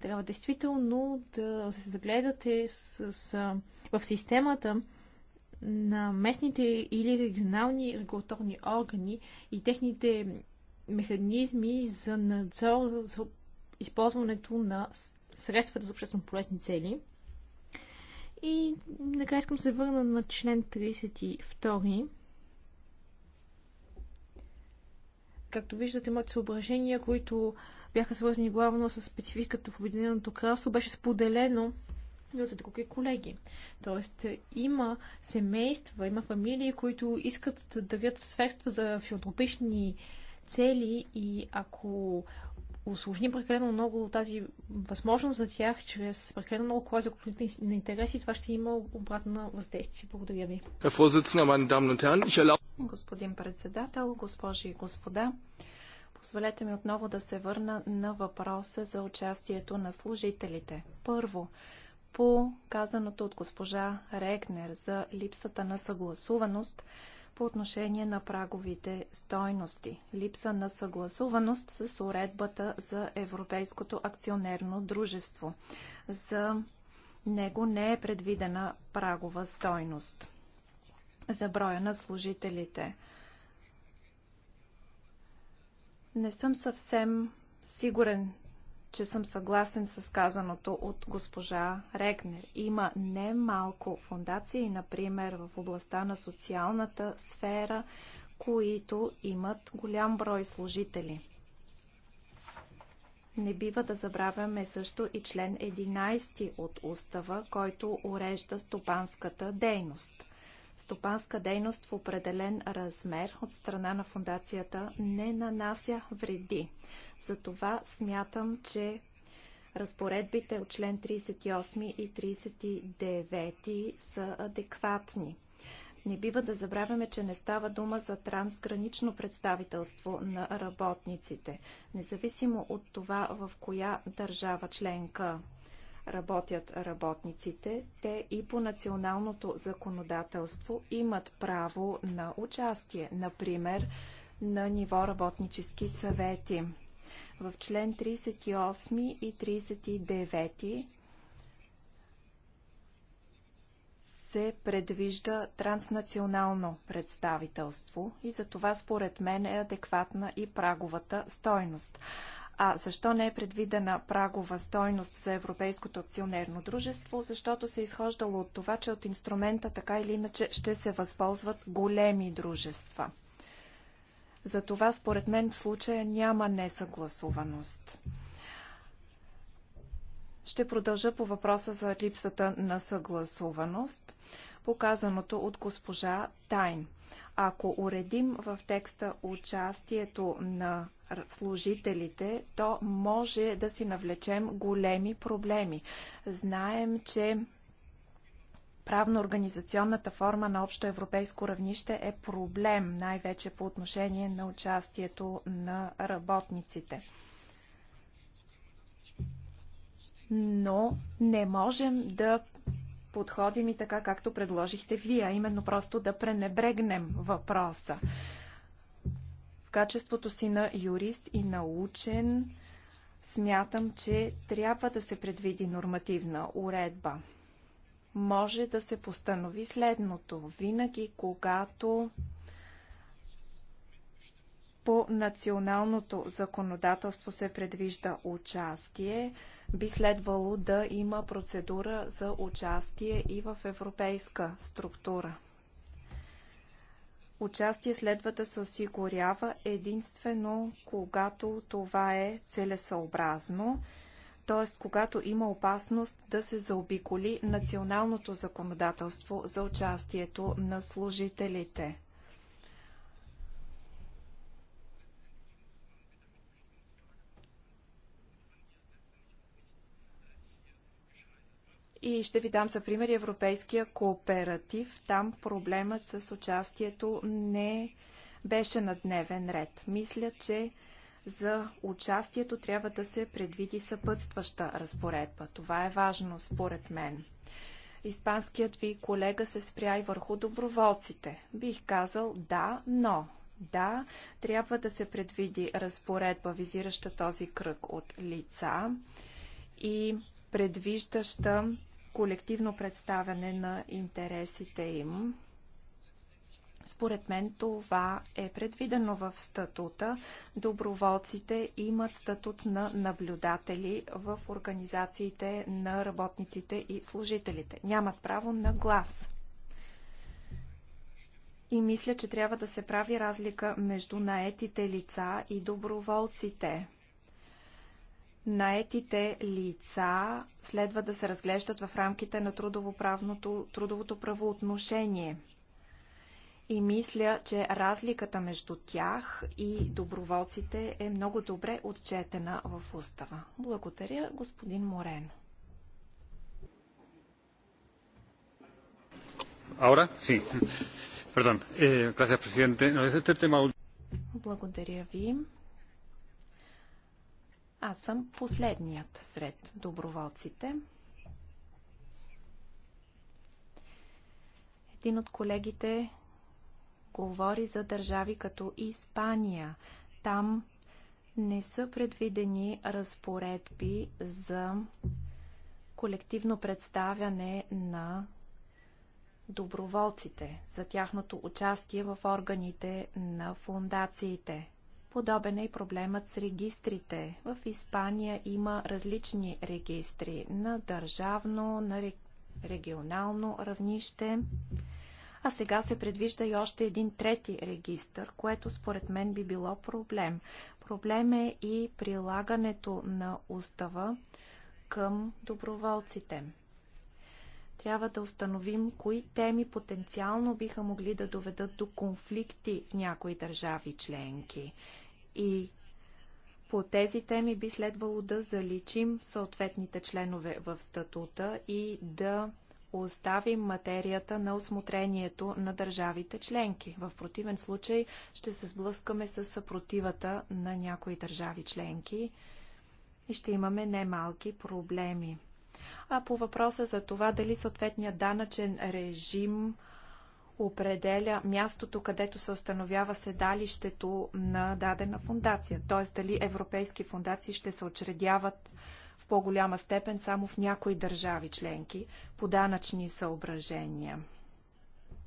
Трябва действително да се загледате с, с, в системата на местните или регионални регулаторни органи и техните механизми за надзор за използването на средствата за обществено полезни цели. И накрая искам се върна на член 32. Както виждате, моите съображения, които бяха свързани главно с спецификата в Обединеното кралство, беше споделено и от други колеги. Тоест, има семейства, има фамилии, които искат да дарят средства за филантропични цели и ако усложни прекалено много тази възможност за тях, чрез прекалено много клази за конфликт на интереси, това ще има обратно въздействие. Благодаря ви. Господин председател, госпожи и господа, позволете ми отново да се върна на въпроса за участието на служителите. Първо, по казаното от госпожа Регнер за липсата на съгласуваност – по отношение на праговите стойности. Липса на съгласуваност с уредбата за Европейското акционерно дружество. За него не е предвидена прагова стойност за броя на служителите. Не съм съвсем сигурен че съм съгласен с казаното от госпожа Регнер. Има немалко фундации, например в областта на социалната сфера, които имат голям брой служители. Не бива да забравяме също и член 11 от устава, който урежда стопанската дейност стопанска дейност в определен размер от страна на фундацията не нанася вреди. Затова смятам, че разпоредбите от член 38 и 39 са адекватни. Не бива да забравяме, че не става дума за трансгранично представителство на работниците, независимо от това в коя държава членка работят работниците, те и по националното законодателство имат право на участие, например на ниво работнически съвети. В член 38 и 39 се предвижда транснационално представителство и за това според мен е адекватна и праговата стойност. А защо не е предвидена прагова стойност за Европейското акционерно дружество? Защото се е изхождало от това, че от инструмента така или иначе ще се възползват големи дружества. Затова, според мен, в случая няма несъгласуваност. Ще продължа по въпроса за липсата на съгласуваност, показаното от госпожа Тайн. Ако уредим в текста участието на служителите, то може да си навлечем големи проблеми. Знаем, че правно-организационната форма на общо европейско равнище е проблем, най-вече по отношение на участието на работниците. Но не можем да подходим и така, както предложихте вие, а именно просто да пренебрегнем въпроса. В качеството си на юрист и на учен смятам, че трябва да се предвиди нормативна уредба. Може да се постанови следното. Винаги, когато по националното законодателство се предвижда участие, би следвало да има процедура за участие и в европейска структура. Участие следва да се осигурява единствено, когато това е целесообразно, т.е. когато има опасност да се заобиколи националното законодателство за участието на служителите. И ще ви дам за пример Европейския кооператив. Там проблемът с участието не беше на дневен ред. Мисля, че за участието трябва да се предвиди съпътстваща разпоредба. Това е важно, според мен. Испанският ви колега се спря и върху доброволците. Бих казал да, но да, трябва да се предвиди разпоредба, визираща този кръг от лица и предвиждаща колективно представяне на интересите им. Според мен това е предвидено в статута. Доброволците имат статут на наблюдатели в организациите на работниците и служителите. Нямат право на глас. И мисля, че трябва да се прави разлика между наетите лица и доброволците наетите лица следва да се разглеждат в рамките на трудовото правоотношение. И мисля, че разликата между тях и доброволците е много добре отчетена в устава. Благодаря, господин Морено. Ahora sí. Perdón. Eh, gracias, presidente. No, este tema... Благодаря ви. Аз съм последният сред доброволците. Един от колегите говори за държави като Испания. Там не са предвидени разпоредби за колективно представяне на доброволците, за тяхното участие в органите на фундациите. Подобен е и проблемът с регистрите. В Испания има различни регистри на държавно, на регионално равнище. А сега се предвижда и още един трети регистр, което според мен би било проблем. Проблем е и прилагането на устава към доброволците. Трябва да установим кои теми потенциално биха могли да доведат до конфликти в някои държави членки. И по тези теми би следвало да заличим съответните членове в статута и да оставим материята на осмотрението на държавите членки. В противен случай ще се сблъскаме с съпротивата на някои държави членки и ще имаме немалки проблеми. А по въпроса за това дали съответният данъчен режим определя мястото, където се установява седалището на дадена фундация. Т.е. дали европейски фундации ще се очредяват в по-голяма степен само в някои държави членки по данъчни съображения.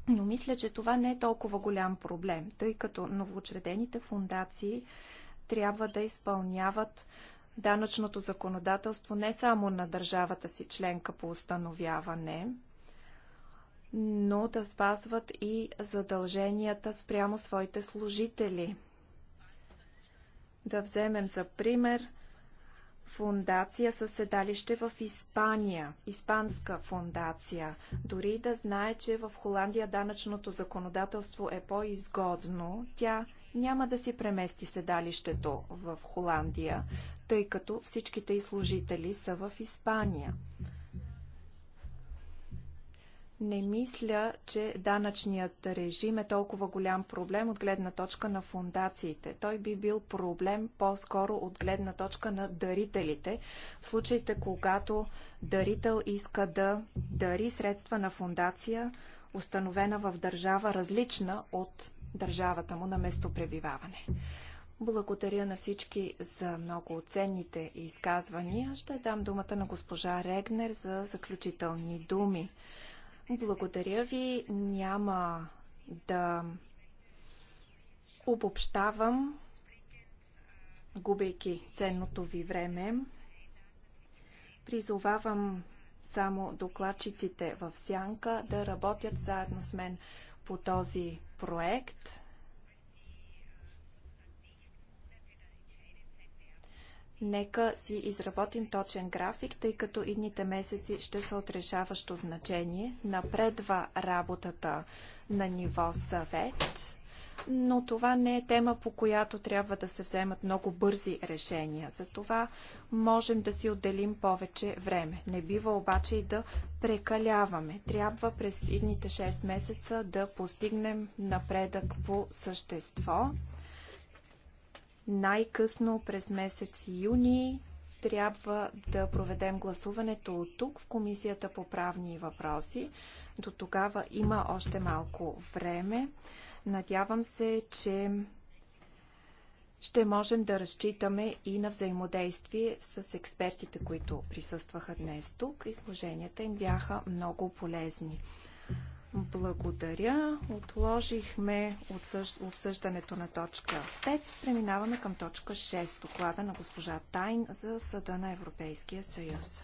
Но мисля, че това не е толкова голям проблем, тъй като новоочредените фундации трябва да изпълняват данъчното законодателство не само на държавата си членка по установяване, но да спазват и задълженията спрямо своите служители. Да вземем за пример фундация със седалище в Испания, испанска фундация. Дори да знае, че в Холандия данъчното законодателство е по-изгодно, тя няма да си премести седалището в Холандия, тъй като всичките и служители са в Испания. Не мисля, че данъчният режим е толкова голям проблем от гледна точка на фундациите. Той би бил проблем по-скоро от гледна точка на дарителите. В случаите, когато дарител иска да дари средства на фундация, установена в държава различна от държавата му на местопребиваване. Благодаря на всички за много ценните изказвания. Ще дам думата на госпожа Регнер за заключителни думи. Благодаря ви. Няма да обобщавам, губейки ценното ви време. Призовавам само докладчиците в Сянка да работят заедно с мен по този проект. Нека си изработим точен график, тъй като идните месеци ще са решаващо значение. Напредва работата на ниво съвет, но това не е тема, по която трябва да се вземат много бързи решения. За това можем да си отделим повече време. Не бива обаче и да прекаляваме. Трябва през идните 6 месеца да постигнем напредък по същество – най-късно през месец юни трябва да проведем гласуването от тук в Комисията по правни въпроси. До тогава има още малко време. Надявам се, че ще можем да разчитаме и на взаимодействие с експертите, които присъстваха днес тук. Изложенията им бяха много полезни. Благодаря. Отложихме обсъждането на точка 5. Преминаваме към точка 6. Доклада на госпожа Тайн за Съда на Европейския съюз.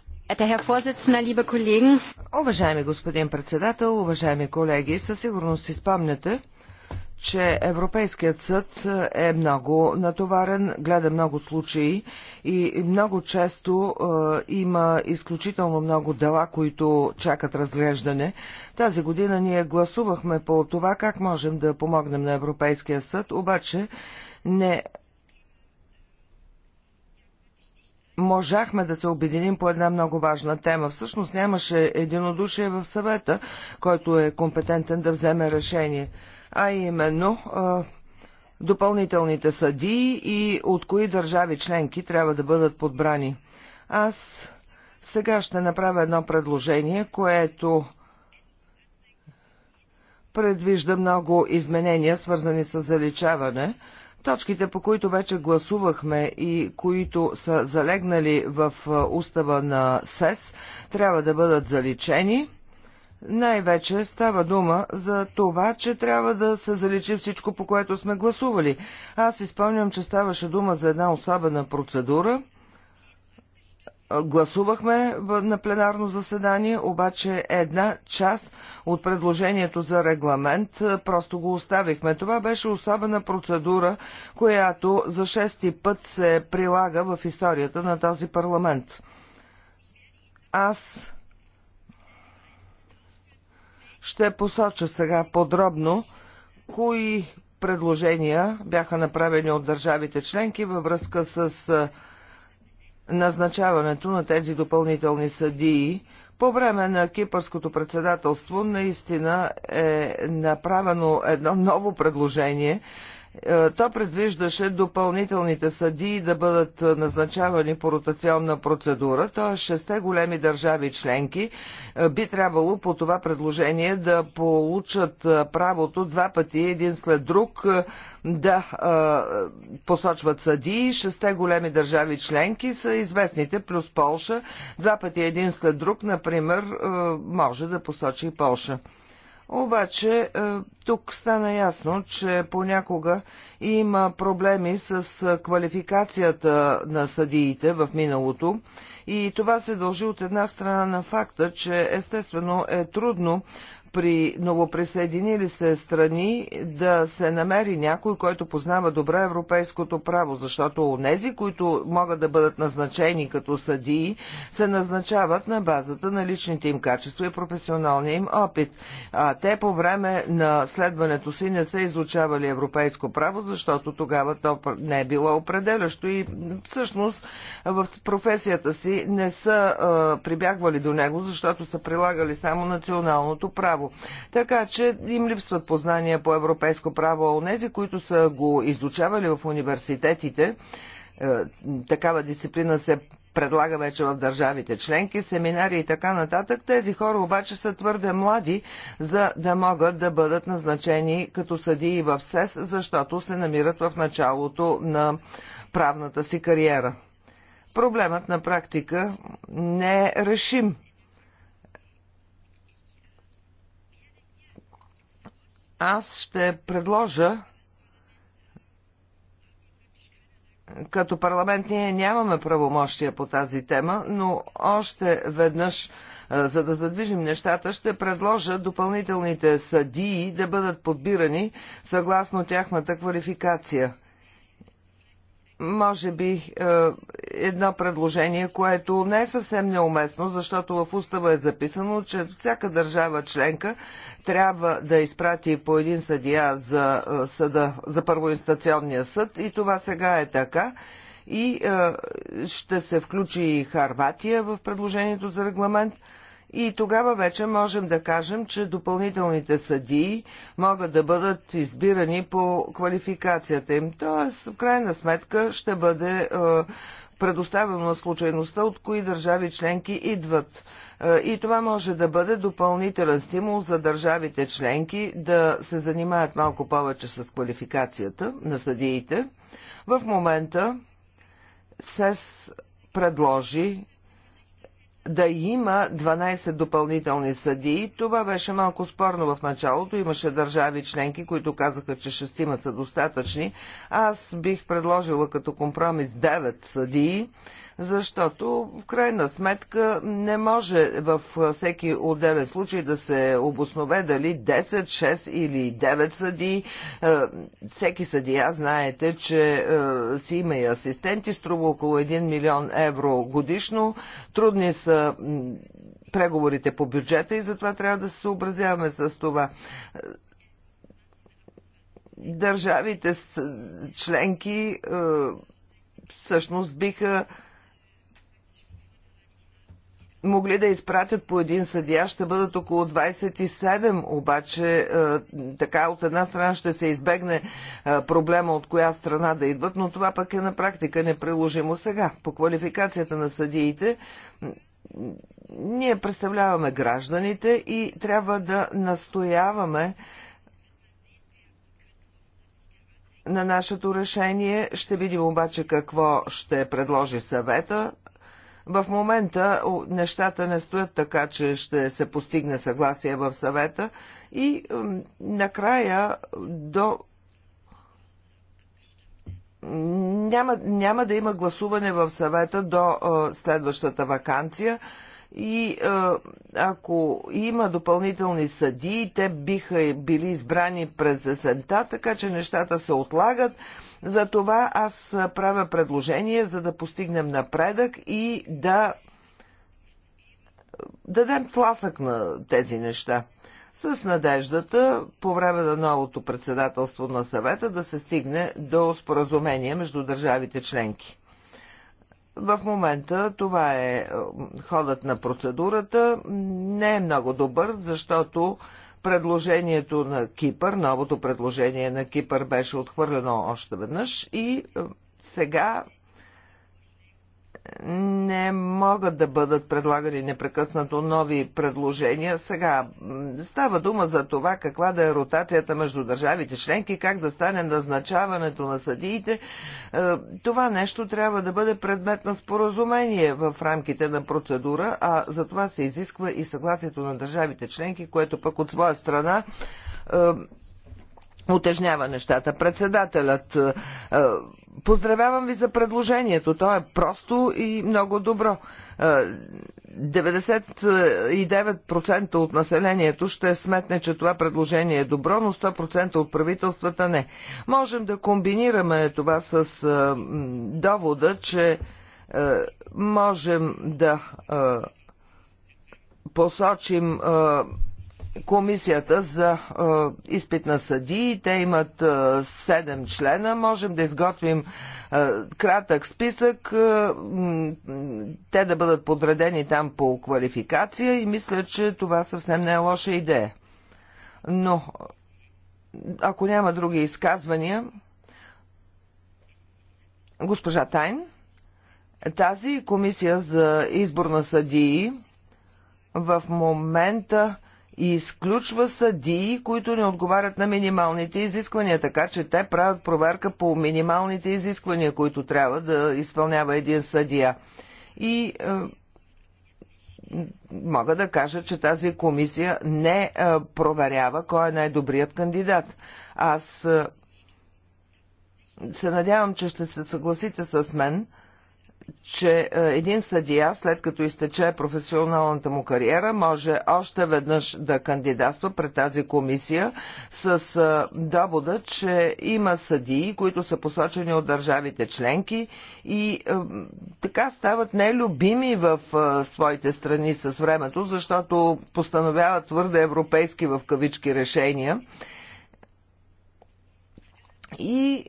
Уважаеми господин председател, уважаеми колеги, със сигурност си спомняте, че Европейският съд е много натоварен, гледа много случаи и много често е, има изключително много дела, които чакат разглеждане. Тази година ние гласувахме по това как можем да помогнем на Европейския съд, обаче не можахме да се обединим по една много важна тема. Всъщност нямаше единодушие в съвета, който е компетентен да вземе решение а именно допълнителните съдии и от кои държави членки трябва да бъдат подбрани. Аз сега ще направя едно предложение, което предвижда много изменения, свързани с заличаване. Точките, по които вече гласувахме и които са залегнали в устава на СЕС, трябва да бъдат заличени. Най-вече става дума за това, че трябва да се заличи всичко, по което сме гласували. Аз изпълням, че ставаше дума за една особена процедура. Гласувахме на пленарно заседание, обаче една част от предложението за регламент просто го оставихме. Това беше особена процедура, която за шести път се прилага в историята на този парламент. Аз ще посоча сега подробно кои предложения бяха направени от държавите членки във връзка с назначаването на тези допълнителни съдии. По време на кипърското председателство наистина е направено едно ново предложение – е, то предвиждаше допълнителните съдии да бъдат е, назначавани по ротационна процедура, т.е. шесте големи държави членки е, би трябвало по това предложение да получат правото два пъти един след друг да е, посочват съдии. Шесте големи държави членки са известните, плюс Полша. Два пъти един след друг, например, е, може да посочи Полша. Обаче е, тук стана ясно, че понякога има проблеми с е, квалификацията на съдиите в миналото и това се дължи от една страна на факта, че естествено е трудно при новоприсъединили се страни да се намери някой, който познава добре европейското право, защото онези, които могат да бъдат назначени като съдии, се назначават на базата на личните им качества и професионалния им опит. А те по време на следването си не са изучавали европейско право, защото тогава то не е било определящо и всъщност в професията си не са а, прибягвали до него, защото са прилагали само националното право право. Така че им липсват познания по европейско право, а онези, които са го изучавали в университетите, е, такава дисциплина се предлага вече в държавите членки, семинари и така нататък. Тези хора обаче са твърде млади, за да могат да бъдат назначени като съдии в СЕС, защото се намират в началото на правната си кариера. Проблемът на практика не е решим. Аз ще предложа като парламент ние нямаме правомощия по тази тема, но още веднъж, за да задвижим нещата, ще предложа допълнителните съдии да бъдат подбирани съгласно тяхната квалификация – може би е, едно предложение, което не е съвсем неуместно, защото в устава е записано, че всяка държава членка трябва да изпрати по един съдия за, е, съда, за първоинстационния съд и това сега е така. И е, ще се включи и Харватия в предложението за регламент – и тогава вече можем да кажем, че допълнителните съдии могат да бъдат избирани по квалификацията им. Тоест, в крайна сметка ще бъде е, предоставено на случайността от кои държави членки идват. Е, и това може да бъде допълнителен стимул за държавите членки да се занимаят малко повече с квалификацията на съдиите. В момента СЕС предложи да има 12 допълнителни съдии. Това беше малко спорно в началото. Имаше държави членки, които казаха, че шестима са достатъчни. Аз бих предложила като компромис 9 съдии защото в крайна сметка не може в всеки отделен случай да се обоснове дали 10, 6 или 9 съди. Е, всеки съдия, знаете, че е, си има и асистенти, струва около 1 милион евро годишно. Трудни са преговорите по бюджета и затова трябва да се съобразяваме с това държавите членки е, всъщност биха могли да изпратят по един съдия, ще бъдат около 27, обаче е, така от една страна ще се избегне е, проблема от коя страна да идват, но това пък е на практика неприложимо сега. По квалификацията на съдиите ние представляваме гражданите и трябва да настояваме на нашето решение. Ще видим обаче какво ще предложи съвета. В момента нещата не стоят така, че ще се постигне съгласие в съвета и накрая до няма, няма да има гласуване в съвета до а, следващата вакансия и а, ако има допълнителни съдии, те биха били избрани през есента, така че нещата се отлагат. За това аз правя предложение, за да постигнем напредък и да дадем тласък на тези неща. С надеждата по време на новото председателство на съвета да се стигне до споразумение между държавите членки. В момента това е ходът на процедурата. Не е много добър, защото Предложението на Кипър, новото предложение на Кипър беше отхвърлено още веднъж и е, сега не могат да бъдат предлагани непрекъснато нови предложения. Сега става дума за това каква да е ротацията между държавите членки, как да стане назначаването на съдиите. Е, това нещо трябва да бъде предмет на споразумение в рамките на процедура, а за това се изисква и съгласието на държавите членки, което пък от своя страна е, утежнява нещата. Председателят е, Поздравявам ви за предложението. То е просто и много добро. 99% е, от населението ще сметне, че това предложение е добро, но 100% от правителствата не. Можем да комбинираме това с е, довода, че е, можем да посочим комисията за изпит на съдии. Те имат е, 7 члена. Можем да изготвим кратък списък, те да бъдат подредени там по квалификация и мисля, че това съвсем не е лоша идея. Но ако няма други изказвания, госпожа Тайн, тази комисия за избор на съдии в момента и изключва съдии, които не отговарят на минималните изисквания, така че те правят проверка по минималните изисквания, които трябва да изпълнява един съдия. И е, мога да кажа, че тази комисия не е, проверява кой е най-добрият кандидат. Аз е, се надявам, че ще се съгласите с мен, че е, един съдия, след като изтече професионалната му кариера, може още веднъж да кандидатства пред тази комисия с е, довода, че има съдии, които са посочени от държавите членки и е, така стават нелюбими в своите страни с времето, защото постановяват твърде европейски в кавички решения. И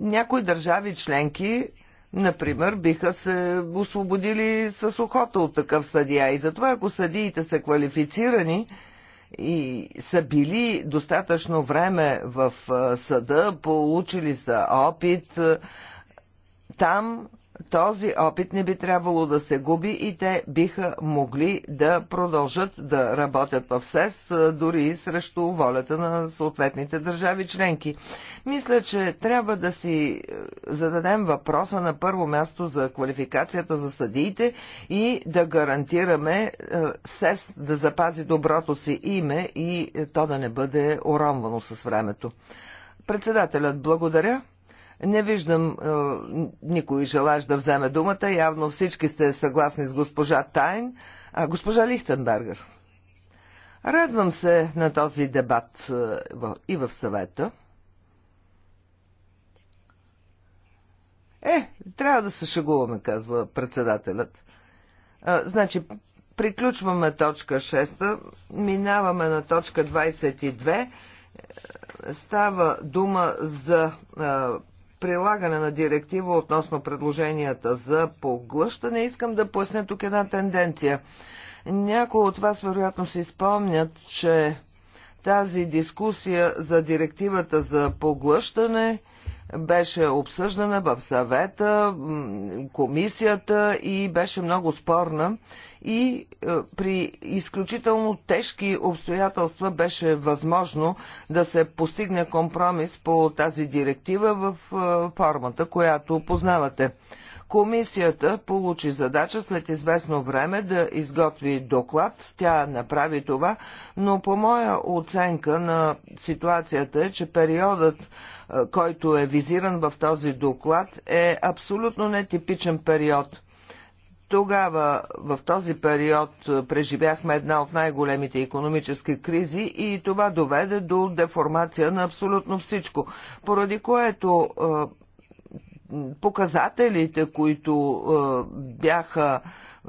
някои държави членки например, биха се освободили с охота от такъв съдия. И затова, ако съдиите са квалифицирани и са били достатъчно време в съда, получили са опит, там този опит не би трябвало да се губи и те биха могли да продължат да работят в СЕС, дори и срещу волята на съответните държави членки. Мисля, че трябва да си зададем въпроса на първо място за квалификацията за съдиите и да гарантираме СЕС да запази доброто си име и то да не бъде уронвано с времето. Председателят благодаря. Не виждам е, никой желаж да вземе думата. Явно всички сте съгласни с госпожа Тайн. А, госпожа Лихтенбергер. Радвам се на този дебат е, и в съвета. Е, трябва да се шегуваме, казва председателят. А, значи, приключваме точка 6, минаваме на точка 22. Е, става дума за а, е, прилагане на директива относно предложенията за поглъщане, искам да поясня тук една тенденция. Някои от вас вероятно си спомнят, че тази дискусия за директивата за поглъщане беше обсъждана в съвета, комисията и беше много спорна и е, при изключително тежки обстоятелства беше възможно да се постигне компромис по тази директива в е, формата, която познавате. Комисията получи задача след известно време да изготви доклад. Тя направи това, но по моя оценка на ситуацията е, че периодът, е, който е визиран в този доклад, е абсолютно нетипичен период. Тогава, в този период, преживяхме една от най-големите економически кризи и това доведе до деформация на абсолютно всичко, поради което показателите, които бяха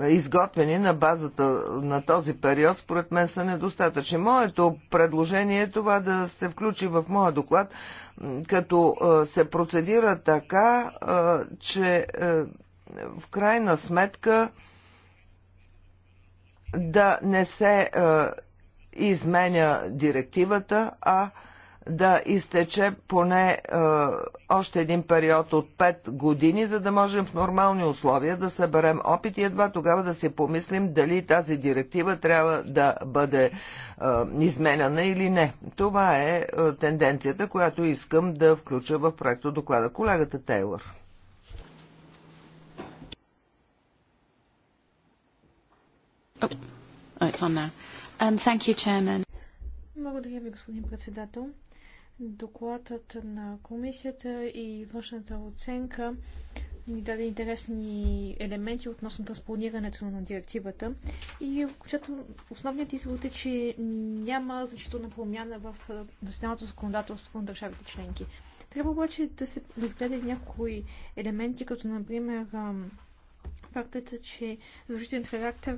изготвени на базата на този период, според мен са недостатъчни. Моето предложение е това да се включи в моя доклад, като се процедира така, че в крайна сметка да не се е, изменя директивата, а да изтече поне е, още един период от 5 години, за да можем в нормални условия да съберем опит и едва тогава да си помислим дали тази директива трябва да бъде е, изменена или не. Това е, е тенденцията, която искам да включа в проекто доклада. Колегата Тейлор. Oh, oh, it's on now. Um, thank you, Chairman. Благодаря ви, господин председател. Докладът на комисията и външната оценка ни даде интересни елементи относно транспонирането на директивата. И основният извод е, че няма значителна промяна в националното законодателство на държавите членки. Трябва обаче да се разгледат някои елементи, като например фактът, че задължителният характер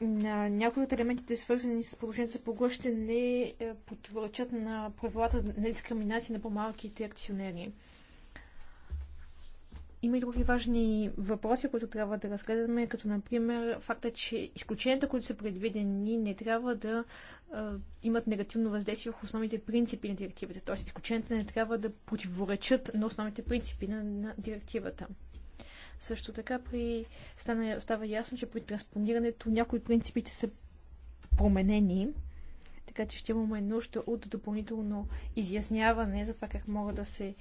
на някои от елементите, свързани с положението за поглъщане, е, противоречат на правилата на дискриминация на по-малките акционери. Има и други важни въпроси, които трябва да разгледаме, като например факта, че изключенията, които са предвидени, не трябва да а, имат негативно въздействие върху основните принципи на директивата. Тоест, изключенията не трябва да противоречат на основните принципи на, на директивата. Също така при... Стана, става ясно, че при транспонирането някои принципите са променени, така че ще имаме нужда от допълнително изясняване за това как могат да се е,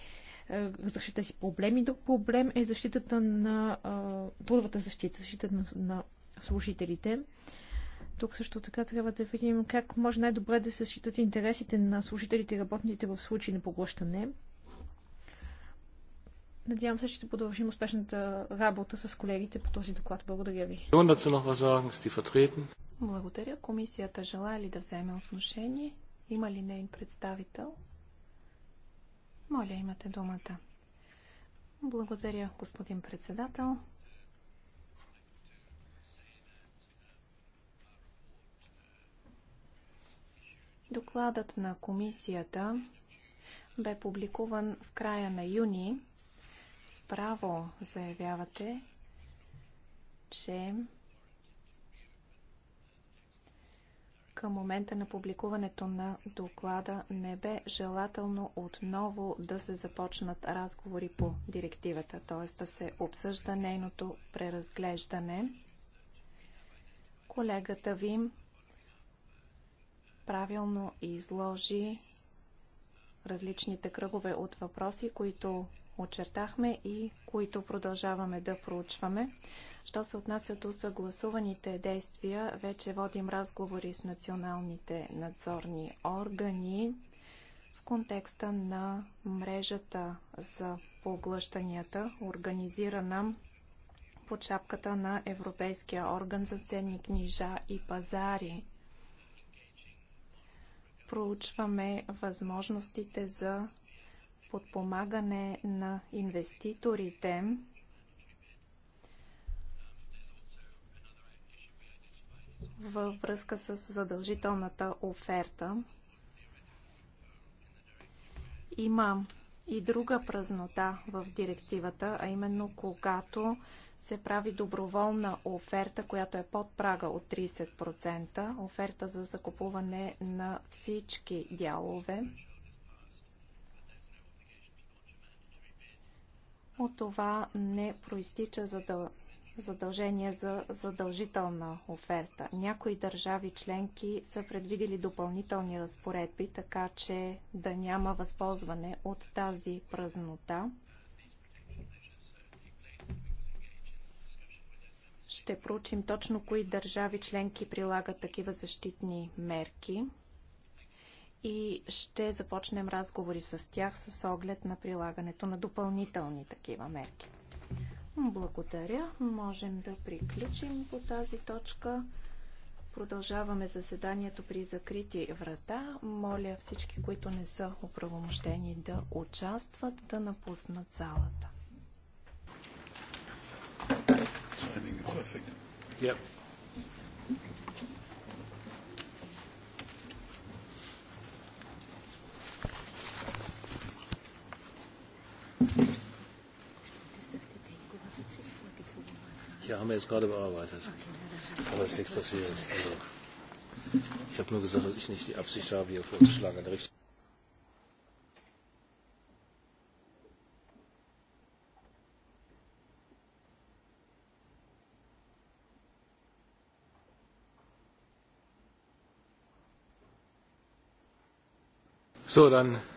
разрешат тези проблеми. Друг проблем е защитата на е, трудовата защита, защитата на, на служителите. Тук също така трябва да видим как може най-добре да се защитат интересите на служителите и работниците в случай на поглъщане. Надявам се, че ще продължим успешната работа с колегите по този доклад. Благодаря ви. Благодаря. Комисията желая ли да вземе отношение? Има ли нейн представител? Моля, имате думата. Благодаря, господин председател. Докладът на комисията бе публикуван в края на юни Справо заявявате, че към момента на публикуването на доклада не бе желателно отново да се започнат разговори по директивата, т.е. да се обсъжда нейното преразглеждане. Колегата ви правилно изложи различните кръгове от въпроси, които очертахме и които продължаваме да проучваме. Що се отнася до съгласуваните действия, вече водим разговори с националните надзорни органи в контекста на мрежата за поглъщанията, организирана под шапката на Европейския орган за ценни книжа и пазари. Проучваме възможностите за подпомагане на инвеститорите във връзка с задължителната оферта. Има и друга празнота в директивата, а именно когато се прави доброволна оферта, която е под прага от 30%, оферта за закупуване на всички дялове. От това не проистича задъл... задължение за задължителна оферта. Някои държави членки са предвидили допълнителни разпоредби, така че да няма възползване от тази празнота. Ще проучим точно кои държави членки прилагат такива защитни мерки и ще започнем разговори с тях с оглед на прилагането на допълнителни такива мерки. Благодаря. Можем да приключим по тази точка. Продължаваме заседанието при закрити врата. Моля всички, които не са оправомощени да участват, да напуснат залата. Yep. Ja, haben wir jetzt gerade bearbeitet. Aber es ist nichts passiert. Also, ich habe nur gesagt, dass ich nicht die Absicht habe, hier vorzuschlagen. So, dann